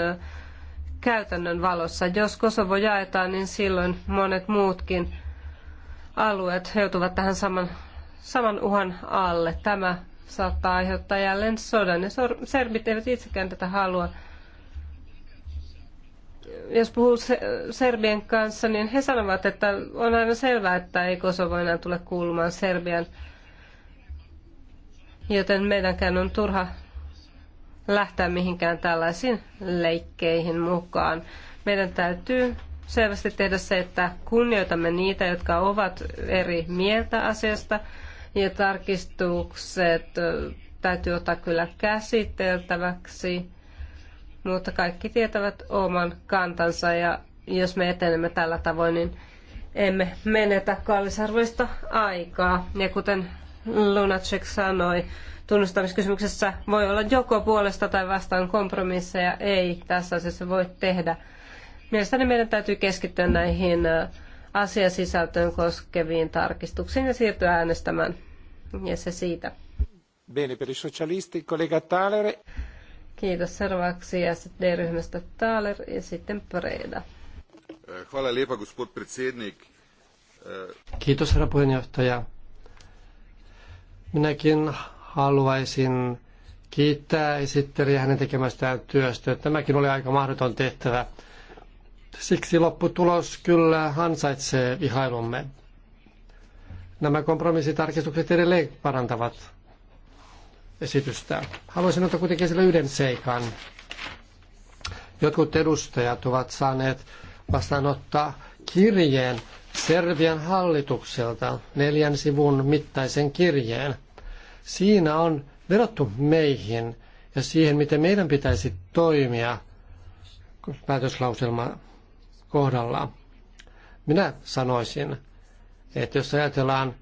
käytännön valossa. Jos Kosovo jaetaan, niin silloin monet muutkin alueet joutuvat tähän saman, saman uhan alle. Tämä saattaa aiheuttaa jälleen sodan. Ja serbit eivät itsekään tätä halua. Jos puhuu serbien kanssa, niin he sanovat, että on aina selvää, että ei Kosovo enää tule kuulumaan Serbian. Joten meidänkään on turha lähteä mihinkään tällaisiin leikkeihin mukaan. Meidän täytyy selvästi tehdä se, että kunnioitamme niitä, jotka ovat eri mieltä asiasta – ja tarkistukset täytyy ottaa kyllä käsiteltäväksi, mutta kaikki tietävät oman kantansa ja jos me etenemme tällä tavoin, niin emme menetä kallisarvoista aikaa. Ja kuten Lunacek sanoi, tunnustamiskysymyksessä voi olla joko puolesta tai vastaan kompromisseja, ei tässä asiassa voi tehdä. Mielestäni meidän täytyy keskittyä näihin asiasisältöön koskeviin tarkistuksiin ja siirtyä äänestämään. Ja se siitä. Bene, per i socialisti, collega Thaler. Kiitos seuraavaksi SD-ryhmästä Thaler ja sitten Preda. Hvala lijepa, gospod predsjednik. Kiitos, herra puheenjohtaja. Minäkin haluaisin kiittää esittelijä hänen tekemästään työstä. Tämäkin oli aika mahdoton tehtävä Siksi lopputulos kyllä ansaitsee ihailumme. Nämä kompromissitarkistukset edelleen parantavat esitystä. Haluaisin ottaa kuitenkin esille yhden seikan. Jotkut edustajat ovat saaneet vastaanottaa kirjeen Serbian hallitukselta, neljän sivun mittaisen kirjeen. Siinä on verrattu meihin ja siihen, miten meidän pitäisi toimia päätöslauselma kohdalla. Minä sanoisin, että jos ajatellaan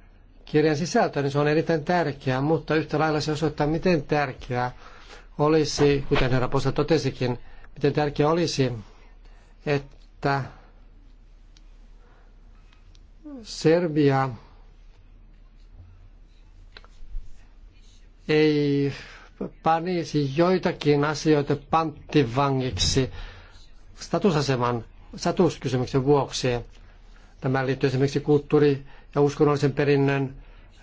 kirjan sisältöä, niin se on erittäin tärkeää, mutta yhtä lailla se osoittaa, miten tärkeää olisi, kuten herra Posa totesikin, miten tärkeää olisi, että Serbia ei panisi joitakin asioita panttivangiksi statusaseman statuskysymyksen vuoksi. Tämä liittyy esimerkiksi kulttuuri- ja uskonnollisen perinnön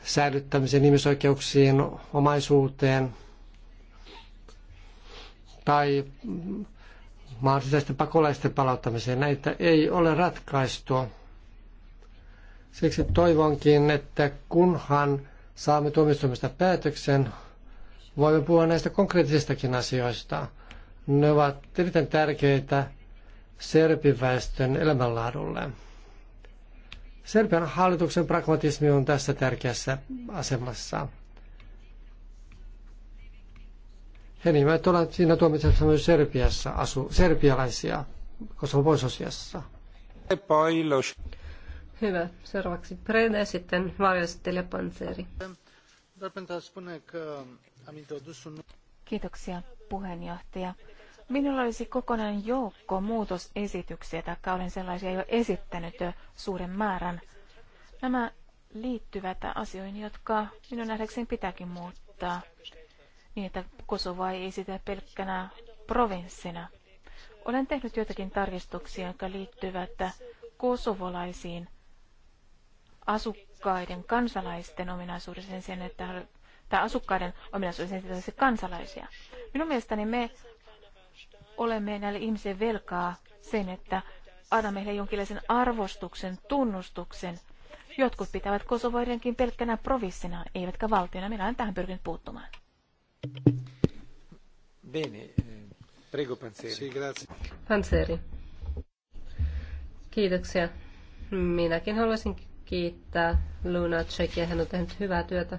säilyttämiseen, ihmisoikeuksiin, omaisuuteen tai mahdollisesti pakolaisten palauttamiseen. Näitä ei ole ratkaistua. Siksi toivonkin, että kunhan saamme tuomistumista päätöksen, voimme puhua näistä konkreettisistakin asioista. Ne ovat erittäin tärkeitä serpiväestön elämänlaadulle. Serbian hallituksen pragmatismi on tässä tärkeässä asemassa. He nimet ovat siinä tuomitsemassa myös Serbiassa asu, serbialaisia Kosovon pohjoisosiassa. Hyvä. Seuraavaksi Prene, ja sitten varjoesittelijä Panseri. Kiitoksia puheenjohtaja. Minulla olisi kokonainen joukko muutosesityksiä, taikka olen sellaisia jo esittänyt suuren määrän. Nämä liittyvät asioihin, jotka minun nähdäkseni pitääkin muuttaa, niin että Kosova ei esitä pelkkänä provinssina. Olen tehnyt joitakin tarkistuksia, jotka liittyvät kosovolaisiin asukkaiden kansalaisten ominaisuudeseen sen, että tai asukkaiden ominaisuudessa kansalaisia. Minun mielestäni me olemme näille ihmisille velkaa sen, että annamme heille jonkinlaisen arvostuksen, tunnustuksen. Jotkut pitävät Kosovoidenkin pelkkänä provissina, eivätkä valtiona. Minä olen tähän pyrkinyt puuttumaan. Bene. Eh, prego, Panzeri. Panseri. Kiitoksia. Minäkin haluaisin kiittää Luna Tsekia. Hän on tehnyt hyvää työtä.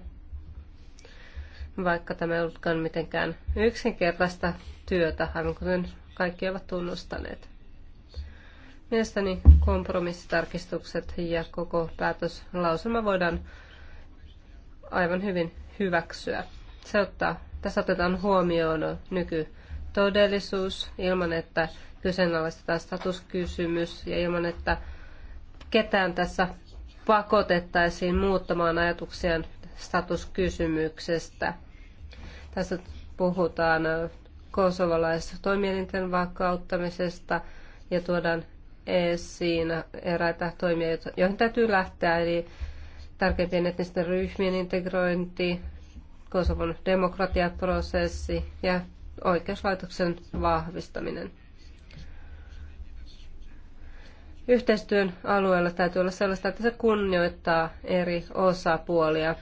Vaikka tämä ei ollutkaan mitenkään yksinkertaista, työtä, aivan kuten kaikki ovat tunnustaneet. Mielestäni kompromissitarkistukset ja koko päätöslausuma voidaan aivan hyvin hyväksyä. Se ottaa, tässä otetaan huomioon nykytodellisuus ilman, että kyseenalaistetaan statuskysymys ja ilman, että ketään tässä pakotettaisiin muuttamaan ajatuksiaan statuskysymyksestä. Tässä puhutaan kosovalaistoimielinten vakauttamisesta ja tuodaan esiin eräitä toimia, joihin täytyy lähteä, eli tärkeimpien etnisten ryhmien integrointi, Kosovon demokratiaprosessi ja oikeuslaitoksen vahvistaminen. Yhteistyön alueella täytyy olla sellaista, että se kunnioittaa eri osapuolia.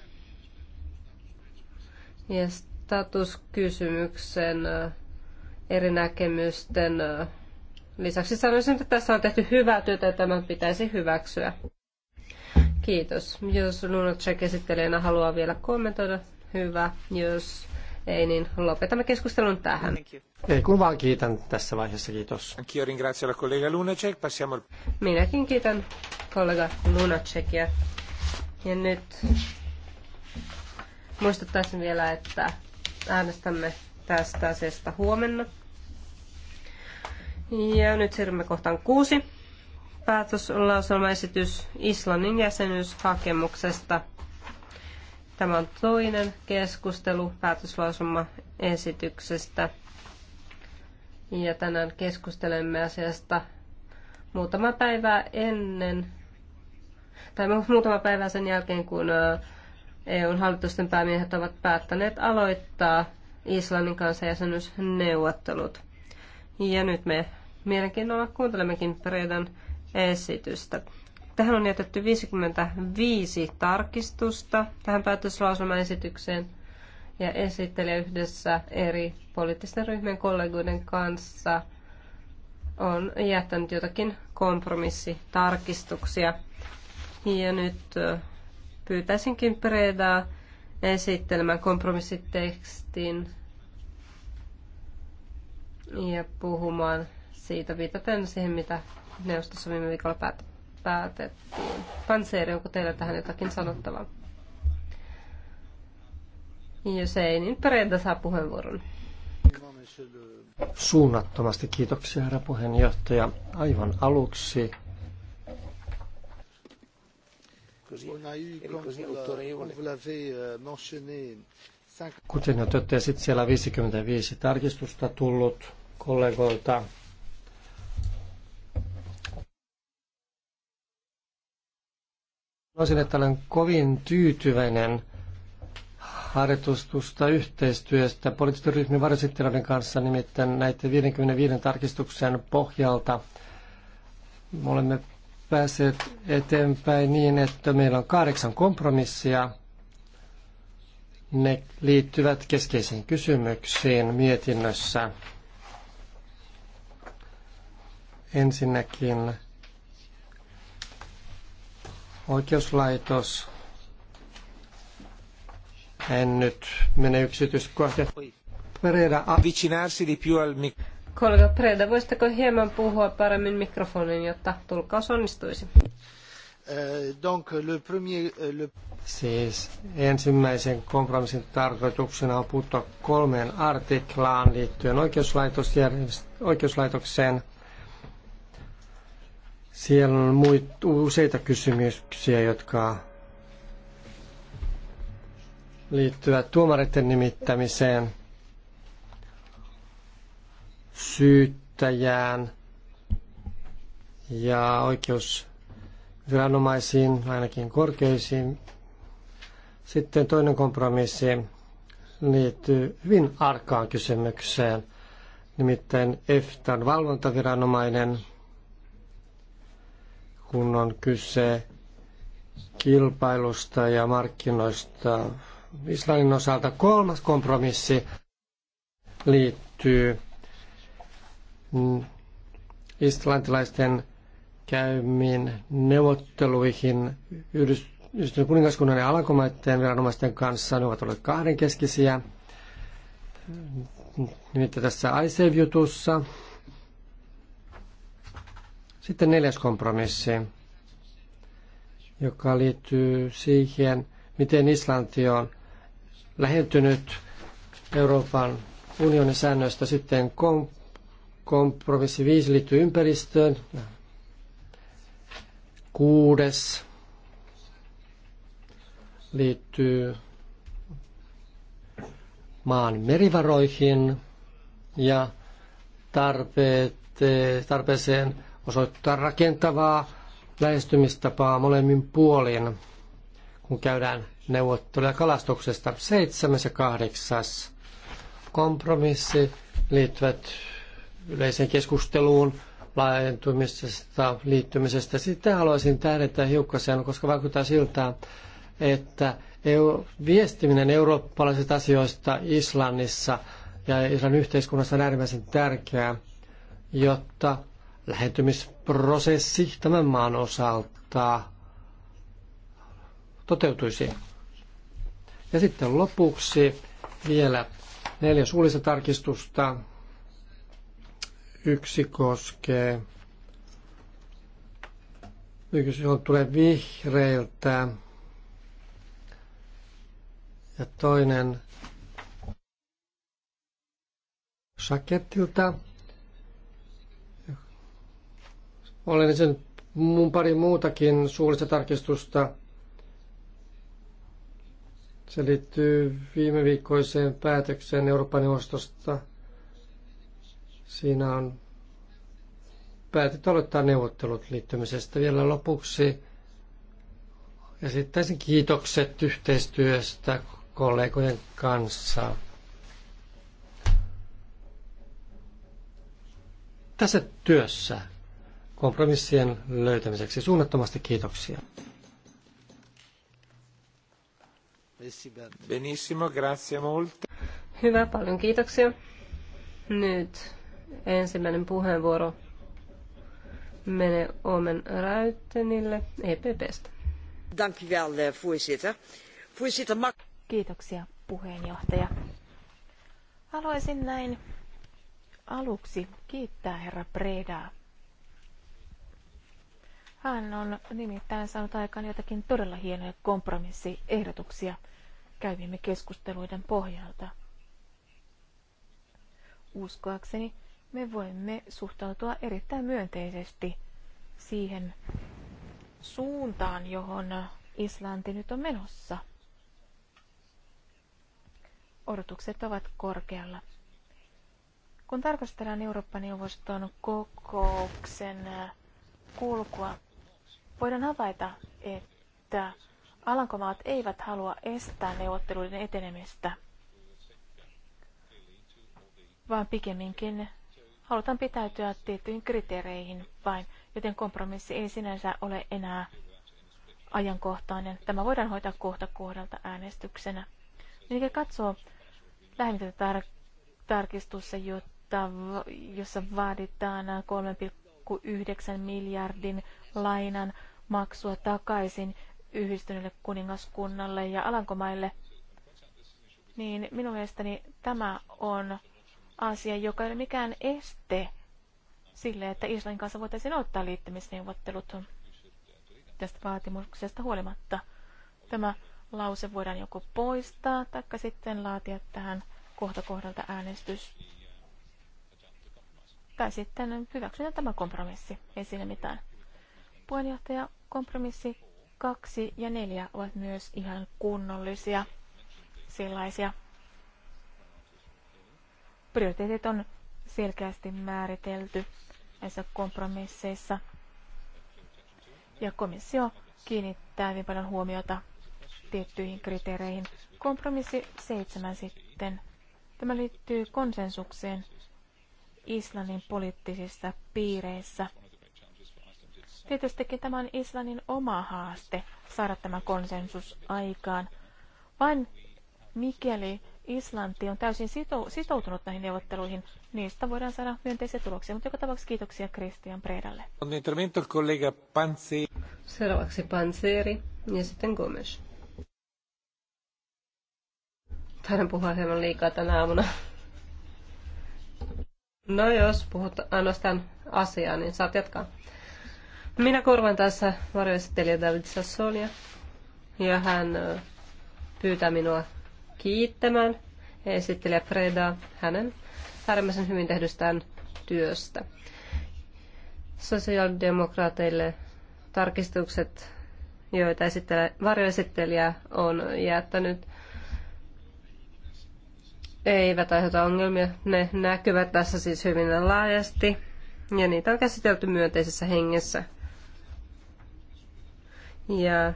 Ja statuskysymyksen eri näkemysten lisäksi sanoisin, että tässä on tehty hyvää työtä ja tämä pitäisi hyväksyä. Kiitos. Jos Lunacek esittelijänä haluaa vielä kommentoida, hyvä. Jos ei, niin lopetamme keskustelun tähän. Ei kun vaan kiitän tässä vaiheessa, kiitos. Minäkin kiitän kollega Lunacekia. Ja nyt muistuttaisin vielä, että äänestämme tästä asiasta huomenna. Ja nyt siirrymme kohtaan kuusi. Päätöslauselmaesitys Islannin jäsenyyshakemuksesta. Tämä on toinen keskustelu päätöslauselmaesityksestä. Ja tänään keskustelemme asiasta muutama päivä ennen, tai muutama päivä sen jälkeen, kun EUn hallitusten päämiehet ovat päättäneet aloittaa Islannin kanssa jäsenyysneuvottelut. Ja nyt me Mielenkiinnolla kuuntelemmekin Predan esitystä. Tähän on jätetty 55 tarkistusta tähän esitykseen ja esittelijä yhdessä eri poliittisten ryhmien kollegoiden kanssa on jättänyt jotakin kompromissitarkistuksia. Ja nyt pyytäisinkin Predaa esittelemään kompromissitekstin ja puhumaan siitä viitaten siihen, mitä neuvostossa viime viikolla päät- päätettiin. Panseeri, onko teillä tähän jotakin sanottavaa? Jos ei, niin Pereda saa puheenvuoron. Suunnattomasti kiitoksia, herra puheenjohtaja. Aivan aluksi Kuten jo totesit, siellä 55 tarkistusta tullut kollegoilta Sanoisin, että olen kovin tyytyväinen harjoitustusta yhteistyöstä poliittisten ryhmien varjoesittelijöiden kanssa, nimittäin näiden 55 tarkistuksen pohjalta me olemme päässeet eteenpäin niin, että meillä on kahdeksan kompromissia. Ne liittyvät keskeisiin kysymyksiin mietinnössä. Ensinnäkin Oikeuslaitos. En nyt mene yksityiskohtia. Preda. Avvicinarsi di più al Kollega Preda, voisitteko hieman puhua paremmin mikrofonin, jotta tulkaus onnistuisi? Eh, donc le premier, eh, le... Siis ensimmäisen kompromissin tarkoituksena on puuttua kolmeen artiklaan liittyen oikeuslaitokseen. Siellä on muit, useita kysymyksiä, jotka liittyvät tuomareiden nimittämiseen, syyttäjään ja oikeusviranomaisiin, ainakin korkeisiin. Sitten toinen kompromissi liittyy hyvin arkaan kysymykseen, nimittäin EFTAn valvontaviranomainen – kun on kyse kilpailusta ja markkinoista. Islannin osalta kolmas kompromissi liittyy islantilaisten käymiin neuvotteluihin yhdistyneen kuningaskunnan ja alankomaiden viranomaisten kanssa. Ne ovat olleet kahdenkeskisiä. Nimittäin tässä ICEV-jutussa sitten neljäs kompromissi, joka liittyy siihen, miten Islanti on lähentynyt Euroopan unionin säännöistä. Sitten kom- kompromissi viisi liittyy ympäristöön. Kuudes liittyy maan merivaroihin ja tarpeet, eh, tarpeeseen osoittaa rakentavaa lähestymistapaa molemmin puolin, kun käydään neuvotteluja kalastuksesta. 7 ja 8. Kompromissi liittyvät yleiseen keskusteluun laajentumisesta, liittymisestä. Sitä haluaisin tähdentää hiukkasen, koska vaikuttaa siltä, että EU, viestiminen eurooppalaisista asioista Islannissa ja Islannin yhteiskunnassa on äärimmäisen tärkeää, jotta lähentymisprosessi tämän maan osalta toteutuisi. Ja sitten lopuksi vielä neljä suullista tarkistusta. Yksi koskee, yksi on tulee vihreiltä, ja toinen sakettilta. Olen sen mun pari muutakin suullista tarkistusta. Se liittyy viime viikkoiseen päätökseen Euroopan neuvostosta. Siinä on päätetty aloittaa neuvottelut liittymisestä. Vielä lopuksi esittäisin kiitokset yhteistyöstä kollegojen kanssa. Tässä työssä kompromissien löytämiseksi. Suunnattomasti kiitoksia. Benissimo, grazie molto. Hyvä, paljon kiitoksia. Nyt ensimmäinen puheenvuoro menee Omen Räyttenille EPPstä. wel, eh, voorzitter. Voorzitter, Kiitoksia, puheenjohtaja. Haluaisin näin aluksi kiittää herra Bredaa hän on nimittäin saanut aikaan jotakin todella hienoja kompromissiehdotuksia käyvimme keskusteluiden pohjalta. Uskoakseni me voimme suhtautua erittäin myönteisesti siihen suuntaan, johon Islanti nyt on menossa. Odotukset ovat korkealla. Kun tarkastellaan Eurooppa-neuvoston kokouksen kulkua voidaan havaita, että Alankomaat eivät halua estää neuvotteluiden etenemistä, vaan pikemminkin halutaan pitäytyä tiettyihin kriteereihin vain, joten kompromissi ei sinänsä ole enää ajankohtainen. Tämä voidaan hoitaa kohta kohdalta äänestyksenä. Mikä katsoo lähinnä tar- tarkistussa, jotta, jossa vaaditaan 3,9 miljardin lainan maksua takaisin yhdistyneelle kuningaskunnalle ja Alankomaille, niin minun mielestäni tämä on asia, joka ei ole mikään este sille, että Israelin kanssa voitaisiin ottaa liittymisneuvottelut tästä vaatimuksesta huolimatta. Tämä lause voidaan joko poistaa tai sitten laatia tähän kohta kohdalta äänestys. Tai sitten hyväksytään tämä kompromissi. Ei siinä mitään. Puheenjohtaja, kompromissi kaksi ja neljä ovat myös ihan kunnollisia sellaisia. Prioriteetit on selkeästi määritelty näissä kompromisseissa. Ja komissio kiinnittää hyvin paljon huomiota tiettyihin kriteereihin. Kompromissi seitsemän sitten. Tämä liittyy konsensukseen Islannin poliittisissa piireissä – Tietystikin tämä on Islannin oma haaste saada tämä konsensus aikaan. Vain mikäli Islanti on täysin sitoutunut näihin neuvotteluihin, niistä voidaan saada myönteisiä tuloksia. Mutta joka tapauksessa kiitoksia Christian Predalle. Seuraavaksi Panseri ja sitten Gomes. Taidan puhua hieman liikaa tänä aamuna. No jos puhut ainoastaan asiaa, niin saat jatkaa. Minä korvan tässä varjoesittelijä David Sassonia ja hän pyytää minua kiittämään esittelijä Freda hänen äärimmäisen hyvin tehdystään työstä. Sosiaalidemokraateille tarkistukset, joita varjoesittelijä on jättänyt, eivät aiheuta ongelmia. Ne näkyvät tässä siis hyvin laajasti ja niitä on käsitelty myönteisessä hengessä ja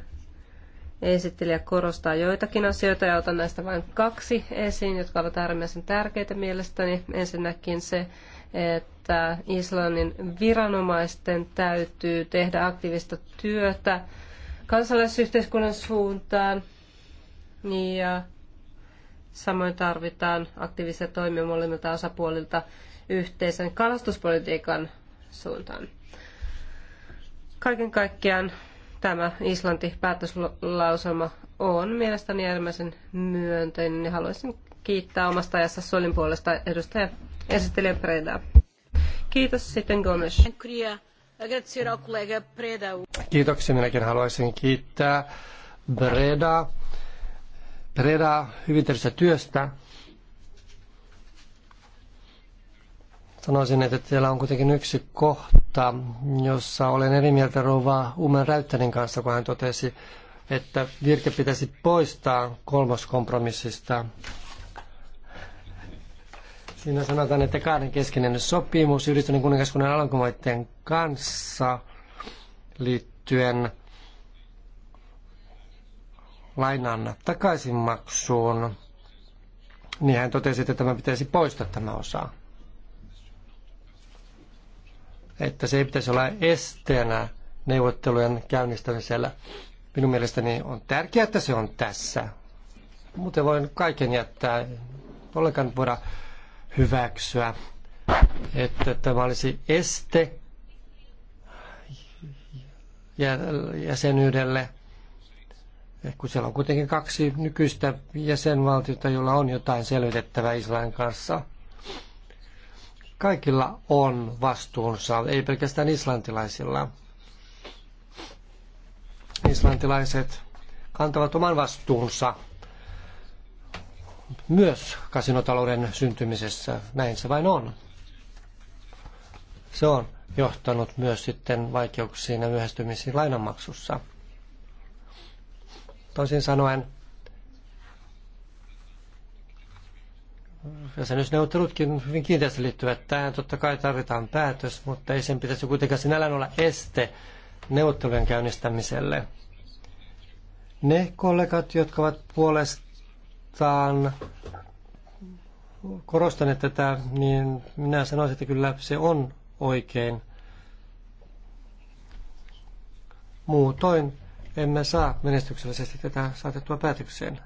esittelijä korostaa joitakin asioita ja otan näistä vain kaksi esiin, jotka ovat äärimmäisen tärkeitä mielestäni. Ensinnäkin se, että Islannin viranomaisten täytyy tehdä aktiivista työtä kansalaisyhteiskunnan suuntaan ja samoin tarvitaan aktiivisia toimia molemmilta osapuolilta yhteisen kalastuspolitiikan suuntaan. Kaiken kaikkiaan Tämä Islanti-päätöslauselma on mielestäni äärimmäisen myönteinen ja haluaisin kiittää omasta ajassa Solin puolesta edustaja esittelijä Preda. Kiitos sitten Gomes. Kiitoksia. Minäkin haluaisin kiittää Breda, Breda hyvin työstä. Sanoisin, että siellä on kuitenkin yksi kohta, jossa olen eri mieltä rouva Umen Räyttänin kanssa, kun hän totesi, että virke pitäisi poistaa kolmoskompromissista. Siinä sanotaan, että kahden keskinen sopimus yhdistyneen kuningaskunnan alankomaiden kanssa liittyen lainan takaisinmaksuun, niin hän totesi, että tämä pitäisi poistaa tämä osa että se ei pitäisi olla esteenä neuvottelujen käynnistämisellä. Minun mielestäni on tärkeää, että se on tässä. Muuten voin kaiken jättää. Ollenkaan voida hyväksyä, että tämä olisi este jäsenyydelle, kun siellä on kuitenkin kaksi nykyistä jäsenvaltiota, jolla on jotain selvitettävää Israelin kanssa – Kaikilla on vastuunsa, ei pelkästään islantilaisilla. Islantilaiset kantavat oman vastuunsa myös kasinotalouden syntymisessä. Näin se vain on. Se on johtanut myös sitten vaikeuksiin ja myöhästymisiin lainanmaksussa. Toisin sanoen, jäsenyysneuvottelutkin hyvin kiinteästi liittyvät tähän. Totta kai tarvitaan päätös, mutta ei sen pitäisi kuitenkaan sinällään olla este neuvottelujen käynnistämiselle. Ne kollegat, jotka ovat puolestaan korostaneet tätä, niin minä sanoisin, että kyllä se on oikein. Muutoin emme saa menestyksellisesti tätä saatettua päätökseen.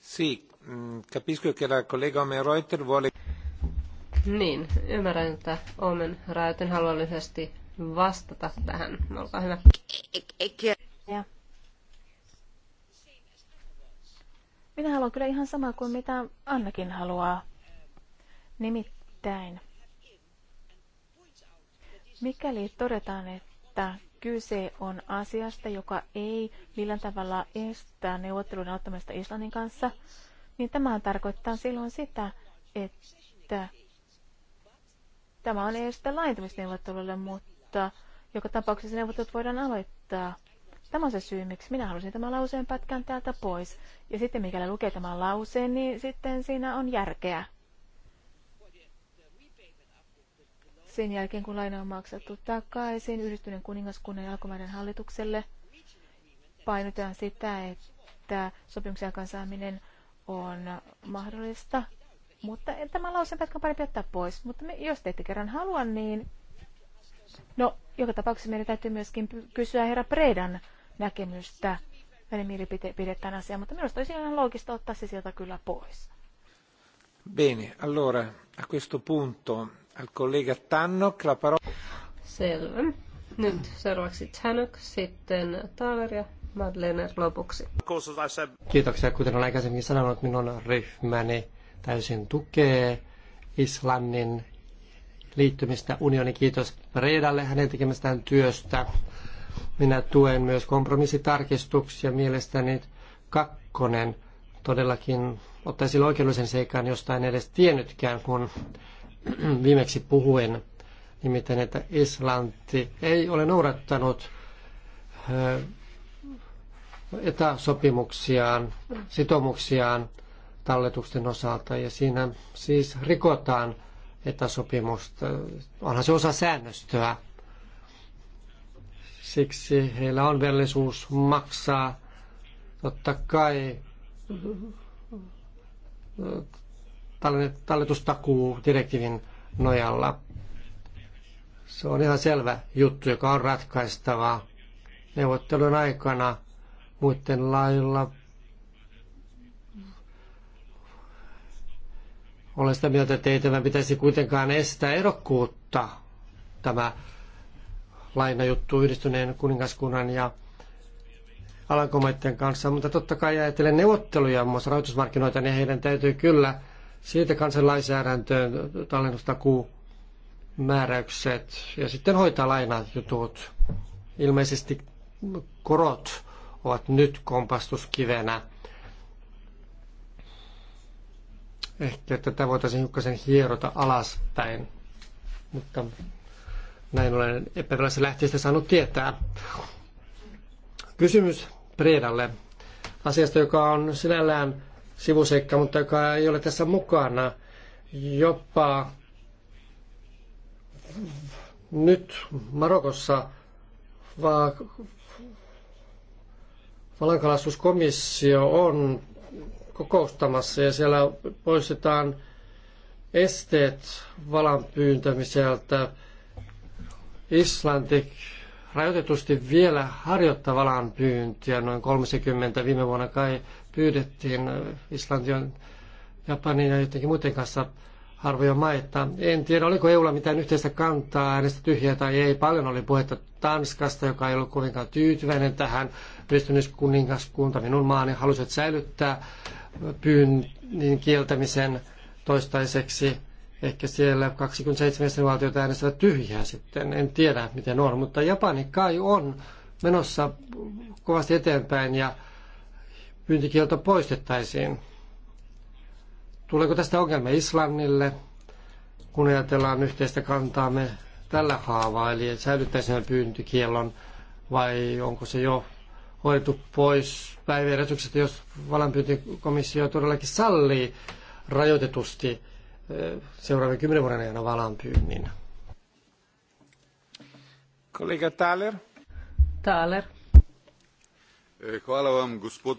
Siik. Mm, capisco che la collega Omen Reuter vuole... Niin, ymmärrän, että Omen Reuter haluaa lyhyesti vastata tähän. Olkaa hyvä. Ja. Minä haluan kyllä ihan samaa kuin mitä Annakin haluaa. Nimittäin, mikäli todetaan, että kyse on asiasta, joka ei millään tavalla estää neuvottelun auttamista Islannin kanssa, niin tämä tarkoittaa silloin sitä, että tämä on este laajentamisneuvotteluille, mutta joka tapauksessa neuvottelut voidaan aloittaa. Tämä on se syy, miksi minä halusin tämän lauseen pätkän täältä pois. Ja sitten mikäli lukee tämän lauseen, niin sitten siinä on järkeä. Sen jälkeen, kun laina on maksettu takaisin yhdistyneen kuningaskunnan ja hallitukselle, painotetaan sitä, että sopimuksen aikaansaaminen on mahdollista. Mutta en tämä lauseen on parempi ottaa pois. Mutta me, jos te ette kerran halua, niin... No, joka tapauksessa meidän täytyy myöskin kysyä herra Predan näkemystä hänen mielipidettään asiaa, mutta minusta olisi ihan loogista ottaa se sieltä kyllä pois. Bene, allora a questo punto al collega Tannock la parola. Selvä. Nyt seuraavaksi Tannock, sitten Taaler Madeleine lopuksi. Kiitoksia. Kuten olen aikaisemmin sanonut, minun ryhmäni täysin tukee Islannin liittymistä unioni. Kiitos Reidalle hänen tekemästään työstä. Minä tuen myös kompromissitarkistuksia. Mielestäni kakkonen todellakin ottaisi oikeudellisen seikan, josta en edes tiennytkään, kun viimeksi puhuin. Nimittäin, että Islanti ei ole noudattanut etäsopimuksiaan, sitoumuksiaan talletusten osalta ja siinä siis rikotaan etäsopimusta. Onhan se osa säännöstöä. Siksi heillä on velvollisuus maksaa totta kai talletustakuu direktiivin nojalla. Se on ihan selvä juttu, joka on ratkaistava neuvottelun aikana – muiden lailla. Olen sitä mieltä, että ei tämä pitäisi kuitenkaan estää erokkuutta, tämä lainajuttu yhdistyneen kuningaskunnan ja alankomaiden kanssa, mutta totta kai ajattelen neuvotteluja, muun muassa rahoitusmarkkinoita, niin heidän täytyy kyllä siitä kansanlainsäädäntöön tallennustakuu määräykset ja sitten hoitaa lainajutut. Ilmeisesti korot ovat nyt kompastuskivenä. Ehkä tätä voitaisiin hiukkasen hierota alaspäin, mutta näin olen epäilässä lähteistä saanut tietää. Kysymys Predalle asiasta, joka on sinällään sivuseikka, mutta joka ei ole tässä mukana. Jopa nyt Marokossa Valakalastuskomissio on kokoustamassa ja siellä poistetaan esteet valan pyyntämiseltä. Islanti rajoitetusti vielä harjoittaa valan pyyntiä, noin 30 viime vuonna kai pyydettiin Islanti on Japanin ja jotenkin muiden kanssa harvoja maita. En tiedä, oliko EUlla mitään yhteistä kantaa, äänestä tyhjää tai ei. Paljon oli puhetta Tanskasta, joka ei ollut kovinkaan tyytyväinen tähän kuningaskunta, minun maani, halusivat säilyttää pyynnin kieltämisen toistaiseksi. Ehkä siellä 27 valtiota äänestävät tyhjää sitten. En tiedä, miten on, mutta Japani kai on menossa kovasti eteenpäin ja pyyntikielto poistettaisiin. Tuleeko tästä ongelma Islannille, kun ajatellaan yhteistä kantaamme tällä haavaa, eli säilyttäisimme pyyntikielon, vai onko se jo hoidettu pois päiväjärjestyksestä, jos valanpyyntikomissio todellakin sallii rajoitetusti eh, seuraavien kymmenen vuoden ajan valanpyynnin. Kollega Thaler. Thaler. Eh, vam, gospod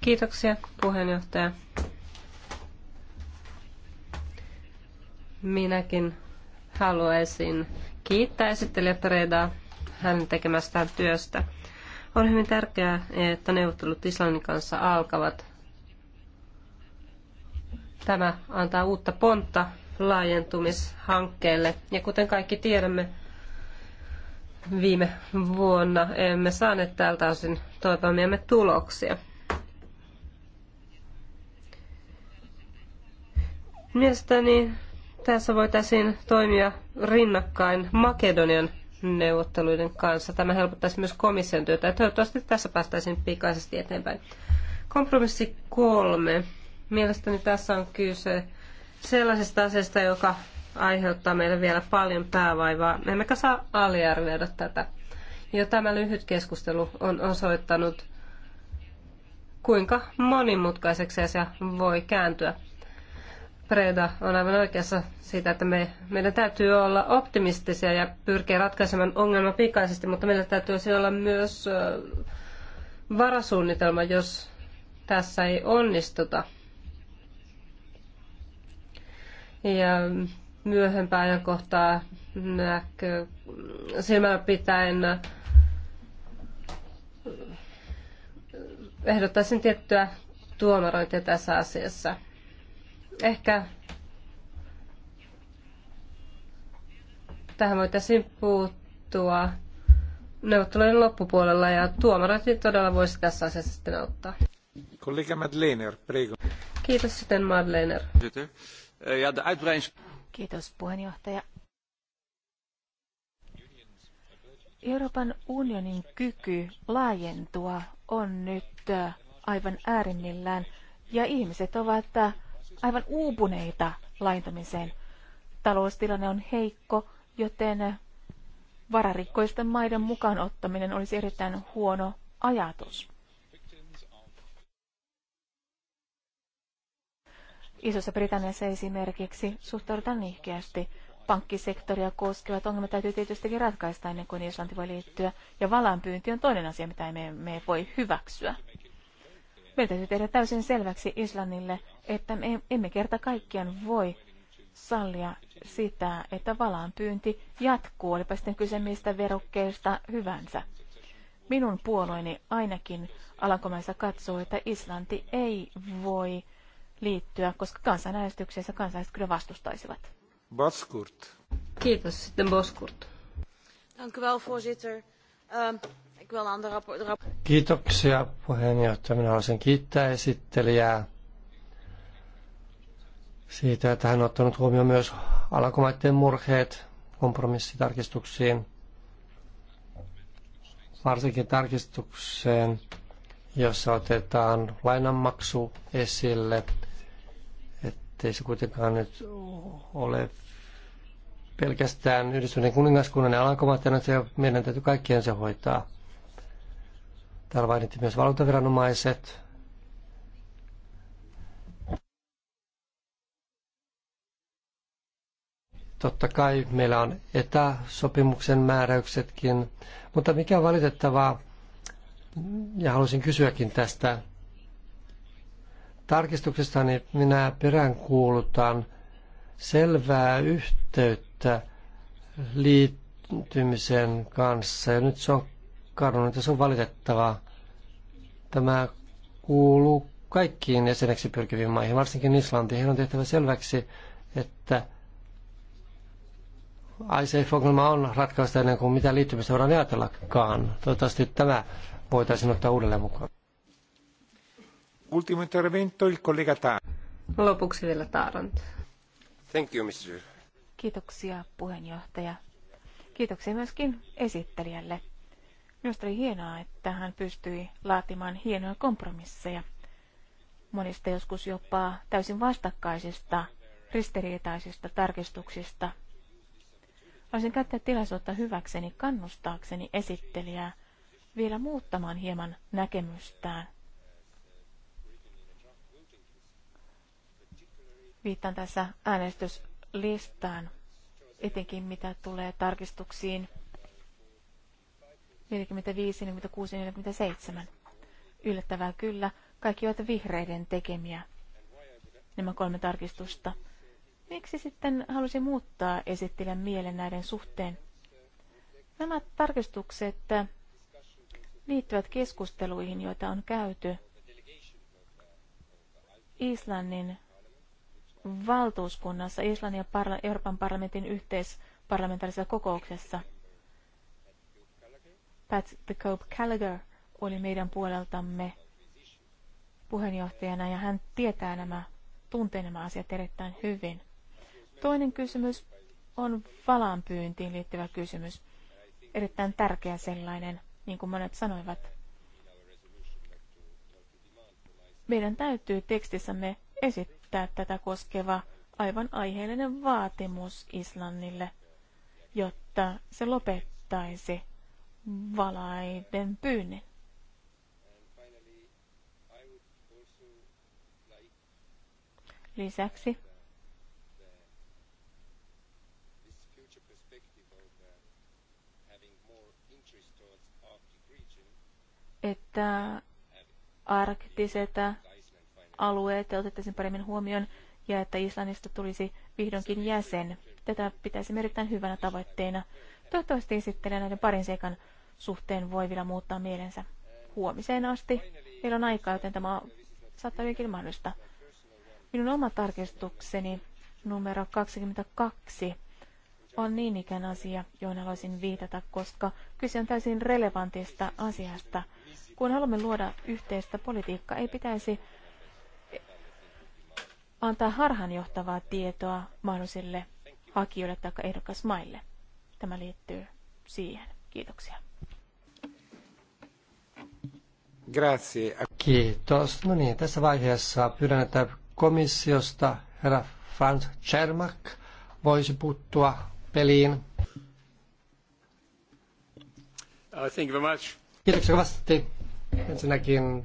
Kiitoksia, puheenjohtaja. Minäkin haluaisin kiittää esittelijä Tredaa hänen tekemästään työstä. On hyvin tärkeää, että neuvottelut Islannin kanssa alkavat. Tämä antaa uutta pontta laajentumishankkeelle. Ja kuten kaikki tiedämme, viime vuonna emme saaneet tältä osin toivomiamme tuloksia. Mielestäni tässä voitaisiin toimia rinnakkain Makedonian neuvotteluiden kanssa. Tämä helpottaisi myös komission työtä ja toivottavasti tässä päästäisiin pikaisesti eteenpäin. Kompromissi kolme. Mielestäni tässä on kyse sellaisesta asiasta, joka aiheuttaa meille vielä paljon päävaivaa. Me emmekä saa aliarvioida tätä. Jo tämä lyhyt keskustelu on osoittanut, kuinka monimutkaiseksi asia voi kääntyä. Preda on aivan oikeassa siitä, että me, meidän täytyy olla optimistisia ja pyrkiä ratkaisemaan ongelma pikaisesti, mutta meillä täytyy olla myös varasuunnitelma, jos tässä ei onnistuta. Ja myöhempää ajankohtaa näkö, silmällä pitäen ehdottaisin tiettyä tuomarointia tässä asiassa. Ehkä tähän voitaisiin puuttua neuvottelujen loppupuolella ja tuomarointi niin todella voisi tässä asiassa sitten auttaa. Kollega Madlener, prego. Kiitos sitten Madlener. Kiitos puheenjohtaja. Euroopan unionin kyky laajentua on nyt äh, aivan äärimmillään ja ihmiset ovat äh, aivan uupuneita laintamiseen. Taloustilanne on heikko, joten vararikkoisten maiden mukaan ottaminen olisi erittäin huono ajatus. Isossa Britanniassa esimerkiksi suhtaudutaan nihkeästi. Pankkisektoria koskevat ongelmat täytyy tietystikin ratkaista ennen kuin Islanti voi liittyä, ja valanpyynti on toinen asia, mitä me, me voi hyväksyä. Meidän täytyy tehdä täysin selväksi Islannille, että me emme kerta kaikkiaan voi sallia sitä, että valaan pyynti jatkuu, olipa sitten kyse mistä verukkeesta hyvänsä. Minun puolueeni ainakin Alankomaissa katsoo, että Islanti ei voi liittyä, koska kansanäänestyksessä kansalaiset kyllä vastustaisivat. Boskurt. Kiitos. Sitten Boskurt. Dank u wel, voorzitter. Ehm, Kiitoksia puheenjohtaja. Minä haluaisin kiittää esittelijää siitä, että hän on ottanut huomioon myös alankomaiden murheet kompromissitarkistuksiin, varsinkin tarkistukseen, jossa otetaan lainanmaksu esille, ettei se kuitenkaan nyt ole pelkästään yhdistyneen kuningaskunnan ja alankomaiden asia, meidän täytyy kaikkien se hoitaa. Täällä mainittiin myös valvontaviranomaiset. Totta kai meillä on etäsopimuksen määräyksetkin, mutta mikä on valitettavaa, ja halusin kysyäkin tästä niin minä peräänkuulutan selvää yhteyttä liittymisen kanssa. Ja nyt se on kadonnut ja se on valitettavaa. Tämä kuuluu kaikkiin jäseneksi pyrkiviin maihin, varsinkin Islantiin. Heidän on tehtävä selväksi, että ICF-ongelma on ratkaista ennen kuin mitä liittymistä voidaan ajatellakaan. Toivottavasti tämä voitaisiin ottaa uudelleen mukaan. Ultimo intervento, il collega Lopuksi vielä Taarant. Thank you, Mr. Kiitoksia puheenjohtaja. Kiitoksia myöskin esittelijälle. Minusta oli hienoa, että hän pystyi laatimaan hienoja kompromisseja monista joskus jopa täysin vastakkaisista, ristiriitaisista tarkistuksista. Olisin käyttää tilaisuutta hyväkseni kannustaakseni esittelijää vielä muuttamaan hieman näkemystään. Viittaan tässä äänestyslistaan, etenkin mitä tulee tarkistuksiin 45, 46, 47. Yllättävää kyllä, kaikki ovat vihreiden tekemiä, nämä kolme tarkistusta. Miksi sitten halusin muuttaa esittelen mielen näiden suhteen? Nämä tarkistukset liittyvät keskusteluihin, joita on käyty Islannin valtuuskunnassa, Islannin ja Euroopan parlamentin yhteisparlamentaarisessa kokouksessa – Pat the Cope Gallagher oli meidän puoleltamme puheenjohtajana ja hän tietää nämä, tuntee nämä asiat erittäin hyvin. Toinen kysymys on valaanpyyntiin liittyvä kysymys. Erittäin tärkeä sellainen, niin kuin monet sanoivat. Meidän täytyy tekstissämme esittää tätä koskeva aivan aiheellinen vaatimus Islannille, jotta se lopettaisi valaiden pyynnin. Lisäksi että arktiset alueet otettaisiin paremmin huomioon ja että Islannista tulisi vihdoinkin jäsen. Tätä pitäisi erittäin hyvänä tavoitteena. Toivottavasti esittelen näiden parin seikan suhteen voi vielä muuttaa mielensä huomiseen asti. Meillä on aikaa, joten tämä saattaa hyvinkin mahdollista. Minun oma tarkistukseni numero 22 on niin ikään asia, johon haluaisin viitata, koska kyse on täysin relevantista asiasta. Kun haluamme luoda yhteistä politiikkaa, ei pitäisi antaa harhanjohtavaa tietoa mahdollisille hakijoille tai ehdokasmaille. Tämä liittyy siihen. Kiitoksia. Grazie. Kiitos. No niin, tässä vaiheessa pyydän, että komissiosta herra Franz Czermak voisi puuttua peliin. Uh, thank you very much. Kiitoksia kovasti. Ensinnäkin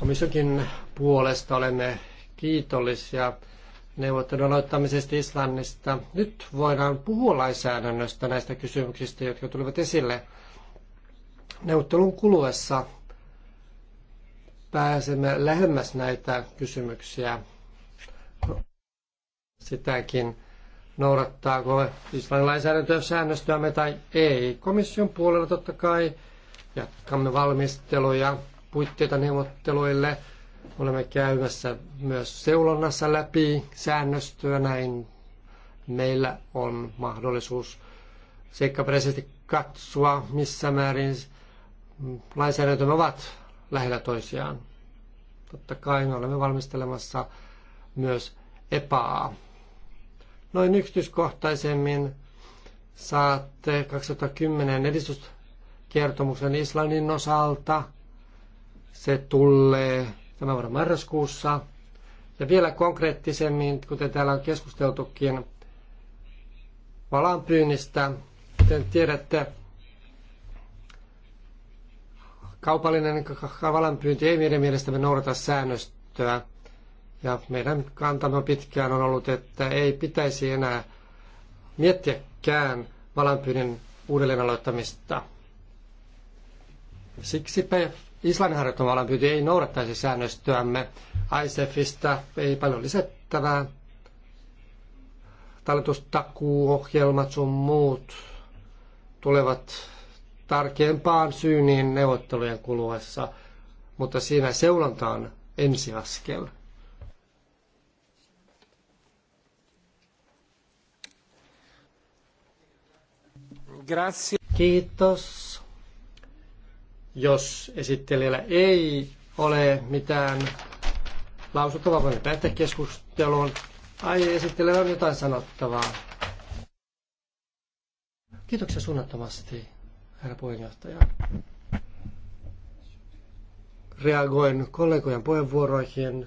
komissionkin puolesta olemme kiitollisia neuvottelun aloittamisesta Islannista. Nyt voidaan puhua lainsäädännöstä näistä kysymyksistä, jotka tulivat esille neuvottelun kuluessa pääsemme lähemmäs näitä kysymyksiä sitäkin, noudattaako Islannin lainsäädäntöä säännöstöämme tai ei. Komission puolella totta kai jatkamme valmisteluja, puitteita neuvotteluille. Olemme käymässä myös seulonnassa läpi säännöstöä, näin meillä on mahdollisuus seikkaperäisesti katsoa, missä määrin lainsäädäntömme ovat lähellä toisiaan. Totta kai me olemme valmistelemassa myös EPAa. Noin yksityiskohtaisemmin saatte 2010 edistyskertomuksen Islannin osalta. Se tulee tämän vuoden marraskuussa. Ja vielä konkreettisemmin, kuten täällä on keskusteltukin, valanpyynnistä, kuten tiedätte, Kaupallinen pyynti ei meidän mielestämme noudata säännöstöä. Ja meidän kantamme pitkään on ollut, että ei pitäisi enää miettiäkään valanpyynnin uudelleen aloittamista. Siksipä Islannin harjoittama valanpyynti ei noudattaisi säännöstöämme. ISEFistä ei paljon lisättävää. Talletustakuuohjelmat sun muut tulevat tarkempaan syyniin neuvottelujen kuluessa, mutta siinä seuranta on ensiaskel. Grazie. Kiitos. Jos esittelijällä ei ole mitään lausuttavaa, voimme päättää keskusteluun. Ai esittelijällä on jotain sanottavaa. Kiitoksia suunnattomasti herra puheenjohtaja. Reagoin kollegojen puheenvuoroihin.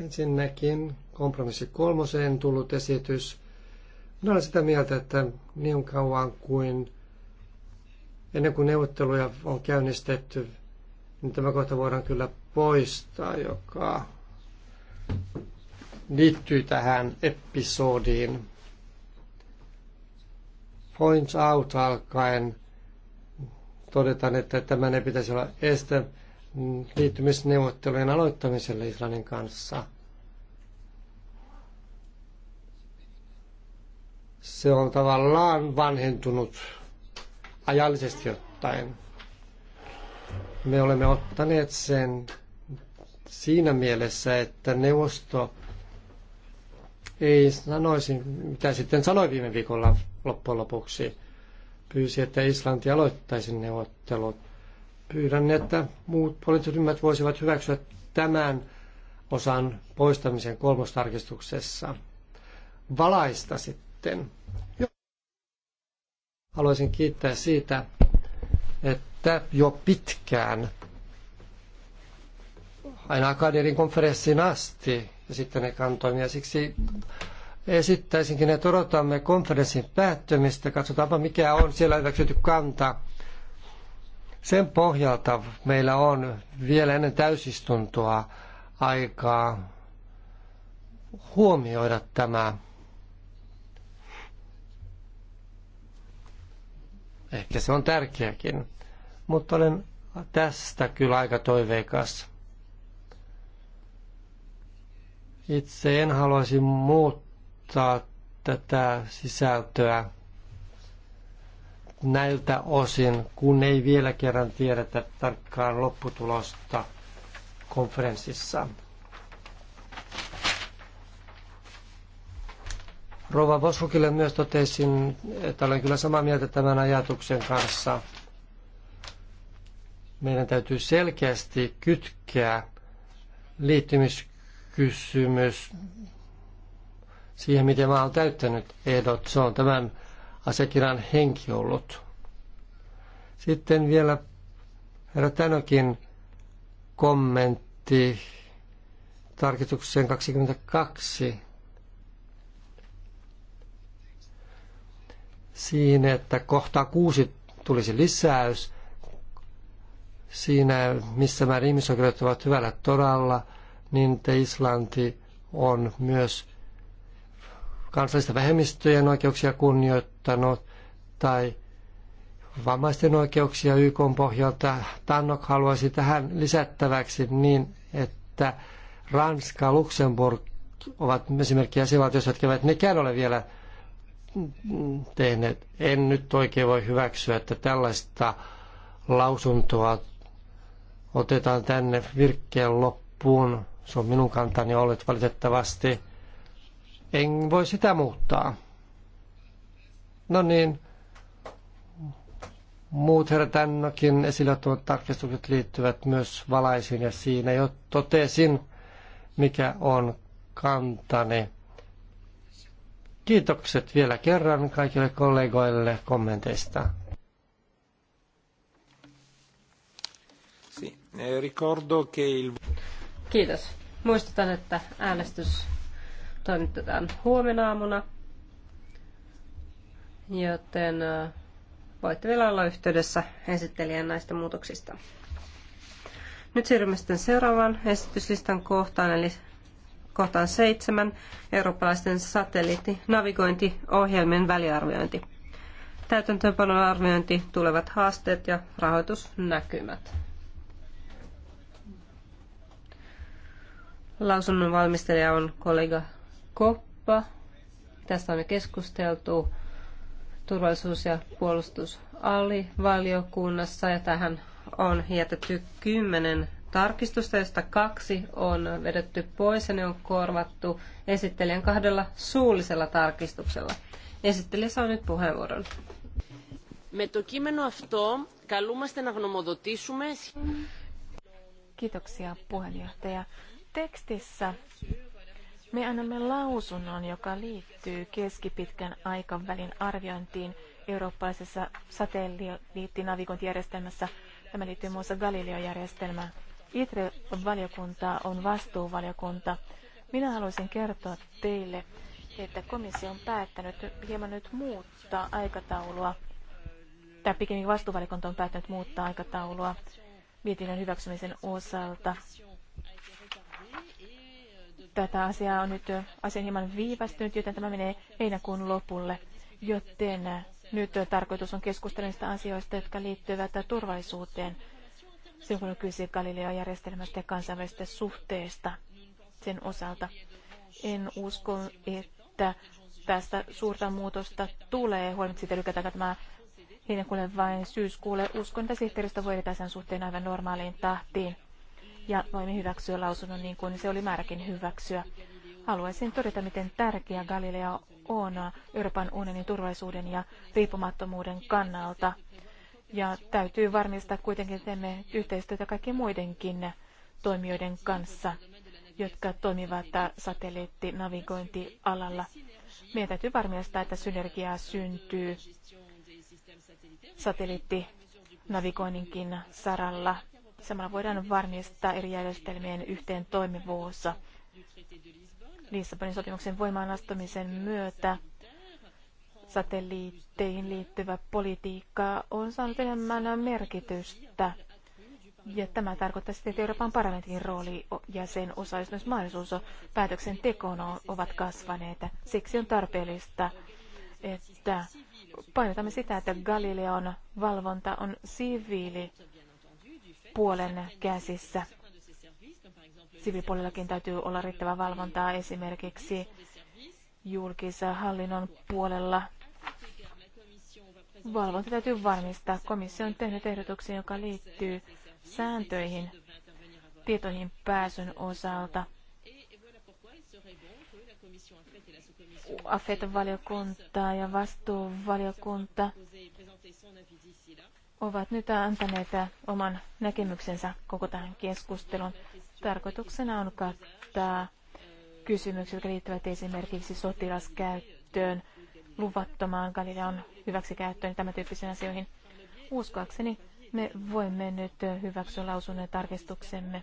Ensinnäkin kompromissi kolmoseen tullut esitys. Minä olen sitä mieltä, että niin kauan kuin ennen kuin neuvotteluja on käynnistetty, niin tämä kohta voidaan kyllä poistaa, joka liittyy tähän episodiin. Points out alkaen todetaan, että tämän ei pitäisi olla este liittymisneuvottelujen aloittamiselle Islannin kanssa. Se on tavallaan vanhentunut ajallisesti ottaen. Me olemme ottaneet sen siinä mielessä, että neuvosto ei sanoisi, mitä sitten sanoi viime viikolla loppujen lopuksi. Pyysi, että Islanti aloittaisi neuvottelut. Pyydän, että muut poliittiset voisivat hyväksyä tämän osan poistamisen kolmostarkistuksessa. Valaista sitten. Haluaisin kiittää siitä, että jo pitkään, aina Akadirin konferenssiin asti, sitten me kantoimme ja siksi esittäisinkin, että odotamme konferenssin päättymistä. Katsotaanpa mikä on siellä hyväksytty kanta. Sen pohjalta meillä on vielä ennen täysistuntoa aikaa huomioida tämä. Ehkä se on tärkeäkin, mutta olen tästä kyllä aika toiveikas. Itse en haluaisi muuttaa tätä sisältöä näiltä osin, kun ei vielä kerran tiedetä tarkkaan lopputulosta konferenssissa. Rova Vosrukille myös totesin, että olen kyllä samaa mieltä tämän ajatuksen kanssa. Meidän täytyy selkeästi kytkeä liittymis kysymys siihen, miten mä oon täyttänyt ehdot. Se on tämän asiakirjan henki ollut. Sitten vielä herra Tänokin kommentti tarkistukseen 22. Siinä, että kohta kuusi tulisi lisäys siinä, missä määrin ihmisoikeudet ovat hyvällä todalla – niin että Islanti on myös kansallista vähemmistöjen oikeuksia kunnioittanut tai vammaisten oikeuksia YK pohjalta. Tannok haluaisi tähän lisättäväksi niin, että Ranska, Luxemburg ovat esimerkiksi jäsenvaltioissa, jotka eivät nekään ole vielä tehneet. En nyt oikein voi hyväksyä, että tällaista lausuntoa otetaan tänne virkkeen loppuun se on minun kantani ollut valitettavasti. En voi sitä muuttaa. No niin, muut herätännökin esillä tuot tarkistukset liittyvät myös valaisiin ja siinä jo totesin, mikä on kantani. Kiitokset vielä kerran kaikille kollegoille kommenteista. Eh, ricordo che il... Kiitos. Muistutan, että äänestys toimitetaan huomenna aamuna, joten voitte vielä olla yhteydessä esittelijän näistä muutoksista. Nyt siirrymme sitten seuraavaan esityslistan kohtaan, eli kohtaan seitsemän, eurooppalaisten satelliittinavigointiohjelmien väliarviointi. Täytäntöönpanon arviointi, tulevat haasteet ja rahoitusnäkymät. Lausunnon valmistelija on kollega Koppa. Tästä on jo keskusteltu turvallisuus- ja puolustusalivaliokunnassa ja tähän on jätetty kymmenen tarkistusta, josta kaksi on vedetty pois ja ne on korvattu esittelijän kahdella suullisella tarkistuksella. Esittelijä saa nyt puheenvuoron. Με το κείμενο αυτό καλούμαστε να γνωμοδοτήσουμε... Kiitoksia puheenjohtaja. Tekstissä me annamme lausunnon, joka liittyy keskipitkän aikavälin arviointiin eurooppalaisessa satelliittinavigointijärjestelmässä. Tämä liittyy muun muassa Galileo-järjestelmään. ITRE-valiokunta on vastuuvaliokunta. Minä haluaisin kertoa teille, että komissio on päättänyt hieman nyt muuttaa aikataulua, Tämä pikemminkin vastuuvaliokunta on päättänyt muuttaa aikataulua mietinnön hyväksymisen osalta tätä asiaa on nyt asian hieman viivästynyt, joten tämä menee heinäkuun lopulle. Joten nyt tarkoitus on keskustella niistä asioista, jotka liittyvät turvallisuuteen, silloin kun on Galileo-järjestelmästä ja kansainvälisestä suhteesta sen osalta. En usko, että tästä suurta muutosta tulee. Huolimatta siitä lykätäänkö tämä heinäkuulle vain syyskuulle. Uskon, että sihteeristä voi edetä sen suhteen aivan normaaliin tahtiin ja voimme hyväksyä lausunnon niin kuin se oli määräkin hyväksyä. Haluaisin todeta, miten tärkeä Galilea on Euroopan unionin turvallisuuden ja riippumattomuuden kannalta. Ja täytyy varmistaa kuitenkin, että teemme yhteistyötä kaikkien muidenkin toimijoiden kanssa, jotka toimivat satelliittinavigointialalla. Meidän täytyy varmistaa, että synergiaa syntyy satelliittinavigoinninkin saralla Samalla voidaan varmistaa eri järjestelmien yhteen toimivuus. Lissabonin sopimuksen voimaan astumisen myötä satelliitteihin liittyvä politiikka on saanut enemmän merkitystä. Ja tämä tarkoittaa sitten, että Euroopan parlamentin rooli ja sen osallistumismahdollisuus päätöksentekoon ovat kasvaneet. Siksi on tarpeellista, että painotamme sitä, että Galileon valvonta on siviili puolen käsissä. Siviilipuolellakin täytyy olla riittävä valvontaa esimerkiksi julkisen hallinnon puolella. Valvonta täytyy varmistaa. Komissio on tehnyt ehdotuksen, joka liittyy sääntöihin tietoihin pääsyn osalta. AFET-valiokunta ja vastuuvaliokunta ovat nyt antaneet oman näkemyksensä koko tähän keskusteluun. Tarkoituksena on kattaa kysymykset, jotka liittyvät esimerkiksi sotilaskäyttöön, luvattomaan Galilean hyväksikäyttöön ja tämän tyyppisiin asioihin. Uskoakseni me voimme nyt hyväksyä lausunnon tarkistuksemme.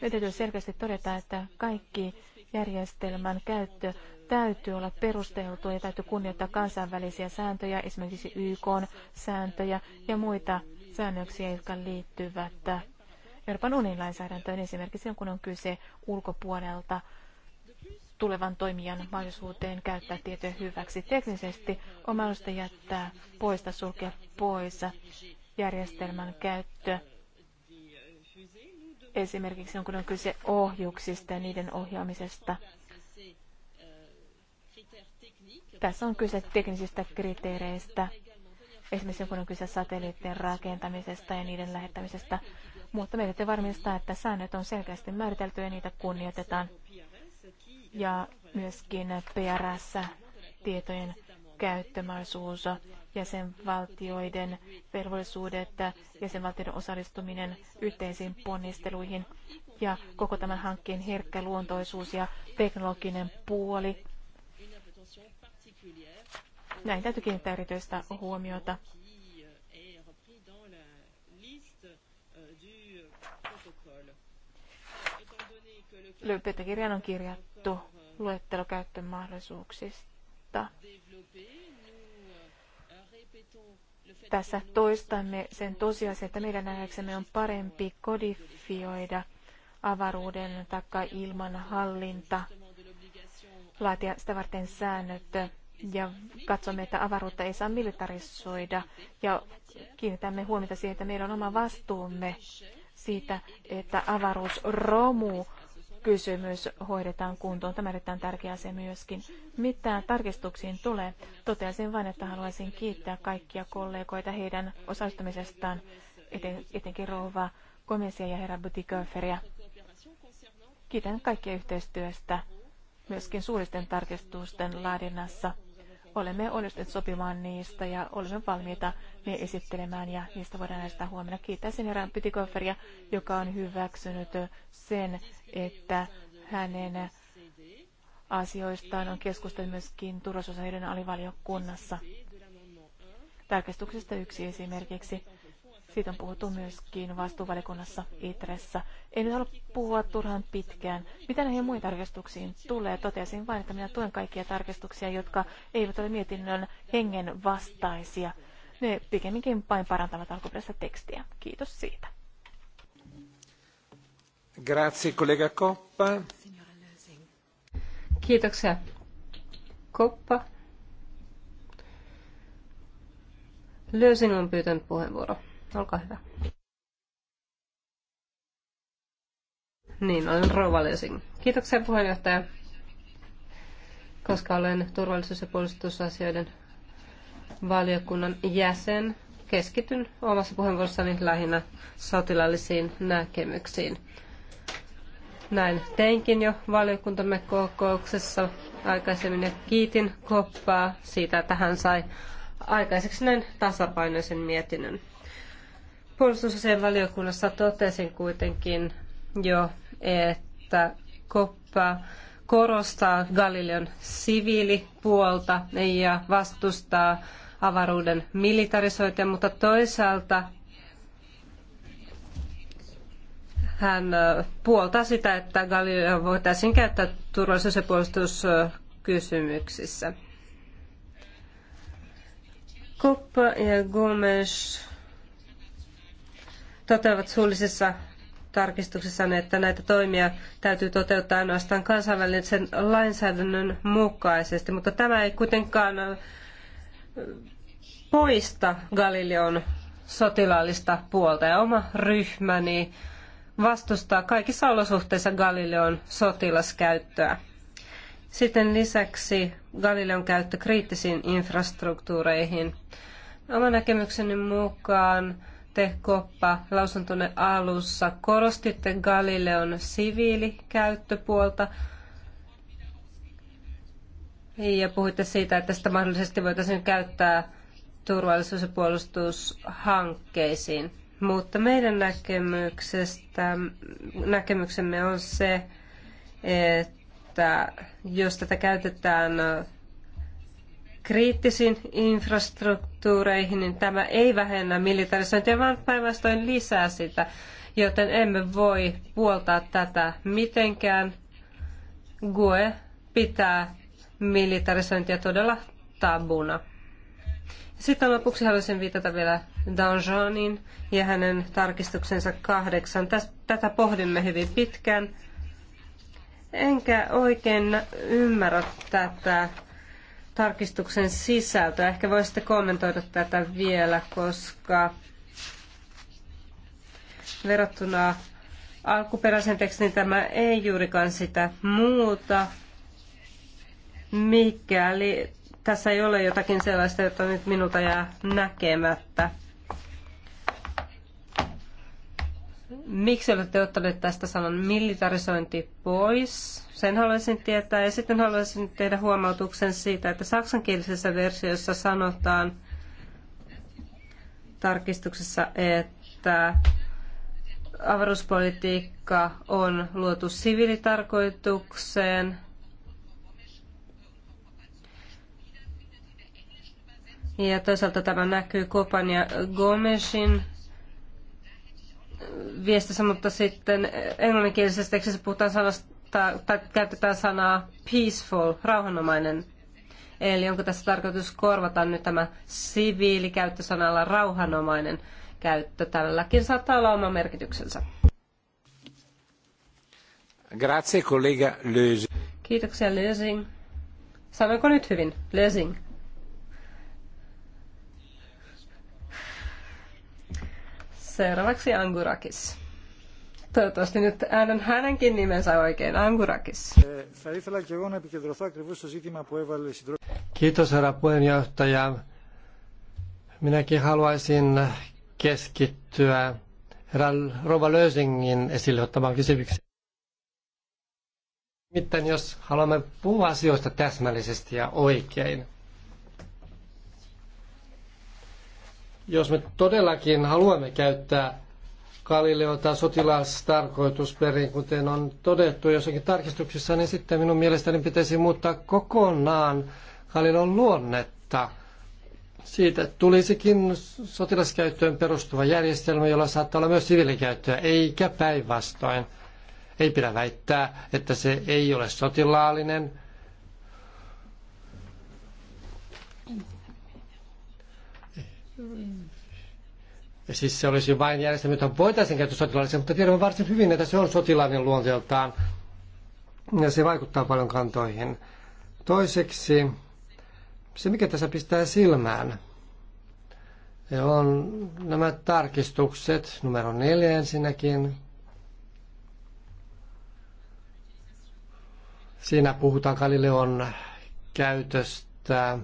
Nyt täytyy selkeästi todeta, että kaikki järjestelmän käyttö täytyy olla perusteltua ja täytyy kunnioittaa kansainvälisiä sääntöjä, esimerkiksi YK sääntöjä ja muita säännöksiä, jotka liittyvät Euroopan unionin lainsäädäntöön, esimerkiksi kun on kyse ulkopuolelta tulevan toimijan mahdollisuuteen käyttää tietoja hyväksi. Teknisesti on mahdollista jättää poista sulkea pois järjestelmän käyttö esimerkiksi on, kun on kyse ohjuksista ja niiden ohjaamisesta. Tässä on kyse teknisistä kriteereistä, esimerkiksi kun on kyse satelliittien rakentamisesta ja niiden lähettämisestä. Mutta meidän täytyy varmistaa, että säännöt on selkeästi määritelty ja niitä kunnioitetaan. Ja myöskin PRS-tietojen käyttömahdollisuus jäsenvaltioiden velvollisuudet, jäsenvaltioiden osallistuminen yhteisiin ponnisteluihin ja koko tämän hankkeen herkkä luontoisuus ja teknologinen puoli. Näin täytyy kiinnittää erityistä huomiota. Löypöytäkirjaan on kirjattu luettelo käyttömahdollisuuksista. Tässä toistamme sen tosiasia, että meidän nähdäksemme on parempi kodifioida avaruuden taikka ilman hallinta, laatia sitä varten säännöt ja katsomme, että avaruutta ei saa militarisoida ja kiinnitämme huomiota siihen, että meillä on oma vastuumme siitä, että avaruus romuu kysymys hoidetaan kuntoon. Tämä on erittäin tärkeä asia myöskin. Mitä tarkistuksiin tulee? Toteaisin vain, että haluaisin kiittää kaikkia kollegoita heidän osallistumisestaan, eten, etenkin rouva komissia ja herra Butiköferiä. Kiitän kaikkia yhteistyöstä myöskin suuristen tarkistusten laadinnassa. Olemme onnistuneet sopimaan niistä ja olemme valmiita ne esittelemään ja niistä voidaan näistä huomenna. sen erään Pytikofferia, joka on hyväksynyt sen, että hänen asioistaan on keskusteltu myöskin turvallisuusasioiden alivaliokunnassa. Tarkastuksesta yksi esimerkiksi siitä on puhuttu myöskin vastuuvalikunnassa ITRessä. En nyt halua puhua turhan pitkään. Mitä näihin muihin tarkistuksiin tulee? Totesin vain, että minä tuen kaikkia tarkistuksia, jotka eivät ole mietinnön hengen vastaisia. Ne pikemminkin vain parantavat alkuperäistä tekstiä. Kiitos siitä. Grazie, kollega Koppa. Kiitoksia. Koppa. Lösing on pyytänyt puheenvuoron. Olkaa hyvä. Niin, olen Rova Lösing. Kiitoksia puheenjohtaja. Koska olen turvallisuus- ja puolustusasioiden valiokunnan jäsen, keskityn omassa puheenvuorossani lähinnä sotilaallisiin näkemyksiin. Näin teinkin jo valiokuntamme kokouksessa aikaisemmin ja kiitin koppaa siitä, että hän sai aikaiseksi näin tasapainoisen mietinnön. Puolustusasian valiokunnassa totesin kuitenkin jo, että koppa korostaa Galileon siviilipuolta ja vastustaa avaruuden militarisointia, mutta toisaalta hän puoltaa sitä, että Galileo voitaisiin käyttää turvallisuus- ja puolustuskysymyksissä. Koppa ja Gomes toteavat suullisessa tarkistuksessanne, että näitä toimia täytyy toteuttaa ainoastaan kansainvälisen lainsäädännön mukaisesti, mutta tämä ei kuitenkaan äh, poista Galileon sotilaallista puolta ja oma ryhmäni vastustaa kaikissa olosuhteissa Galileon sotilaskäyttöä. Sitten lisäksi Galileon käyttö kriittisiin infrastruktuureihin. Oman näkemykseni mukaan te Koppa lausuntonne alussa korostitte Galileon siviilikäyttöpuolta ja puhuitte siitä, että sitä mahdollisesti voitaisiin käyttää turvallisuus- ja puolustushankkeisiin. Mutta meidän näkemyksestä, näkemyksemme on se, että jos tätä käytetään kriittisiin infrastruktuureihin, niin tämä ei vähennä militarisointia, vaan päinvastoin lisää sitä, joten emme voi puoltaa tätä mitenkään. GUE pitää militarisointia todella tabuna. Sitten lopuksi haluaisin viitata vielä Danjanin ja hänen tarkistuksensa kahdeksan. Tätä pohdimme hyvin pitkään. Enkä oikein ymmärrä tätä tarkistuksen sisältöä. Ehkä voisitte kommentoida tätä vielä, koska verrattuna alkuperäisen tekstin tämä ei juurikaan sitä muuta, mikäli tässä ei ole jotakin sellaista, jota nyt minulta jää näkemättä. Miksi olette ottaneet tästä sanan militarisointi pois? Sen haluaisin tietää ja sitten haluaisin tehdä huomautuksen siitä, että saksankielisessä versiossa sanotaan tarkistuksessa, että avaruuspolitiikka on luotu siviilitarkoitukseen. Ja toisaalta tämä näkyy Kopan ja Gomesin viestissä, mutta sitten englanninkielisessä tekstissä puhutaan sanasta käytetään sanaa peaceful, rauhanomainen. Eli onko tässä tarkoitus korvata nyt tämä siviilikäyttösanalla rauhanomainen käyttö? Tälläkin saattaa olla oma merkityksensä. Grazie, kollega Lösing. Kiitoksia, Lösing. Sanoinko nyt hyvin? Lösing. Seuraavaksi Angurakis. Toivottavasti nyt äänen hänenkin nimensä oikein, Angurakis. Kiitos herra puheenjohtaja. Minäkin haluaisin keskittyä herra Rova Lösingin esille ottamaan kysymykseen. Miten jos haluamme puhua asioista täsmällisesti ja oikein, jos me todellakin haluamme käyttää Galileota sotilastarkoitusperin, kuten on todettu jossakin tarkistuksissa, niin sitten minun mielestäni pitäisi muuttaa kokonaan Galileon luonnetta. Siitä tulisikin sotilaskäyttöön perustuva järjestelmä, jolla saattaa olla myös siviilikäyttöä, eikä päinvastoin. Ei pidä väittää, että se ei ole sotilaallinen. Ja siis se olisi vain järjestelmä, jota voitaisiin käyttää sotilaalliseen, mutta tiedämme varsin hyvin, että se on sotilainen luonteeltaan ja se vaikuttaa paljon kantoihin. Toiseksi se, mikä tässä pistää silmään, on nämä tarkistukset, numero neljä ensinnäkin. Siinä puhutaan Galileon käytöstä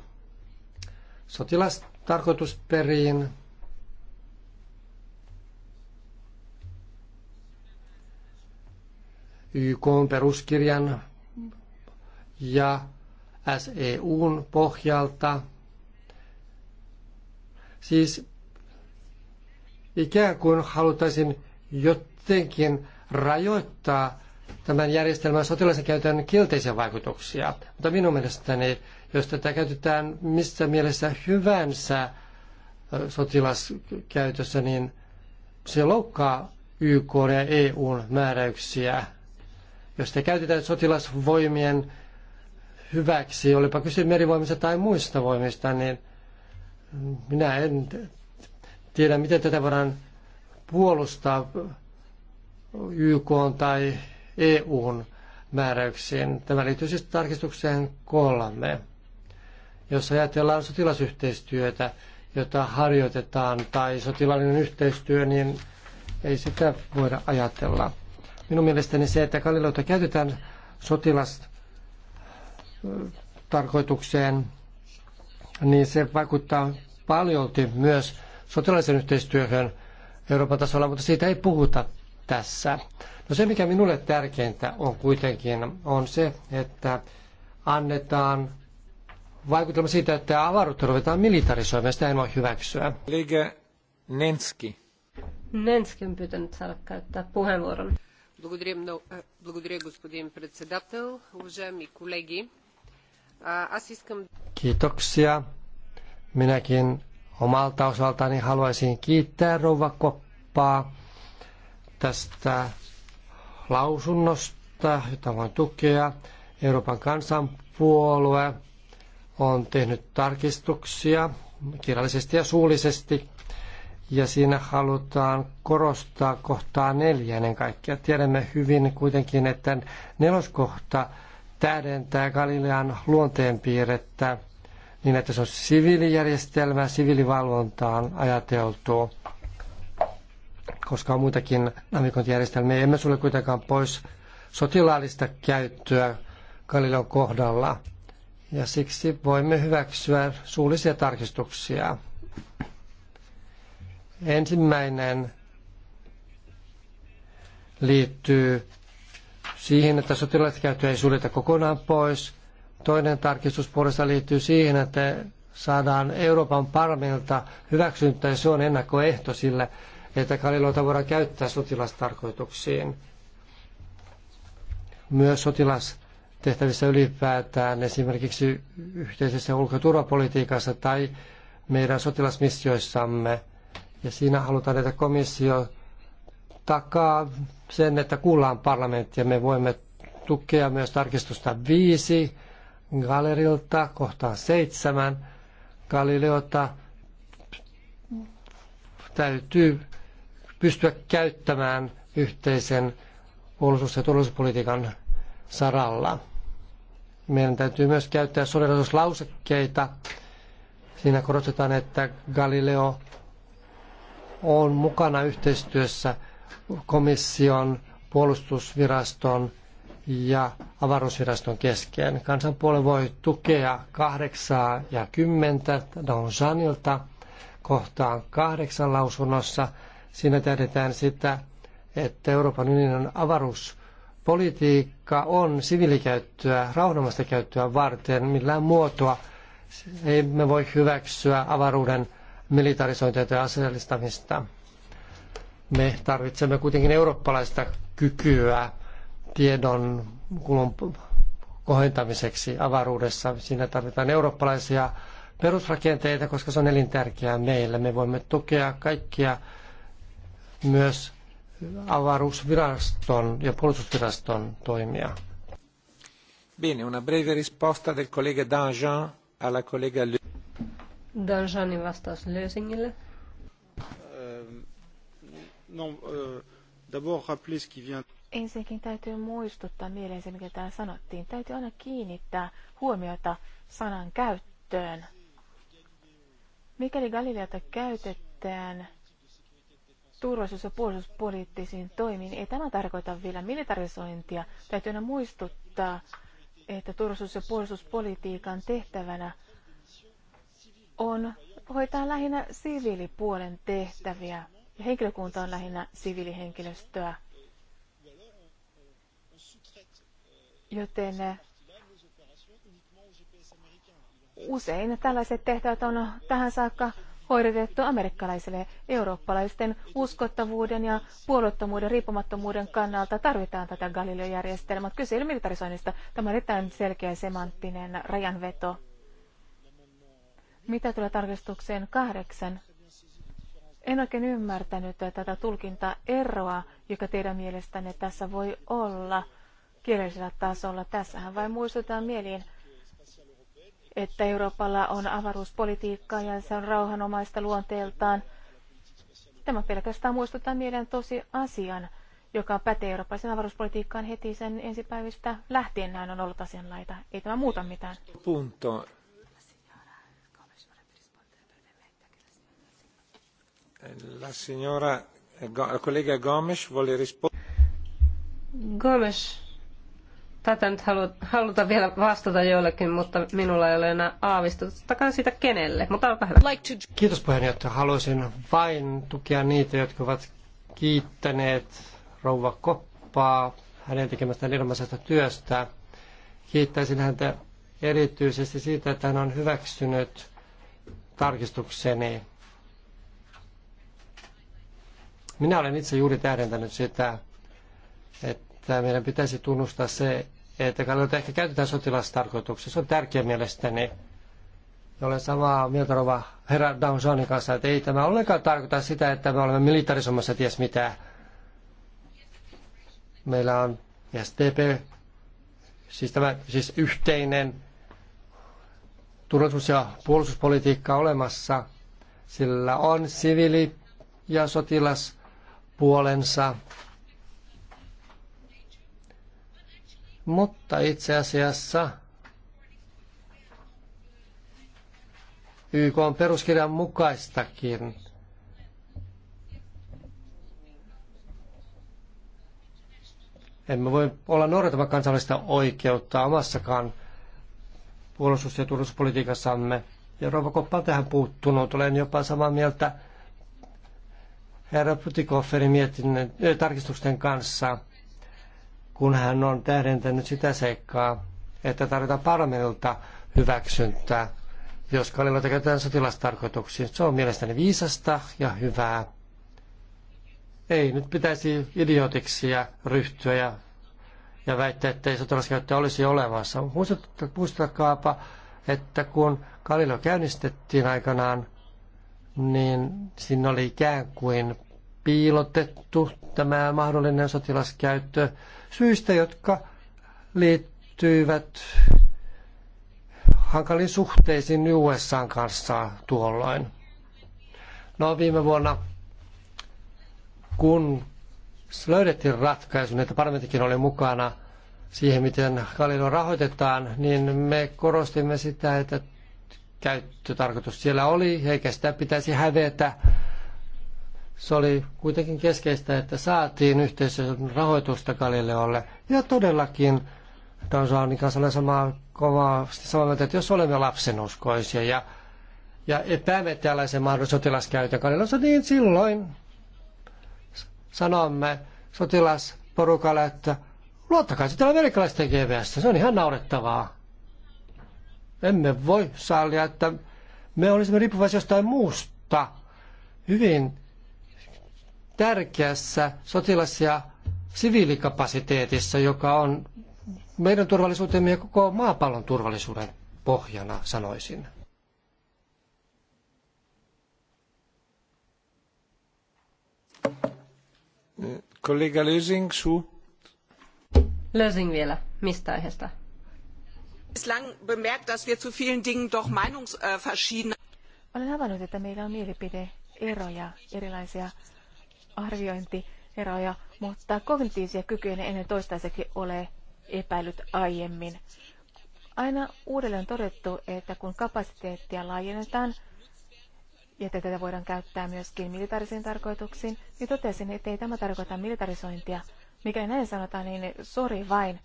sotilastarkoitusperiin. YK peruskirjan ja SEUn pohjalta. Siis ikään kuin haluttaisiin jotenkin rajoittaa tämän järjestelmän sotilaisen käytön kielteisiä vaikutuksia. Mutta minun mielestäni, jos tätä käytetään missä mielessä hyvänsä sotilaskäytössä, niin se loukkaa YK ja EUn määräyksiä jos te käytetään sotilasvoimien hyväksi, olipa kyse merivoimista tai muista voimista, niin minä en tiedä, miten tätä voidaan puolustaa YK tai EUn määräyksiin. Tämä liittyy siis tarkistukseen kolme. jossa ajatellaan sotilasyhteistyötä, jota harjoitetaan, tai sotilaallinen yhteistyö, niin ei sitä voida ajatella Minun mielestäni se, että Galileota käytetään sotilastarkoitukseen, niin se vaikuttaa paljolti myös sotilaisen yhteistyöhön Euroopan tasolla, mutta siitä ei puhuta tässä. No se, mikä minulle tärkeintä on kuitenkin, on se, että annetaan vaikutelma siitä, että avaruutta ruvetaan militarisoimaan. Sitä en voi hyväksyä. Liike Nenski. Nenski on pyytänyt saada käyttää puheenvuoron. Благодаря, господин председател. Уважаеми колеги, аз искам... Kiitoksia. Minäkin omalta osaltani haluaisin kiittää Rouva Koppaa tästä lausunnosta, jota voin tukea. Euroopan kansanpuolue on tehnyt tarkistuksia kirjallisesti ja suullisesti ja siinä halutaan korostaa kohtaa neljä ennen kaikkea. Tiedämme hyvin kuitenkin, että neloskohta täydentää Galilean luonteenpiirrettä niin, että se on siviilijärjestelmä, siviilivalvontaan ajateltu, koska on muitakin navigointijärjestelmiä. Emme sulle kuitenkaan pois sotilaallista käyttöä Galileon kohdalla, ja siksi voimme hyväksyä suullisia tarkistuksia. Ensimmäinen liittyy siihen, että sotilaskäyttöä ei suljeta kokonaan pois. Toinen tarkistus puolesta liittyy siihen, että saadaan Euroopan parlamentilta hyväksyntä ja se on ennakkoehto sille, että kaliloita voidaan käyttää sotilastarkoituksiin. Myös sotilastehtävissä ylipäätään esimerkiksi yhteisessä ulko- ja turvapolitiikassa tai meidän sotilasmissioissamme – ja siinä halutaan, että komissio takaa sen, että kuullaan parlamenttia. Me voimme tukea myös tarkistusta viisi Galerilta kohtaan seitsemän Galileota täytyy pystyä käyttämään yhteisen puolustus- ja turvallisuuspolitiikan saralla. Meidän täytyy myös käyttää solidarisuuslausekkeita. Siinä korostetaan, että Galileo on mukana yhteistyössä komission, puolustusviraston ja avaruusviraston kesken. Kansanpuolue voi tukea kahdeksaa ja kymmentä Donjanilta kohtaan kahdeksan lausunnossa. Siinä tähdetään sitä, että Euroopan unionin avaruuspolitiikka on siviilikäyttöä, rauhanomaista käyttöä varten millään muotoa. Ei me voi hyväksyä avaruuden militarisointia tai aseellistamista. Me tarvitsemme kuitenkin eurooppalaista kykyä tiedon kulun kohentamiseksi avaruudessa. Siinä tarvitaan eurooppalaisia perusrakenteita, koska se on elintärkeää meille. Me voimme tukea kaikkia myös avaruusviraston ja puolustusviraston toimia. Bene, una breve risposta del collega Danjean alla collega Le... Danjanin vastaus Lösingille. Euh, euh, d'abord rappeler ce qui vient... Ensinnäkin täytyy muistuttaa mieleen se, mikä täällä sanottiin. Täytyy aina kiinnittää huomiota sanan käyttöön. Mikäli Galileata käytetään turvallisuus- ja puolustuspoliittisiin toimiin, ei tämä tarkoita vielä militarisointia. Täytyy aina muistuttaa, että turvallisuus- ja puolustuspolitiikan tehtävänä – on hoitaa lähinnä siviilipuolen tehtäviä. Ja henkilökunta on lähinnä siviilihenkilöstöä. Joten eh, usein tällaiset tehtävät on tähän saakka hoidetettu amerikkalaisille eurooppalaisten uskottavuuden ja puolueettomuuden riippumattomuuden kannalta tarvitaan tätä Galileo-järjestelmää. Kyse ei militarisoinnista. Tämä on erittäin selkeä semanttinen rajanveto. Mitä tulee tarkistukseen kahdeksan? En oikein ymmärtänyt tätä tulkintaeroa, joka teidän mielestänne tässä voi olla kielellisellä tasolla. Tässähän vain muistutetaan mieliin, että Euroopalla on avaruuspolitiikkaa ja se on rauhanomaista luonteeltaan. Tämä pelkästään muistuttaa mielen tosi asian, joka pätee eurooppalaisen avaruuspolitiikkaan heti sen ensipäivistä lähtien näin on ollut asianlaita. Ei tämä muuta mitään. Punto. La signora, eh, la collega Gomes vuole rispondere. Gomes, tätä nyt haluta vielä vastata jollekin, mutta minulla ei ole enää aavistustakaan sitä kenelle. Mutta olkaa hyvä. Like to... Kiitos puheenjohtaja. Haluaisin vain tukea niitä, jotka ovat kiittäneet rouva Koppaa hänen tekemästään ilmaisesta työstä. Kiittäisin häntä erityisesti siitä, että hän on hyväksynyt tarkistukseni minä olen itse juuri tähdentänyt sitä, että meidän pitäisi tunnustaa se, että kaloita ehkä käytetään sotilastarkoituksessa. Se on tärkeä mielestäni. Olen samaa mieltä rova herra Downsonin kanssa, että ei tämä ollenkaan tarkoita sitä, että me olemme militarisomassa ties mitä. Meillä on STP, siis, tämä, siis yhteinen turvallisuus- ja puolustuspolitiikka olemassa. Sillä on siviili- ja sotilas puolensa. Mutta itse asiassa YK on peruskirjan mukaistakin emme voi olla noudattava kansallista oikeutta omassakaan puolustus- ja turvallisuuspolitiikassamme. Ja Rova Koppa on tähän puuttunut. Olen jopa samaa mieltä herra Putikofferin mietinnön, äh, tarkistusten kanssa, kun hän on tähdentänyt sitä seikkaa, että tarvitaan parlamentilta hyväksyntää, jos kaliloita käytetään sotilastarkoituksiin. Se on mielestäni viisasta ja hyvää. Ei nyt pitäisi idiotiksi ja ryhtyä ja, ja väittää, että ei sotilaskäyttöä olisi olemassa. Muistakaapa, että kun Kalilo käynnistettiin aikanaan, niin sinne oli ikään kuin piilotettu tämä mahdollinen sotilaskäyttö syistä, jotka liittyivät hankalin suhteisiin USA kanssa tuolloin. No viime vuonna, kun löydettiin ratkaisu, niin että parlamentikin oli mukana siihen, miten Galileo rahoitetaan, niin me korostimme sitä, että käyttötarkoitus siellä oli, eikä sitä pitäisi hävetä. Se oli kuitenkin keskeistä, että saatiin yhteisön rahoitusta Galileolle. Ja todellakin Juanin kanssa olen samaa, kovasti samaa mieltä, että jos olemme lapsenuskoisia ja, ja epäämme tällaisen mahdollisen sotilaskäytön Galileossa, niin silloin sanomme sotilasporukalle, että luottakaa sitä amerikkalaisten GVS, se on ihan naurettavaa. Emme voi sallia, että me olisimme riippuvaisia jostain muusta hyvin tärkeässä sotilas- ja siviilikapasiteetissa, joka on meidän turvallisuutemme ja koko maapallon turvallisuuden pohjana, sanoisin. Kollega Lösing, su. Lösing vielä. Mistä aiheesta? Bislang bemerkt, dass wir zu vielen Dingen doch Meinungsverschiedenheit. Olen havainnut, että meillä on mielipideeroja, erilaisia arviointieroja, mutta kognitiivisia kykyjä ennen toistaiseksi ole epäilyt aiemmin. Aina uudelleen on todettu, että kun kapasiteettia laajennetaan, ja että tätä voidaan käyttää myöskin militaarisiin tarkoituksiin, niin totesin, että ei tämä tarkoita militarisointia. Mikäli näin sanotaan, niin sori vain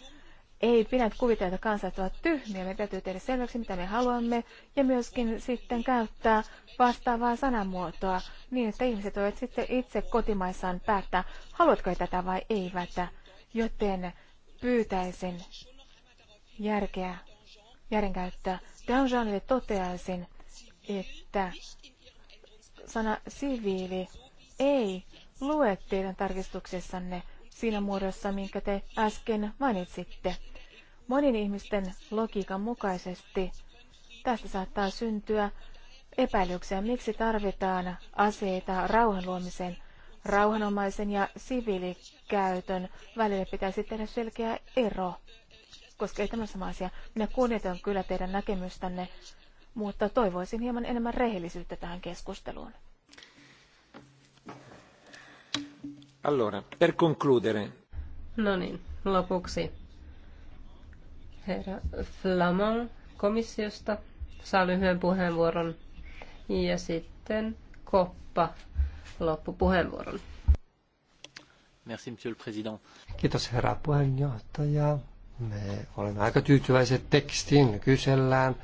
ei pidä kuvitella, että kansat ovat tyhmiä. Me täytyy tehdä selväksi, mitä me haluamme, ja myöskin sitten käyttää vastaavaa sanamuotoa niin, että ihmiset voivat sitten itse kotimaissaan päättää, haluatko he tätä vai eivät. Joten pyytäisin järkeä, järjenkäyttöä. Downjournille toteaisin, että sana siviili ei lue teidän tarkistuksessanne siinä muodossa, minkä te äsken mainitsitte. Monin ihmisten logiikan mukaisesti tästä saattaa syntyä epäilyksiä, miksi tarvitaan aseita rauhan luomisen, Rauhanomaisen ja siviilikäytön välille pitäisi tehdä selkeä ero, koska ei tämä sama asia. Minä kunnioitan kyllä teidän näkemystänne, mutta toivoisin hieman enemmän rehellisyyttä tähän keskusteluun. Allora, per concludere. No niin, lopuksi Herra Flamon komissiosta saa lyhyen puheenvuoron ja sitten Koppa loppupuheenvuoron. Merci, monsieur le président. Kiitos herra puheenjohtaja. Me olemme aika tyytyväiset tekstiin kysellään.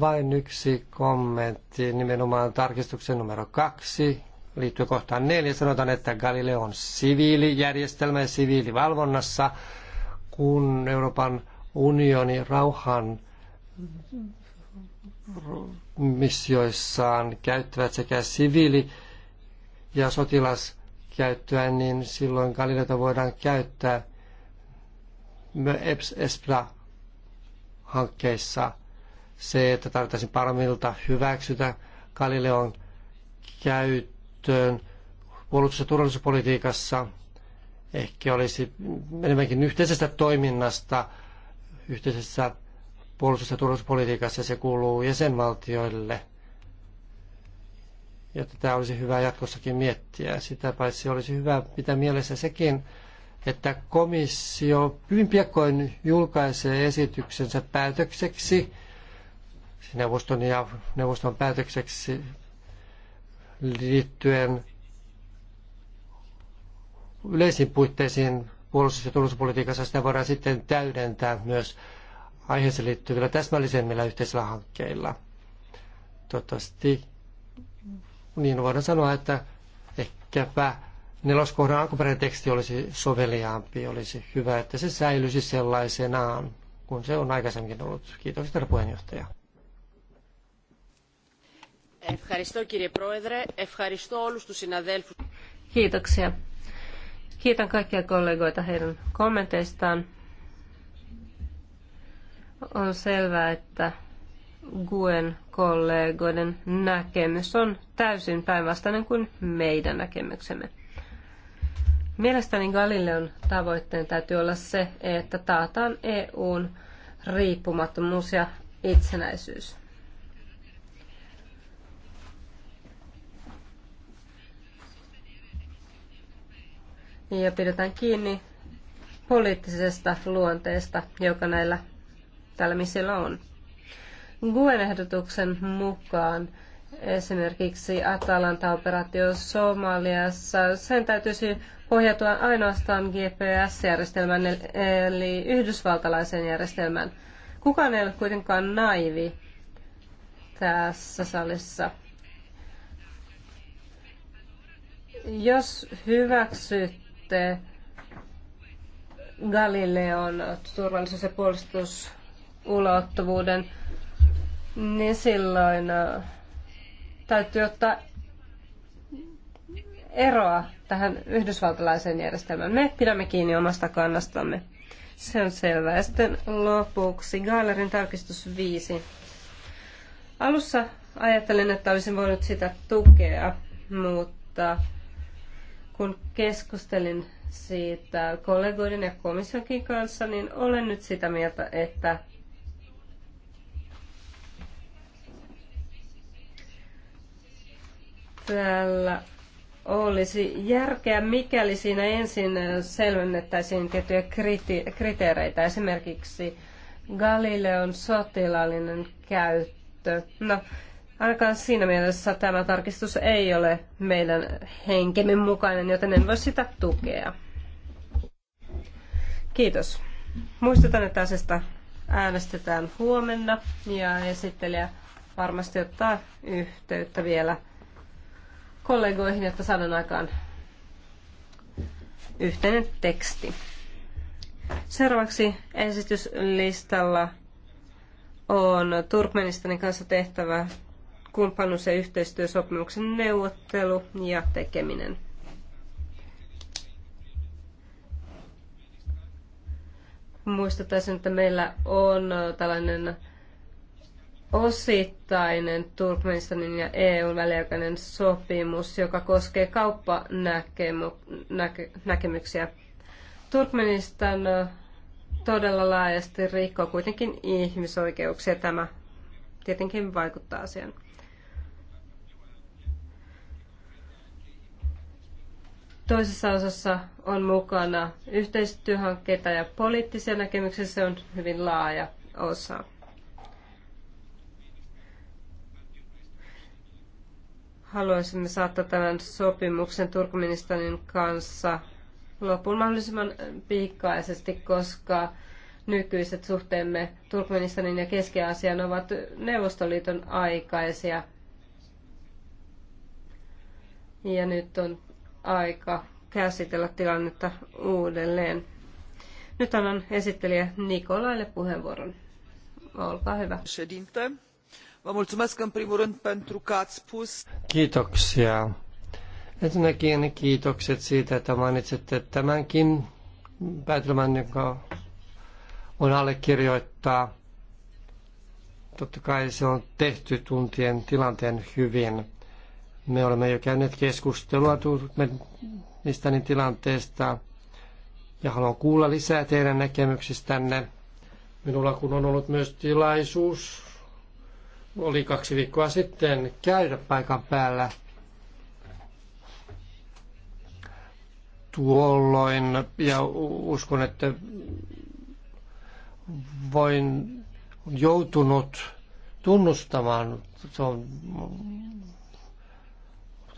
Vain yksi kommentti nimenomaan tarkistuksen numero kaksi liittyy kohtaan neljä. Sanotaan, että Galileo on siviilijärjestelmä ja siviilivalvonnassa, kun Euroopan unioni rauhan missioissaan käyttävät sekä siviili- ja sotilaskäyttöä, niin silloin Galileota voidaan käyttää EPS ESPRA-hankkeissa. Se, että tarvittaisiin paremmilta hyväksytä Galileon käyttöön puolustus- ja turvallisuuspolitiikassa, ehkä olisi enemmänkin yhteisestä toiminnasta – yhteisessä puolustus- ja turvallisuuspolitiikassa se kuuluu jäsenvaltioille. Ja tätä olisi hyvä jatkossakin miettiä. Sitä paitsi olisi hyvä pitää mielessä sekin, että komissio hyvin piakkoin julkaisee esityksensä päätökseksi, siis neuvoston ja neuvoston päätökseksi liittyen yleisiin puitteisiin puolustus- ja tulospolitiikassa sitä voidaan sitten täydentää myös aiheeseen liittyvillä täsmällisemmillä yhteisillä hankkeilla. Toivottavasti niin voidaan sanoa, että ehkäpä neloskohdan alkuperäinen teksti olisi soveliaampi, olisi hyvä, että se säilyisi sellaisenaan, kun se on aikaisemmin ollut. Kiitoksia, herra puheenjohtaja. Kiitoksia Kiitän kaikkia kollegoita heidän kommenteistaan. On selvää, että Guen kollegoiden näkemys on täysin päinvastainen kuin meidän näkemyksemme. Mielestäni Galileon tavoitteen täytyy olla se, että taataan EUn riippumattomuus ja itsenäisyys. ja pidetään kiinni poliittisesta luonteesta, joka näillä tällä missillä on. Guen ehdotuksen mukaan esimerkiksi Atalanta-operaatio Somaliassa, sen täytyisi pohjautua ainoastaan GPS-järjestelmään, eli yhdysvaltalaisen järjestelmään. Kukaan ei ole kuitenkaan naivi tässä salissa. Jos hyväksyt sitten Galileon turvallisuus- ja puolustusulottuvuuden, niin silloin äh, täytyy ottaa eroa tähän yhdysvaltalaiseen järjestelmään. Me pidämme kiinni omasta kannastamme. Se on selvää. Ja sitten lopuksi Gallerin tarkistus 5. Alussa ajattelin, että olisin voinut sitä tukea, mutta kun keskustelin siitä kollegoiden ja komissionkin kanssa, niin olen nyt sitä mieltä, että täällä olisi järkeä, mikäli siinä ensin selvennettäisiin tiettyjä kriteereitä, esimerkiksi Galileon sotilaallinen käyttö. No, Ainakaan siinä mielessä tämä tarkistus ei ole meidän henkemme mukainen, joten en voi sitä tukea. Kiitos. Muistutan, että asiasta äänestetään huomenna ja esittelijä varmasti ottaa yhteyttä vielä kollegoihin, jotta saadaan aikaan yhteinen teksti. Seuraavaksi esityslistalla on Turkmenistanin kanssa tehtävä kumppanuus- ja yhteistyösopimuksen neuvottelu ja tekeminen. Muistuttaisin, että meillä on äh, tällainen osittainen Turkmenistanin ja EUn väliaikainen sopimus, joka koskee kauppanäkemyksiä. Turkmenistan äh, todella laajasti rikkoo kuitenkin ihmisoikeuksia. Tämä tietenkin vaikuttaa asiaan. Toisessa osassa on mukana yhteistyöhankkeita ja poliittisia näkemyksiä. Se on hyvin laaja osa. Haluaisimme saattaa tämän sopimuksen Turkmenistanin kanssa lopun mahdollisimman pikaisesti, koska nykyiset suhteemme Turkmenistanin ja Keski-Aasian ovat Neuvostoliiton aikaisia. Ja nyt on aika käsitellä tilannetta uudelleen. Nyt annan esittelijä Nikolaille puheenvuoron. Olkaa hyvä. Kiitoksia. Ensinnäkin kiitokset siitä, että mainitsette tämänkin päätelmän, jonka on allekirjoittaa. Totta kai se on tehty tuntien tilanteen hyvin. Me olemme jo käyneet keskustelua Turkmenistanin tilanteesta ja haluan kuulla lisää teidän näkemyksistänne. Minulla kun on ollut myös tilaisuus, oli kaksi viikkoa sitten, käydä paikan päällä. Tuolloin, ja uskon, että voin joutunut tunnustamaan, se on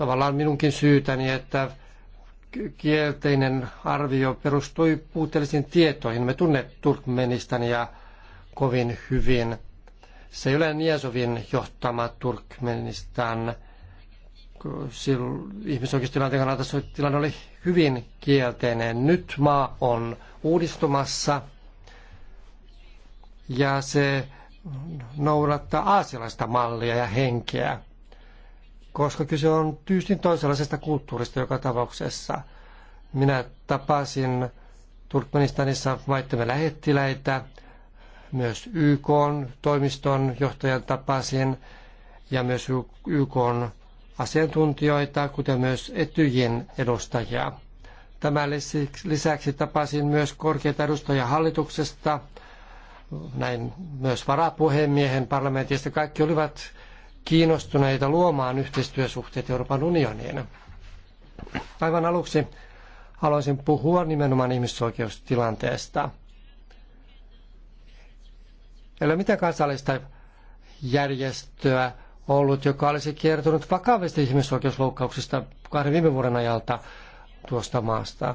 tavallaan minunkin syytäni, että kielteinen arvio perustui puutteellisiin tietoihin. Me tunne Turkmenistania kovin hyvin. Se ei ole Niesovin johtama Turkmenistan. ihmisoikeustilanteen kannalta se tilanne oli hyvin kielteinen. Nyt maa on uudistumassa ja se noudattaa aasialaista mallia ja henkeä koska kyse on tyystin toisenlaisesta kulttuurista joka tapauksessa. Minä tapasin Turkmenistanissa maittamme lähettiläitä, myös YK toimiston johtajan tapasin ja myös YK asiantuntijoita, kuten myös Etyjin edustajia. Tämän lisäksi tapasin myös korkeita edustajia hallituksesta, näin myös varapuhemiehen parlamentista. Kaikki olivat kiinnostuneita luomaan yhteistyösuhteet Euroopan unioniin. Aivan aluksi haluaisin puhua nimenomaan ihmisoikeustilanteesta. Ei ole mitään kansallista järjestöä ollut, joka olisi kertonut vakavista ihmisoikeusloukkauksista kahden viime vuoden ajalta tuosta maasta.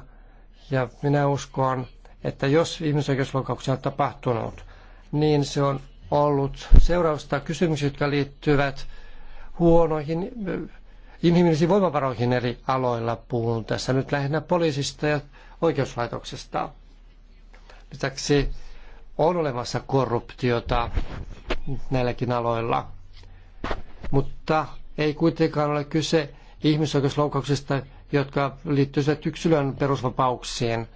Ja minä uskon, että jos ihmisoikeusloukkauksia on tapahtunut, niin se on ollut seurausta kysymyksiä, jotka liittyvät huonoihin eh, inhimillisiin voimavaroihin eri aloilla. Puhun tässä nyt lähinnä poliisista ja oikeuslaitoksesta. Lisäksi on olemassa korruptiota näilläkin aloilla, mutta ei kuitenkaan ole kyse ihmisoikeusloukkauksista, jotka liittyvät yksilön perusvapauksiin,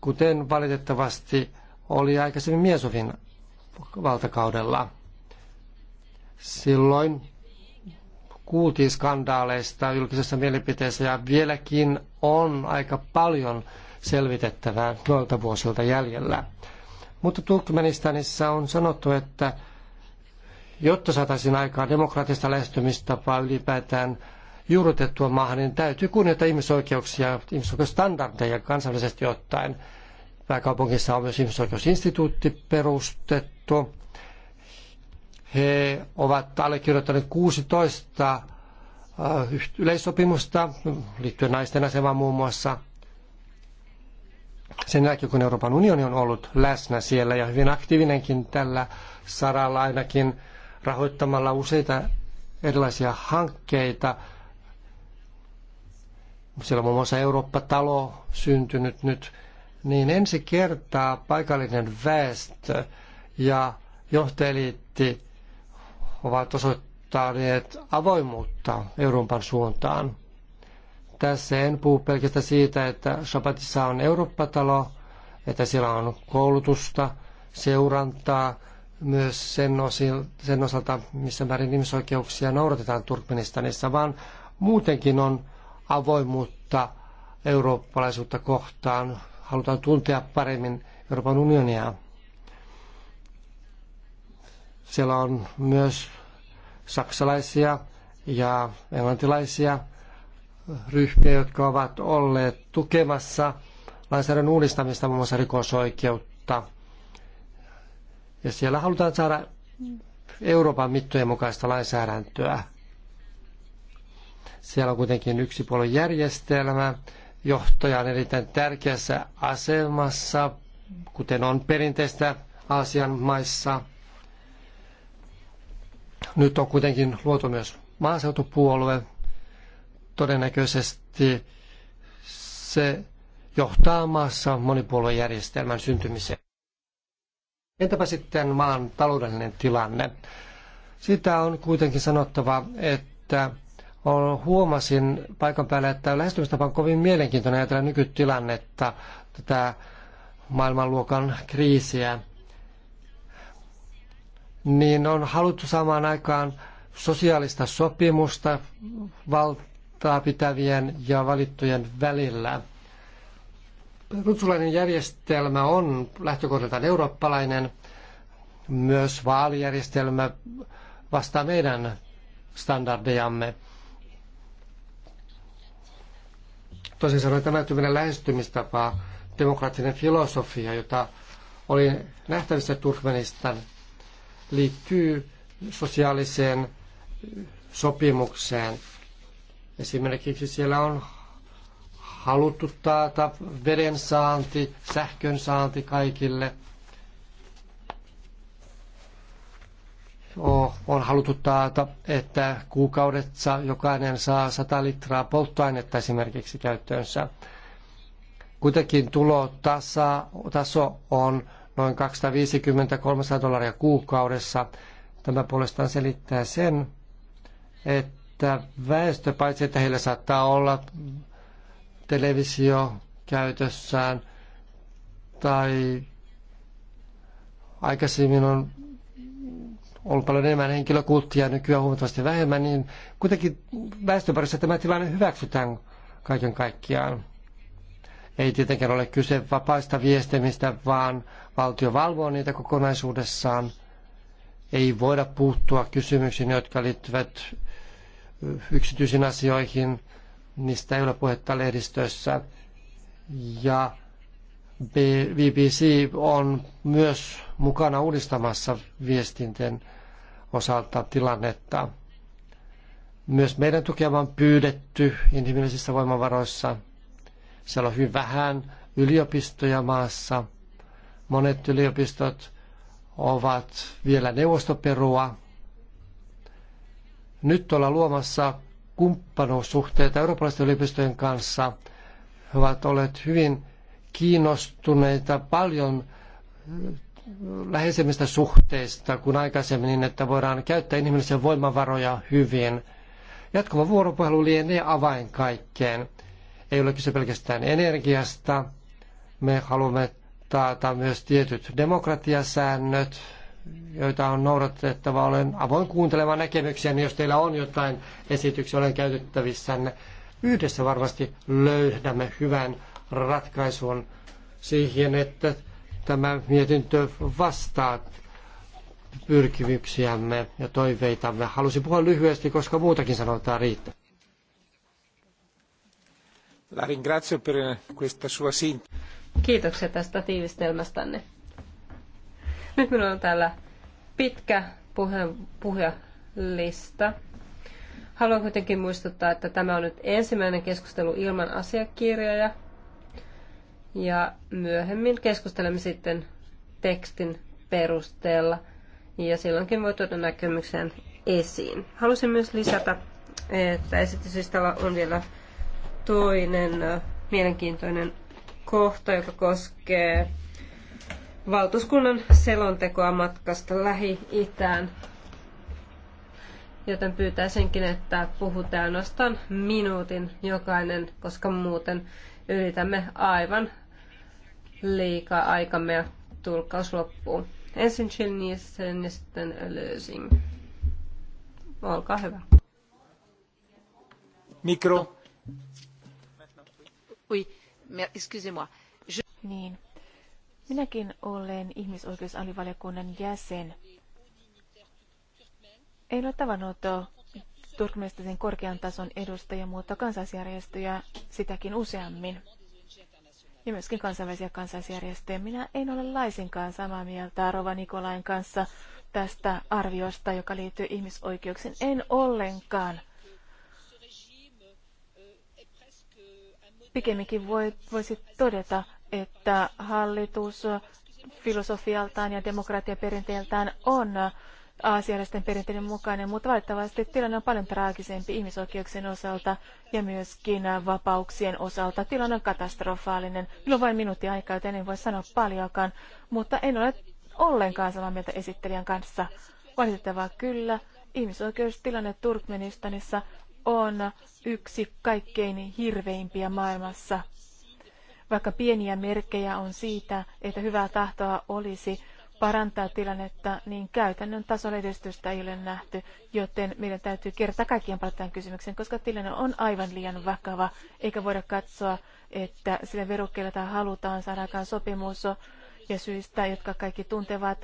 kuten valitettavasti oli aikaisemmin Miesovin valtakaudella. Silloin kuultiin skandaaleista julkisessa mielipiteessä ja vieläkin on aika paljon selvitettävää noilta vuosilta jäljellä. Mutta Turkmenistanissa on sanottu, että jotta saataisiin aikaa demokraattista lähestymistapaa ylipäätään juurrutettua maahan, niin täytyy kunnioittaa ihmisoikeuksia, ihmisoikeusstandardeja kansallisesti ottaen. Pääkaupungissa on myös ihmisoikeusinstituutti perustettu. He ovat allekirjoittaneet 16 äh, yleissopimusta liittyen naisten asemaan muun muassa. Sen jälkeen, kun Euroopan unioni on ollut läsnä siellä ja hyvin aktiivinenkin tällä saralla ainakin rahoittamalla useita erilaisia hankkeita. Siellä on muun muassa Eurooppa-talo syntynyt nyt niin ensi kertaa paikallinen väestö ja johtajaliitti ovat osoittaneet avoimuutta Euroopan suuntaan. Tässä en puhu pelkästään siitä, että Shabbatissa on Eurooppa-talo, että siellä on koulutusta, seurantaa, myös sen, osil, sen osalta, missä määrin ihmisoikeuksia noudatetaan Turkmenistanissa, vaan muutenkin on avoimuutta eurooppalaisuutta kohtaan halutaan tuntea paremmin Euroopan unionia. Siellä on myös saksalaisia ja englantilaisia ryhmiä, jotka ovat olleet tukemassa lainsäädännön uudistamista, muun muassa rikosoikeutta. Ja siellä halutaan saada Euroopan mittojen mukaista lainsäädäntöä. Siellä on kuitenkin yksipuolen järjestelmä, johtaja on erittäin tärkeässä asemassa, kuten on perinteistä Aasian maissa. Nyt on kuitenkin luotu myös maaseutupuolue. Todennäköisesti se johtaa maassa monipuoluejärjestelmän syntymiseen. Entäpä sitten maan taloudellinen tilanne? Sitä on kuitenkin sanottava, että huomasin paikan päällä, että lähestymistapa on kovin mielenkiintoinen ajatella nykytilannetta, tätä maailmanluokan kriisiä. Niin on haluttu samaan aikaan sosiaalista sopimusta valtaa pitävien ja valittujen välillä. Rutsulainen järjestelmä on lähtökohdaltaan eurooppalainen. Myös vaalijärjestelmä vastaa meidän standardejamme. Toisin sanoen tämä tyyppinen lähestymistapa, demokraattinen filosofia, jota oli nähtävissä Turkmenistan, liittyy sosiaaliseen sopimukseen. Esimerkiksi siellä on haluttu taata veden saanti, sähkön saanti kaikille – on haluttu taata, että kuukaudessa jokainen saa 100 litraa polttoainetta esimerkiksi käyttöönsä. Kuitenkin tulotaso on noin 250-300 dollaria kuukaudessa. Tämä puolestaan selittää sen, että väestö, paitsi että heillä saattaa olla televisio käytössään tai aikaisemmin on ollut paljon enemmän henkilökulttia nykyään huomattavasti vähemmän, niin kuitenkin väestöparissa tämä tilanne hyväksytään kaiken kaikkiaan. Ei tietenkään ole kyse vapaista viestimistä, vaan valtio valvoo niitä kokonaisuudessaan. Ei voida puuttua kysymyksiin, jotka liittyvät yksityisiin asioihin, niistä ei ole puhetta lehdistössä. Ja BBC on myös mukana uudistamassa viestinten osalta tilannetta. Myös meidän tukea on pyydetty inhimillisissä voimavaroissa. Siellä on hyvin vähän yliopistoja maassa. Monet yliopistot ovat vielä neuvostoperua. Nyt ollaan luomassa kumppanuussuhteita eurooppalaisten yliopistojen kanssa. He ovat olleet hyvin kiinnostuneita paljon läheisemmistä suhteista kuin aikaisemmin, niin, että voidaan käyttää inhimillisiä voimavaroja hyvin. Jatkuva vuoropuhelu lienee avain kaikkeen. Ei ole kyse pelkästään energiasta. Me haluamme taata myös tietyt demokratiasäännöt, joita on noudatettava. Olen avoin kuuntelemaan näkemyksiä, niin jos teillä on jotain esityksiä, olen käytettävissänne. Yhdessä varmasti löydämme hyvän ratkaisun siihen, että tämä mietintö vastaa pyrkimyksiämme ja toiveitamme. Halusin puhua lyhyesti, koska muutakin sanotaan riittää. La ringrazio per questa sua Kiitoksia tästä tiivistelmästänne. Nyt minulla on täällä pitkä puhujalista. Haluan kuitenkin muistuttaa, että tämä on nyt ensimmäinen keskustelu ilman asiakirjoja. Ja myöhemmin keskustelemme sitten tekstin perusteella ja silloinkin voi tuoda näkemykseen esiin. Halusin myös lisätä, että esityslistalla on vielä toinen mielenkiintoinen kohta, joka koskee valtuuskunnan selontekoa matkasta Lähi-Itään. Joten pyytäisinkin, että puhutaan ainoastaan minuutin jokainen, koska muuten Yritämme aivan liikaa aikamme ja tulkkaus loppuu. Ensin Jill ja sitten Lösing. Olkaa hyvä. Mikro. Oui, excusez-moi. Je... Niin. Minäkin olen ihmisoikeusalivaliokunnan jäsen. En ole tavannut Turkmenistanin korkean tason edustajia, mutta kansalaisjärjestöjä sitäkin useammin. Ja myöskin kansainvälisiä kansalaisjärjestöjä. Minä en ole laisinkaan samaa mieltä Rova Nikolain kanssa tästä arviosta, joka liittyy ihmisoikeuksiin. En ollenkaan. Pikemminkin voi, voisi todeta, että hallitus filosofialtaan ja demokratiaperinteeltään on aasialaisten perinteiden mukainen, mutta valitettavasti tilanne on paljon traagisempi ihmisoikeuksien osalta ja myöskin vapauksien osalta. Tilanne on katastrofaalinen. Minulla on vain minuutti aikaa, joten en voi sanoa paljonkaan, mutta en ole ollenkaan samaa mieltä esittelijän kanssa. Valitettavaa kyllä, ihmisoikeustilanne Turkmenistanissa on yksi kaikkein hirveimpiä maailmassa. Vaikka pieniä merkkejä on siitä, että hyvää tahtoa olisi, parantaa tilannetta, niin käytännön tasolla edistystä ei ole nähty, joten meidän täytyy kertaa kaikkien palata tämän kysymyksen, koska tilanne on aivan liian vakava, eikä voida katsoa, että sillä verukkeella halutaan saada aikaan sopimus ja syistä, jotka kaikki tuntevat,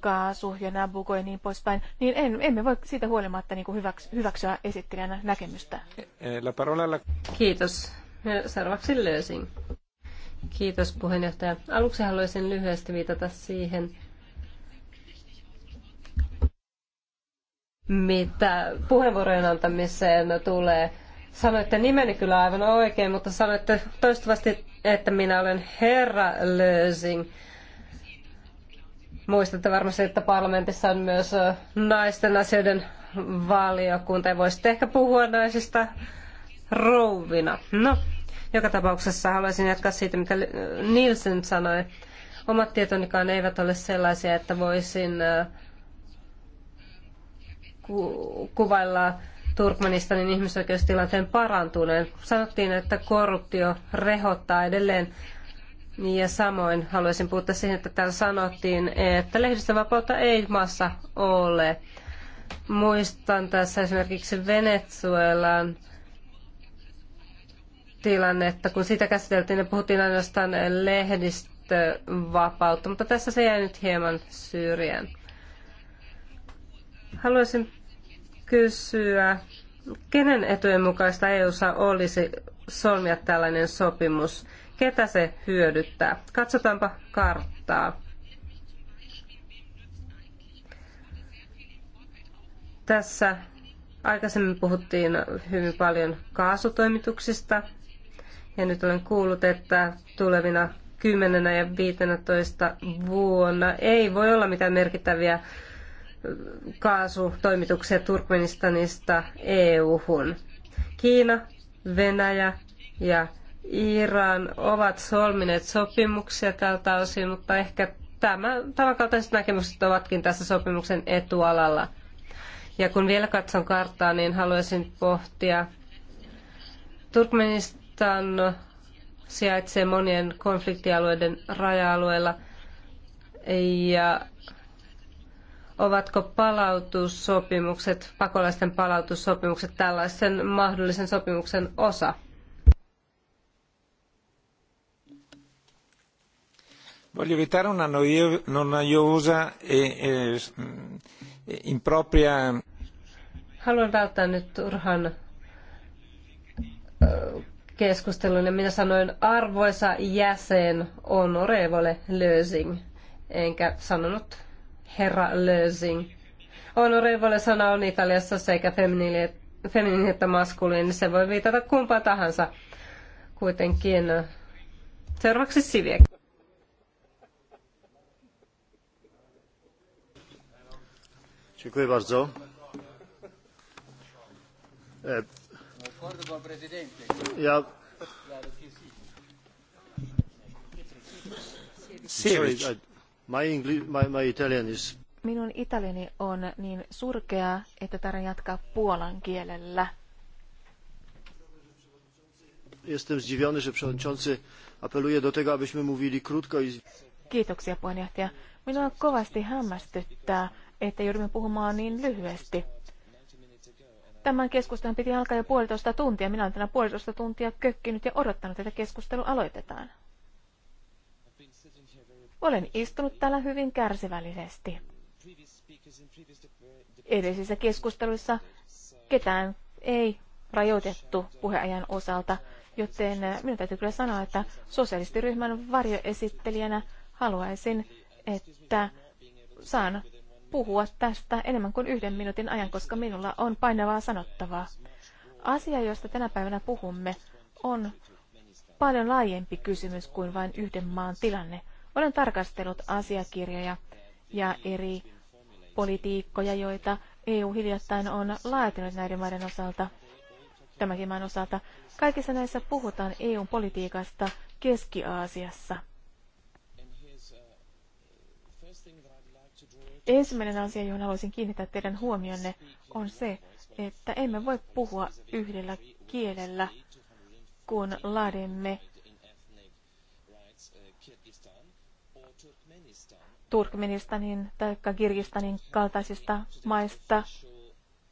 kaasu ja Nabucco ja niin poispäin, niin en, emme voi siitä huolimatta niin kuin hyväks, hyväksyä esittelijänä näkemystä. Eh, Kiitos. Seuraavaksi löysin. Kiitos puheenjohtaja. Aluksi haluaisin lyhyesti viitata siihen, mitä puheenvuorojen antamiseen tulee. Sanoitte nimeni kyllä aivan oikein, mutta sanoitte toistuvasti, että minä olen herra Lösing. Muistatte varmasti, että parlamentissa on myös naisten asioiden valiokunta ja voisitte ehkä puhua naisista rouvina. No, joka tapauksessa haluaisin jatkaa siitä, mitä Nielsen sanoi. Omat tietonikaan eivät ole sellaisia, että voisin kuvailla Turkmenistanin ihmisoikeustilanteen parantuneen. Sanottiin, että korruptio rehottaa edelleen ja samoin haluaisin puuttua siihen, että täällä sanottiin, että lehdistönvapautta ei maassa ole. Muistan tässä esimerkiksi Venezuelan tilannetta, kun sitä käsiteltiin ja niin puhuttiin ainoastaan lehdistövapautta, mutta tässä se jäi nyt hieman syrjään. Haluaisin kysyä, kenen etujen mukaista EUssa olisi solmia tällainen sopimus? Ketä se hyödyttää? Katsotaanpa karttaa. Tässä aikaisemmin puhuttiin hyvin paljon kaasutoimituksista ja nyt olen kuullut, että tulevina 10 ja 15 vuonna ei voi olla mitään merkittäviä kaasutoimituksia Turkmenistanista EU-hun. Kiina, Venäjä ja Iran ovat solmineet sopimuksia tältä osin, mutta ehkä tämä, tämän kaltaiset näkemykset ovatkin tässä sopimuksen etualalla. Ja kun vielä katson karttaa, niin haluaisin pohtia. Turkmenistan sijaitsee monien konfliktialueiden raja-alueilla ja ovatko palautussopimukset, pakolaisten palautussopimukset tällaisen mahdollisen sopimuksen osa? Voglio evitare una noiosa e, e, e impropria... Haluan välttää nyt turhan keskustelun ja minä sanoin arvoisa jäsen Honorevole Lösing, enkä sanonut herra Lösing. Onorevole sana on Italiassa sekä feminiini että maskuliini. Se voi viitata kumpaa tahansa. Kuitenkin äh, seuraavaksi Siviek. Dziękuję bardzo. E, ja... Sorry, I... My, my, my Italian is... Minun italiani on niin surkea, että tarvitsen jatkaa puolan kielellä. Jestem zdziwiony, że przewodniczący apeluje do tego, abyśmy mówili krótko i... Kiitoksia puheenjohtaja. Minua kovasti hämmästyttää, että joudumme puhumaan niin lyhyesti. Tämän keskustelun piti alkaa jo puolitoista tuntia. Minä olen tänä puolitoista tuntia kökkinyt ja odottanut, että keskustelu aloitetaan. Olen istunut täällä hyvin kärsivällisesti. Edellisissä keskusteluissa ketään ei rajoitettu puheajan osalta, joten minun täytyy kyllä sanoa, että sosialistiryhmän varjoesittelijänä haluaisin, että saan puhua tästä enemmän kuin yhden minuutin ajan, koska minulla on painavaa sanottavaa. Asia, josta tänä päivänä puhumme, on paljon laajempi kysymys kuin vain yhden maan tilanne. Olen tarkastellut asiakirjoja ja eri politiikkoja, joita EU hiljattain on laatinut näiden maiden osalta, tämänkin maan osalta. Kaikissa näissä puhutaan EUn politiikasta Keski-Aasiassa. Ensimmäinen asia, johon haluaisin kiinnittää teidän huomionne, on se, että emme voi puhua yhdellä kielellä, kun laadimme Turkmenistanin tai Kirgistanin kaltaisista maista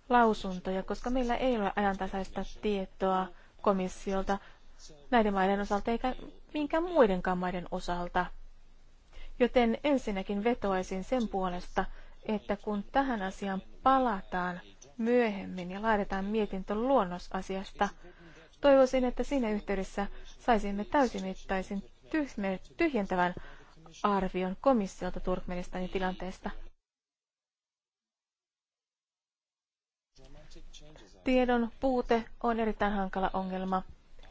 lausuntoja, koska meillä ei ole ajantasaista tietoa komissiolta näiden maiden osalta eikä minkään muidenkaan maiden osalta. Joten ensinnäkin vetoaisin sen puolesta, että kun tähän asiaan palataan myöhemmin ja laaditaan mietintö luonnosasiasta, toivoisin, että siinä yhteydessä saisimme täysimittaisin tyhjentävän arvion komissiolta Turkmenistanin tilanteesta. Tiedon puute on erittäin hankala ongelma,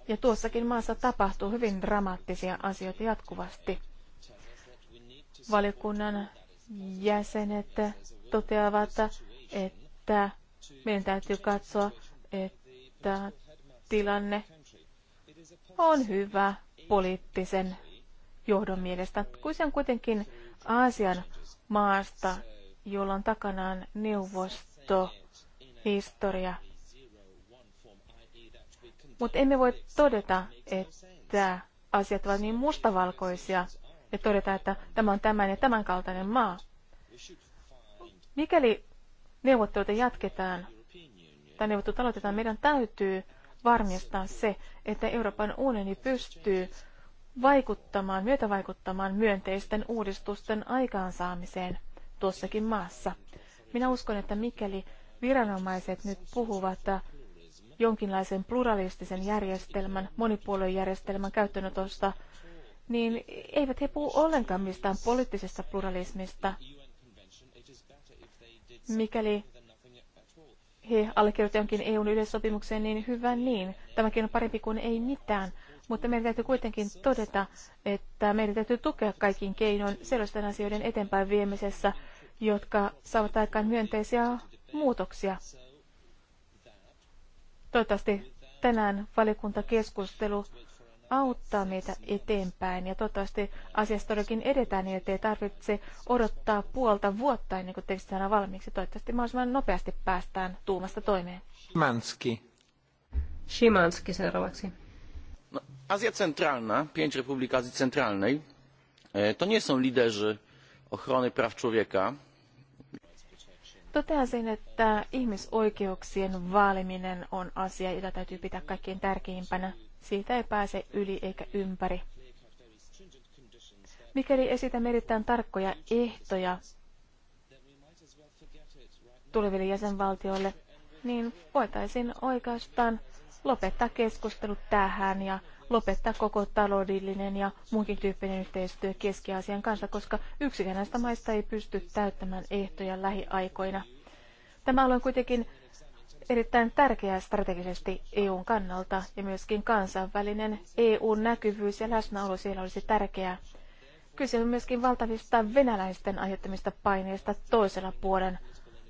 ja tuossakin maassa tapahtuu hyvin dramaattisia asioita jatkuvasti. Valiokunnan jäsenet toteavat, että meidän täytyy katsoa, että tilanne on hyvä poliittisen johdon mielestä. Kyse on kuitenkin Aasian maasta, jolla on takanaan neuvostohistoria. Mutta emme voi todeta, että asiat ovat niin mustavalkoisia ja todeta, että tämä on tämän ja tämän kaltainen maa. Mikäli neuvotteluita jatketaan tai neuvottelut aloitetaan, meidän täytyy varmistaa se, että Euroopan unioni pystyy vaikuttamaan, myötävaikuttamaan myönteisten uudistusten aikaansaamiseen tuossakin maassa. Minä uskon, että mikäli viranomaiset nyt puhuvat jonkinlaisen pluralistisen järjestelmän, monipuoluejärjestelmän käyttöönotosta, niin eivät he puhu ollenkaan mistään poliittisesta pluralismista. Mikäli he allekirjoittavat jonkin EUn yleissopimukseen, niin hyvä niin. Tämäkin on parempi kuin ei mitään mutta meidän täytyy kuitenkin todeta, että meidän täytyy tukea kaikin keinoin sellaisten asioiden eteenpäin viemisessä, jotka saavat aikaan myönteisiä muutoksia. Toivottavasti tänään valikuntakeskustelu auttaa meitä eteenpäin ja toivottavasti asiasta todellakin edetään niin, ettei tarvitse odottaa puolta vuotta ennen kuin teksti saadaan valmiiksi. Toivottavasti mahdollisimman nopeasti päästään tuumasta toimeen. Shimanski Shimanski seuraavaksi azja centralna pięć republik azji centralnej e, to nie są liderzy ochrony praw człowieka Toteasin, että ihmisoikeuksien vaaliminen on asia, jota täytyy pitää kaikkein tärkeimpänä. Siitä ei pääse yli eikä ympäri. Mikäli esitämme erittäin tarkkoja ehtoja tuleville jäsenvaltioille, niin voitaisiin oikeastaan lopettaa keskustelut tähän ja lopettaa koko taloudellinen ja muunkin tyyppinen yhteistyö Keski-Aasian kanssa, koska yksikään näistä maista ei pysty täyttämään ehtoja lähiaikoina. Tämä on kuitenkin erittäin tärkeää strategisesti EUn kannalta ja myöskin kansainvälinen EUn näkyvyys ja läsnäolo siellä olisi tärkeää. Kyse on myöskin valtavista venäläisten aiheuttamista paineista toisella puolen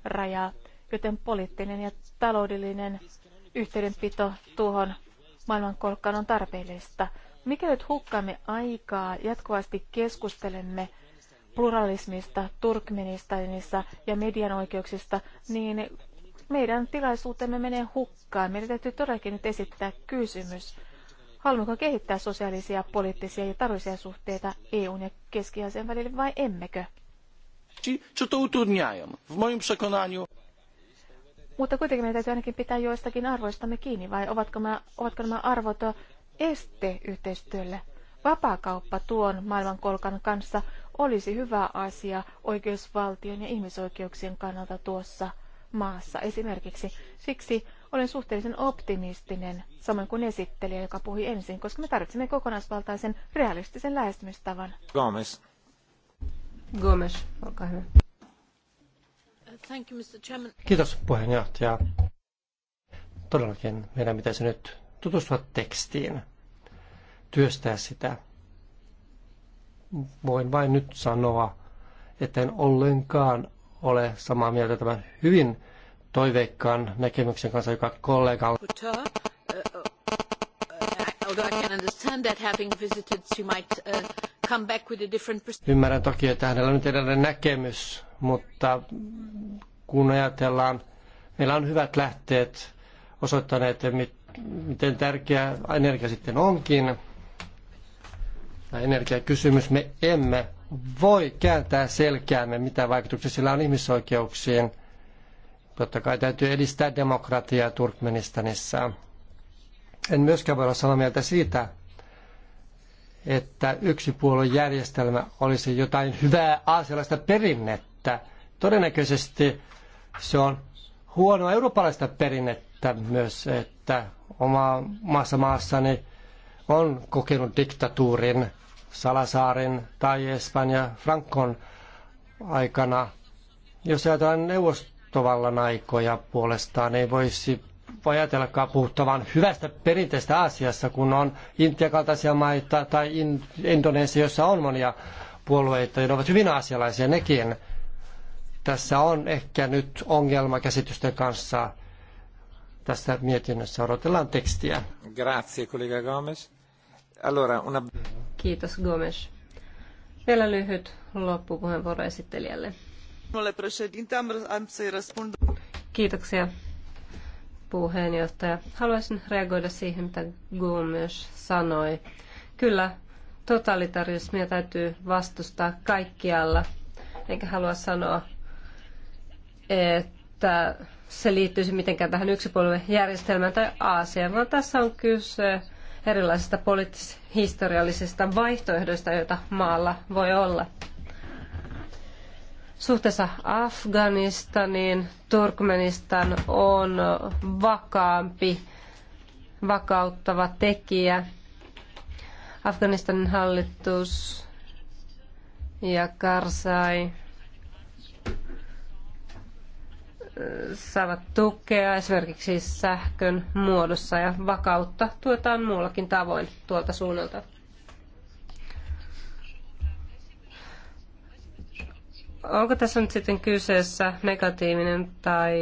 rajaa, joten poliittinen ja taloudellinen yhteydenpito tuohon maailmankolkkaan on tarpeellista. Mikä nyt hukkaamme aikaa, jatkuvasti keskustelemme pluralismista, Turkmenistanissa ja median oikeuksista, niin meidän tilaisuutemme menee hukkaan. Meidän täytyy todellakin nyt esittää kysymys. Haluammeko kehittää sosiaalisia, poliittisia ja taloudellisia suhteita EUn ja keski välille vai emmekö? Czy to utrudniają? W moim przekonaniu mutta kuitenkin meidän täytyy ainakin pitää joistakin arvoistamme kiinni, vai ovatko, mä, ovatko nämä arvot este yhteistyölle? Vapaakauppa tuon maailmankolkan kanssa olisi hyvä asia oikeusvaltion ja ihmisoikeuksien kannalta tuossa maassa esimerkiksi. Siksi olen suhteellisen optimistinen, samoin kuin esittelijä, joka puhui ensin, koska me tarvitsemme kokonaisvaltaisen realistisen lähestymistavan. Gomes. Gomes, olkaa hyvä. Thank you, Mr. Chairman. Kiitos puheenjohtaja. Todellakin meidän pitäisi nyt tutustua tekstiin, työstää sitä. Voin vain nyt sanoa, että en ollenkaan ole samaa mieltä tämän hyvin toiveikkaan näkemyksen kanssa, joka kollegalla. Uh, uh, uh, although I can understand that having visited, she might uh, Ymmärrän toki, että hänellä on erilainen näkemys, mutta kun ajatellaan, meillä on hyvät lähteet osoittaneet, miten tärkeä energia sitten onkin, tämä energiakysymys, me emme voi kääntää selkäämme, mitä vaikutuksia sillä on ihmisoikeuksiin. Totta kai täytyy edistää demokratiaa Turkmenistanissa. En myöskään voi olla samaa mieltä siitä, että yksipuoluejärjestelmä olisi jotain hyvää aasialaista perinnettä. Todennäköisesti se on huonoa eurooppalaista perinnettä myös, että oma maassa maassani on kokenut diktatuurin Salasaarin tai Espanja Frankon aikana. Jos ajatellaan neuvostovallan aikoja puolestaan, ei voisi helppo ajatellakaan puhuttavan hyvästä perinteistä Aasiassa, kun on Intian kaltaisia maita tai in, Indonesia, jossa on monia puolueita, ne ovat hyvin aasialaisia nekin. Tässä on ehkä nyt ongelma käsitysten kanssa. Tässä mietinnössä odotellaan tekstiä. Grazie, kollega Gomes. Allora, una... Kiitos, Gomes. Vielä lyhyt loppupuheenvuoro esittelijälle. Kiitoksia, puheenjohtaja. Haluaisin reagoida siihen, mitä myös sanoi. Kyllä, totalitarismia täytyy vastustaa kaikkialla. Enkä halua sanoa, että se liittyisi mitenkään tähän yksipuoluejärjestelmään tai Aasiaan, vaan tässä on kyse erilaisista poliittis-historiallisista vaihtoehdoista, joita maalla voi olla. Suhteessa Afganistaniin Turkmenistan on vakaampi, vakauttava tekijä. Afganistanin hallitus ja Karzai eh, saavat tukea esimerkiksi sähkön muodossa ja vakautta tuetaan muullakin tavoin tuolta suunnalta. onko tässä nyt sitten kyseessä negatiivinen tai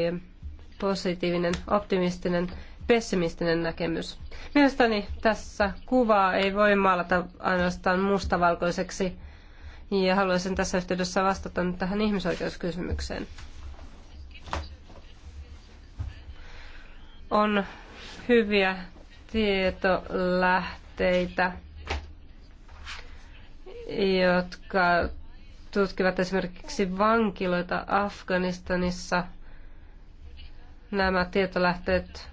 positiivinen, optimistinen, pessimistinen näkemys? Mielestäni tässä kuvaa ei voi maalata ainoastaan mustavalkoiseksi, ja haluaisin tässä yhteydessä vastata nyt tähän ihmisoikeuskysymykseen. On hyviä tietolähteitä, jotka tutkivat esimerkiksi vankiloita Afganistanissa. Nämä tietolähteet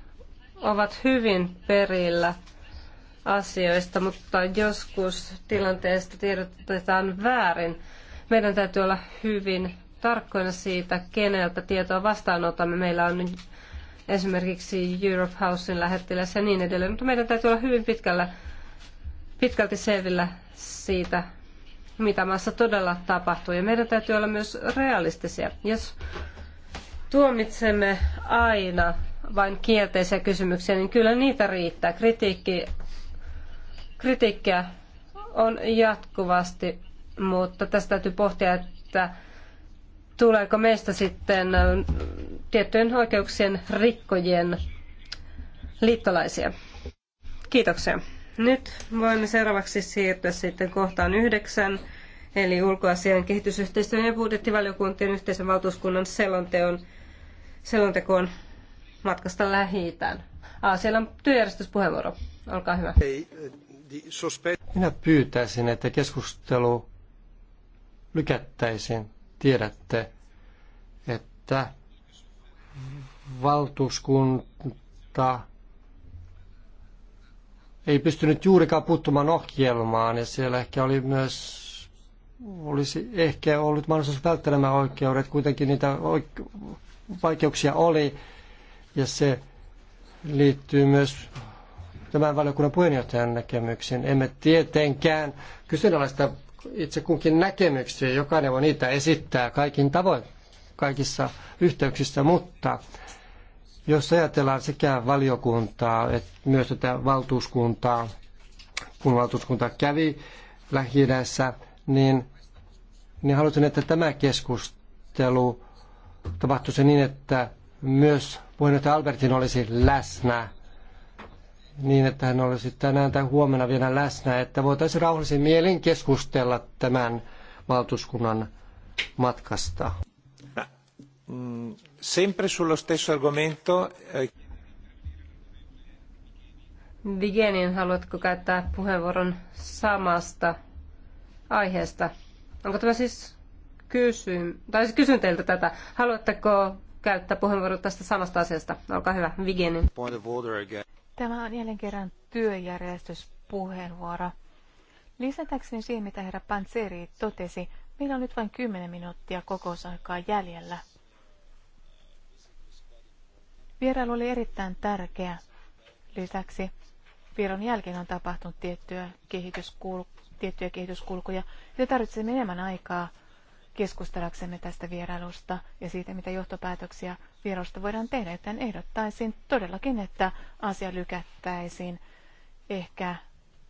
ovat hyvin perillä asioista, mutta joskus tilanteesta tiedotetaan väärin. Meidän täytyy olla hyvin tarkkoina siitä, keneltä tietoa vastaanotamme. Meillä on esimerkiksi Europe Housein lähettiläs ja niin edelleen, mutta meidän täytyy olla hyvin pitkällä, pitkälti selvillä siitä, mitä maassa todella tapahtuu. Ja meidän täytyy olla myös realistisia. Jos tuomitsemme aina vain kielteisiä kysymyksiä, niin kyllä niitä riittää. Kritiikki, kritiikkiä on jatkuvasti, mutta tästä täytyy pohtia, että tuleeko meistä sitten tiettyjen oikeuksien rikkojien liittolaisia. Kiitoksia. Nyt voimme seuraavaksi siirtyä sitten kohtaan yhdeksän, eli ulkoasian kehitysyhteistyön ja budjettivaliokuntien yhteisen valtuuskunnan selonteon, selontekoon matkasta lähiitään. ah, siellä on työjärjestyspuheenvuoro. Olkaa hyvä. Minä pyytäisin, että keskustelu lykättäisiin. Tiedätte, että valtuuskunta ei pystynyt juurikaan puuttumaan ohjelmaan ja siellä ehkä oli myös olisi ehkä ollut mahdollisuus välttelemään oikeudet, kuitenkin niitä vaikeuksia oli ja se liittyy myös tämän valiokunnan puheenjohtajan näkemyksiin. Emme tietenkään kyseenalaista itse kunkin näkemyksiä, jokainen voi niitä esittää kaikin tavoin kaikissa yhteyksissä, mutta jos ajatellaan sekä valiokuntaa että myös tätä valtuuskuntaa, kun valtuuskunta kävi lähi niin, niin halusin, että tämä keskustelu tapahtuisi niin, että myös puheenjohtaja Albertin olisi läsnä niin, että hän olisi tänään tai huomenna vielä läsnä, että voitaisiin rauhallisin mielin keskustella tämän valtuuskunnan matkasta. Mm, sempre sullo stesso argomento. Eh, Vigenin, haluatko käyttää puheenvuoron samasta aiheesta? Onko tämä siis kysyn, tai siis kysyn teiltä tätä. Haluatteko käyttää puheenvuoron tästä samasta asiasta? Olkaa hyvä, Vigenin. Tämä on jälleen kerran työjärjestyspuheenvuoro. Lisätäkseni siihen, mitä herra Panseri totesi, meillä on nyt vain 10 minuuttia kokousaikaa jäljellä. Vierailu oli erittäin tärkeä. Lisäksi vieron jälkeen on tapahtunut tiettyä kehityskul- tiettyjä kehityskulkuja, ja tarvitsemme enemmän aikaa keskustelaksemme tästä vierailusta ja siitä, mitä johtopäätöksiä vierailusta voidaan tehdä, joten ehdottaisin todellakin, että asia lykättäisiin ehkä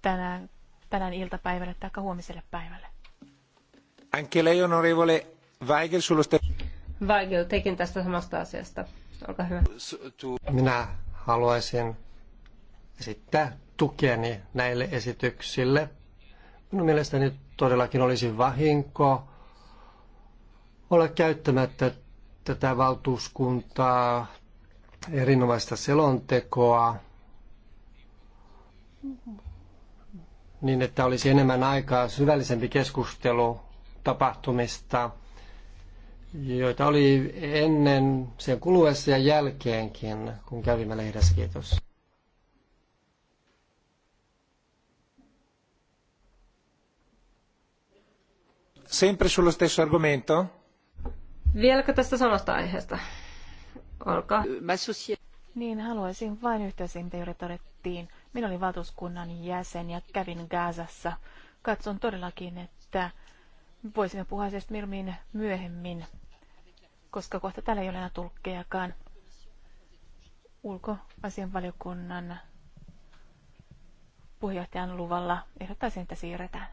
tänään, tänään iltapäivälle tai huomiselle päivälle. Anche lei, onorevole Weigel, sullo Weigel, tekin tästä samasta asiasta. Olkaa hyvä. Minä haluaisin esittää tukeni näille esityksille. Minun mielestäni todellakin olisi vahinko olla käyttämättä tätä valtuuskuntaa, erinomaista selontekoa, niin että olisi enemmän aikaa syvällisempi keskustelu tapahtumista – joita oli ennen sen kuluessa ja jälkeenkin, kun kävimme lehdessä. Kiitos. Sempre sullo stesso argomento? Vieläkö tästä samasta aiheesta? Olkaa. Niin, haluaisin vain yhtä sinne mitä juuri todettiin. Minä olin valtuuskunnan jäsen ja kävin Gazassa. Katson todellakin, että voisimme puhua asiasta myöhemmin koska kohta täällä ei ole enää tulkkejakaan. Ulkoasianvaliokunnan puheenjohtajan luvalla ehdottaisin, että siirretään.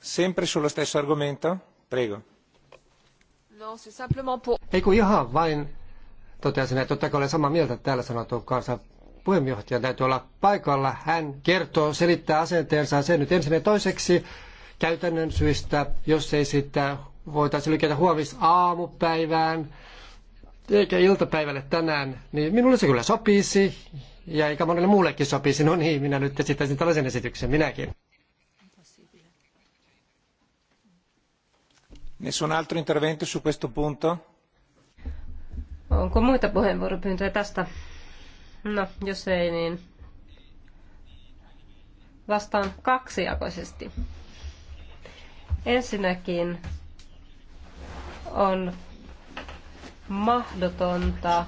Sempre sulla stesso argomento? Prego. No, se simplement pour... Ei kun ihan vain totesin, että totta kai olen samaa mieltä täällä sanottu kanssa. Puheenjohtaja täytyy olla paikalla. Hän kertoo, selittää asenteensa sen nyt ensin ja toiseksi käytännön syistä, jos ei sitä voitaisiin lykätä huomis aamupäivään eikä iltapäivälle tänään, niin minulle se kyllä sopisi ja eikä monelle muullekin sopisi. No niin, minä nyt esittäisin tällaisen esityksen minäkin. Nessun altro intervento su questo punto? Onko muita puheenvuoropyyntöjä tästä? No, jos ei, niin vastaan kaksijakoisesti. Ensinnäkin on mahdotonta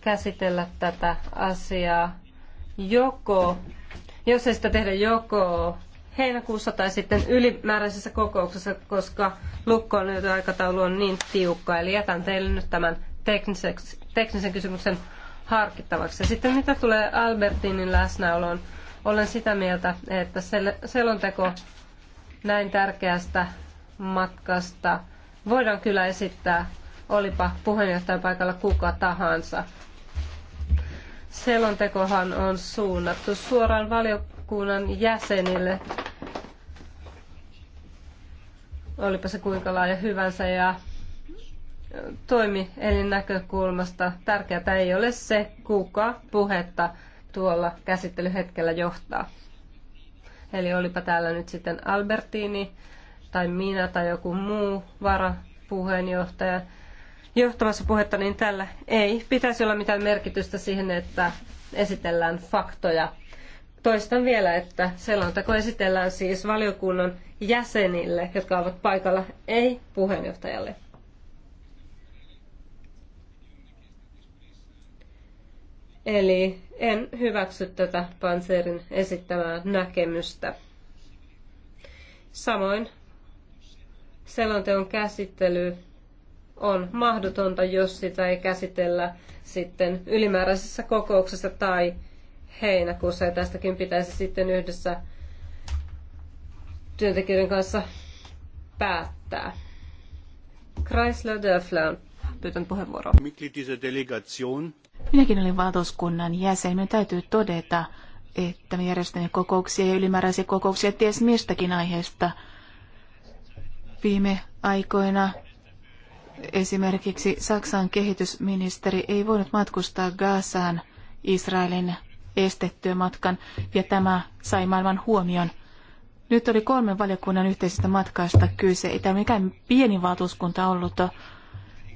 käsitellä tätä asiaa joko, jos ei sitä tehdä joko heinäkuussa tai sitten ylimääräisessä kokouksessa, koska lukkoon nyt aikataulu on niin tiukka. Eli jätän teille nyt tämän teknisen kysymyksen harkittavaksi. Ja sitten mitä tulee Albertinin läsnäoloon, olen sitä mieltä, että selonteko näin tärkeästä matkasta – voidaan kyllä esittää, olipa puheenjohtajan paikalla kuka tahansa. Selontekohan on suunnattu suoraan valiokunnan jäsenille, olipa se kuinka laaja hyvänsä ja toimi elin näkökulmasta. Tärkeää ei ole se, kuka puhetta tuolla käsittelyhetkellä johtaa. Eli olipa täällä nyt sitten Albertini tai minä tai joku muu varapuheenjohtaja johtamassa puhetta, niin tällä ei pitäisi olla mitään merkitystä siihen, että esitellään faktoja. Toistan vielä, että selonteko esitellään siis valiokunnan jäsenille, jotka ovat paikalla, ei puheenjohtajalle. Eli en hyväksy tätä Panserin esittämää näkemystä. Samoin selonteon käsittely on mahdotonta, jos sitä ei käsitellä sitten ylimääräisessä kokouksessa tai heinäkuussa. Ja tästäkin pitäisi sitten yhdessä työntekijöiden kanssa päättää. Chrysler Dörfler pyytän pyytänyt puheenvuoroa. Minäkin olin valtuuskunnan jäsen. Minun täytyy todeta, että me järjestämme kokouksia ja ylimääräisiä kokouksia ties mistäkin aiheesta – Viime aikoina esimerkiksi Saksan kehitysministeri ei voinut matkustaa Gazaan Israelin estettyä matkan, ja tämä sai maailman huomion. Nyt oli kolmen valiokunnan yhteisestä matkasta kyse. Ei tämä mikään pieni valtuuskunta ollut,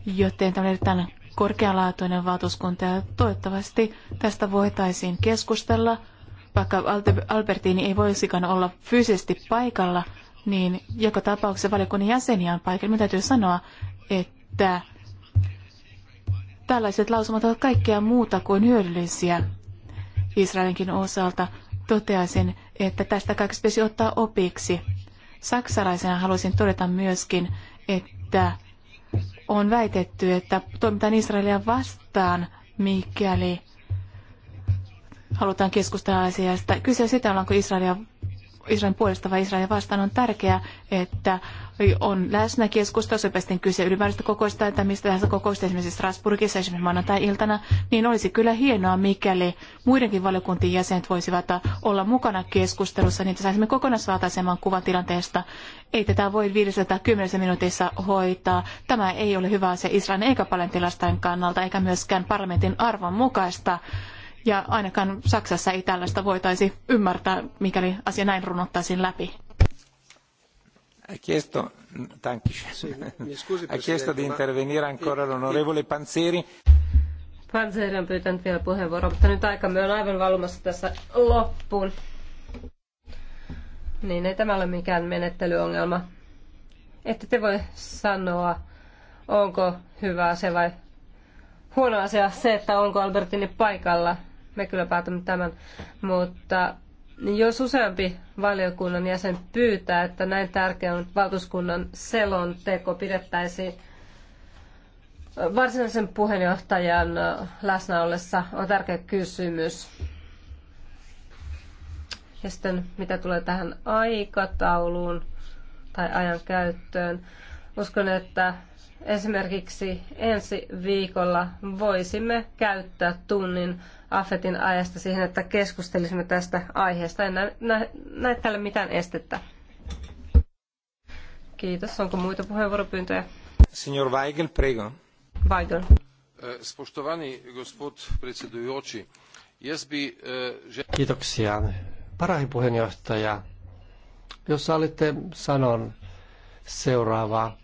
joten tämä on erittäin korkealaatuinen valtuuskunta ja toivottavasti tästä voitaisiin keskustella. Vaikka Albertini ei voisikaan olla fyysisesti paikalla, niin joka tapauksessa valiokunnan jäseniä on paikalla. Minun täytyy sanoa, että tällaiset lausumat ovat kaikkea muuta kuin hyödyllisiä Israelinkin osalta. Toteaisin, että tästä kaikesta pitäisi ottaa opiksi. Saksalaisena haluaisin todeta myöskin, että on väitetty, että toimitaan Israelia vastaan, mikäli halutaan keskustella asiasta. Kyse on sitä, ollaanko Israelia Israelin puolesta vai Israelin vastaan on tärkeää, että on läsnä keskustelussa, sitten kyse ylimääräistä kokousta tai mistä tahansa kokousta esimerkiksi Strasbourgissa esimerkiksi maanantai-iltana, niin olisi kyllä hienoa, mikäli muidenkin valiokuntien jäsenet voisivat olla mukana keskustelussa, niin että saisimme kokonaisvaltaisemman kuvan tilanteesta. Ei tätä voi 510 minuutissa hoitaa. Tämä ei ole hyvä asia Israelin eikä Palestiinan kannalta, eikä myöskään parlamentin arvon mukaista. Ja ainakaan Saksassa ei tällaista voitaisi ymmärtää, mikäli asia näin runottaisiin läpi. Ha chiesto, ha chiesto di intervenire ancora l'onorevole Panzeri. Panzeri on pyytänyt vielä puheenvuoroa, mutta nyt aikamme on aivan valumassa tässä loppuun. Niin ei tämä ole mikään menettelyongelma. Ette te voi sanoa, onko hyvä se vai huono asia se, että onko Albertini paikalla me kyllä päätämme tämän, mutta jos useampi valiokunnan jäsen pyytää, että näin tärkeä on valtuuskunnan selonteko pidettäisiin varsinaisen puheenjohtajan läsnä ollessa, on tärkeä kysymys. Ja sitten mitä tulee tähän aikatauluun tai ajan käyttöön, uskon, että esimerkiksi ensi viikolla voisimme käyttää tunnin AFETin ajasta siihen, että keskustelisimme tästä aiheesta. En näe, näe, näe tälle mitään estettä. Kiitos. Onko muita puheenvuoropyyntöjä? Signor Weigel, prego. Weigel. Eh, Spostovani, gospod predsedujoči, jesbi... Eh, Kiitoksia. Parahin puheenjohtaja, jos sallitte, sanon seuraavaa.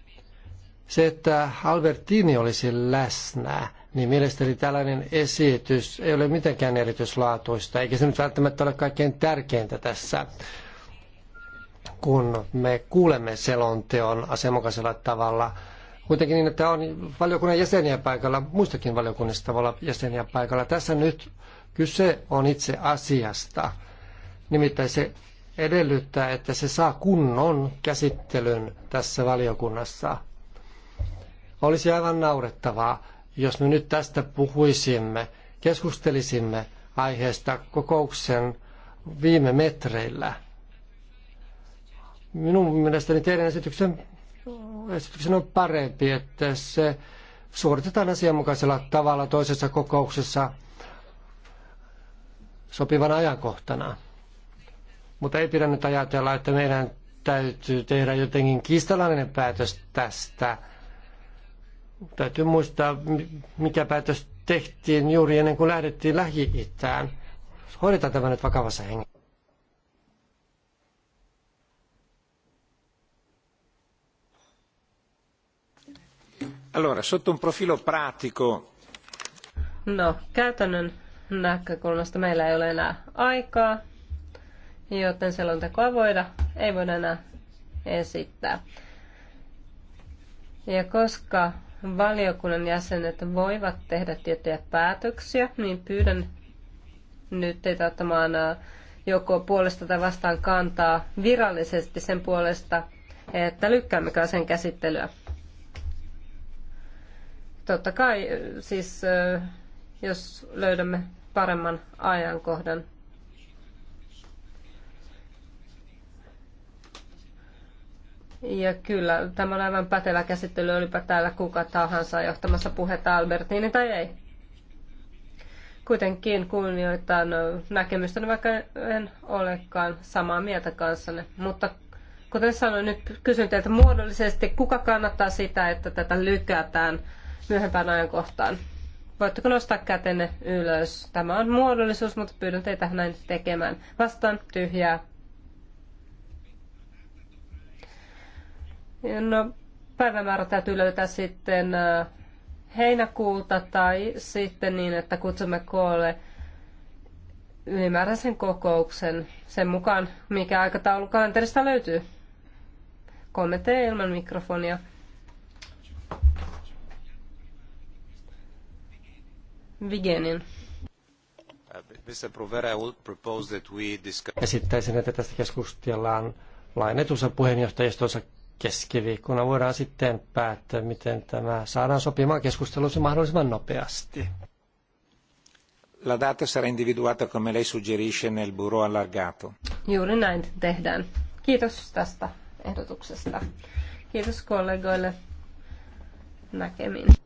Se, että Albertini olisi läsnä, niin mielestäni tällainen esitys ei ole mitenkään erityislaatuista, eikä se nyt välttämättä ole kaikkein tärkeintä tässä, kun me kuulemme selonteon asianmukaisella tavalla. Kuitenkin niin, että on valiokunnan jäseniä paikalla, muistakin valiokunnista voi olla jäseniä paikalla. Tässä nyt kyse on itse asiasta. Nimittäin se edellyttää, että se saa kunnon käsittelyn tässä valiokunnassa. Olisi aivan naurettavaa, jos me nyt tästä puhuisimme, keskustelisimme aiheesta kokouksen viime metreillä. Minun mielestäni teidän esityksen, esityksen on parempi, että se suoritetaan asianmukaisella tavalla toisessa kokouksessa sopivan ajankohtana. Mutta ei pidä nyt ajatella, että meidän täytyy tehdä jotenkin kiistalainen päätös tästä Täytyy muistaa, mikä päätös tehtiin juuri ennen kuin lähdettiin Lähi-Itään. Hoidetaan tämä nyt vakavassa hengessä. Allora, sotto un profilo pratico. No, käytännön näkökulmasta meillä ei ole enää aikaa, joten selontekoa voida, ei voida enää esittää. Ja koska valiokunnan jäsenet voivat tehdä tiettyjä päätöksiä, niin pyydän nyt teitä ottamaan joko puolesta tai vastaan kantaa virallisesti sen puolesta, että lykkäämmekö sen käsittelyä. Totta kai siis, jos löydämme paremman ajankohdan Ja kyllä, tämä on aivan pätevä käsittely, olipa täällä kuka tahansa johtamassa puhetta Albertini tai ei. Kuitenkin kunnioitan näkemystä, vaikka en olekaan samaa mieltä kanssanne. Mutta kuten sanoin, nyt kysyn teiltä muodollisesti, kuka kannattaa sitä, että tätä lykätään myöhempään ajankohtaan? Voitteko nostaa kätenne ylös? Tämä on muodollisuus, mutta pyydän teitä näin tekemään. Vastaan tyhjää No, päivämäärä täytyy löytää sitten heinäkuulta tai sitten niin, että kutsumme koolle ylimääräisen kokouksen sen mukaan, mikä aikataulu kalenterista löytyy. Kommentteja ilman mikrofonia. Vigenin. Esittäisin, että tästä keskustellaan lainetussa puheenjohtajistonsa keskiviikkona voidaan sitten päättää, miten tämä saadaan sopimaan keskustelussa mahdollisimman nopeasti. La data sarà individuata come lei suggerisce nel bureau allargato. Juuri näin tehdään. Kiitos tästä ehdotuksesta. Kiitos kollegoille näkemiin.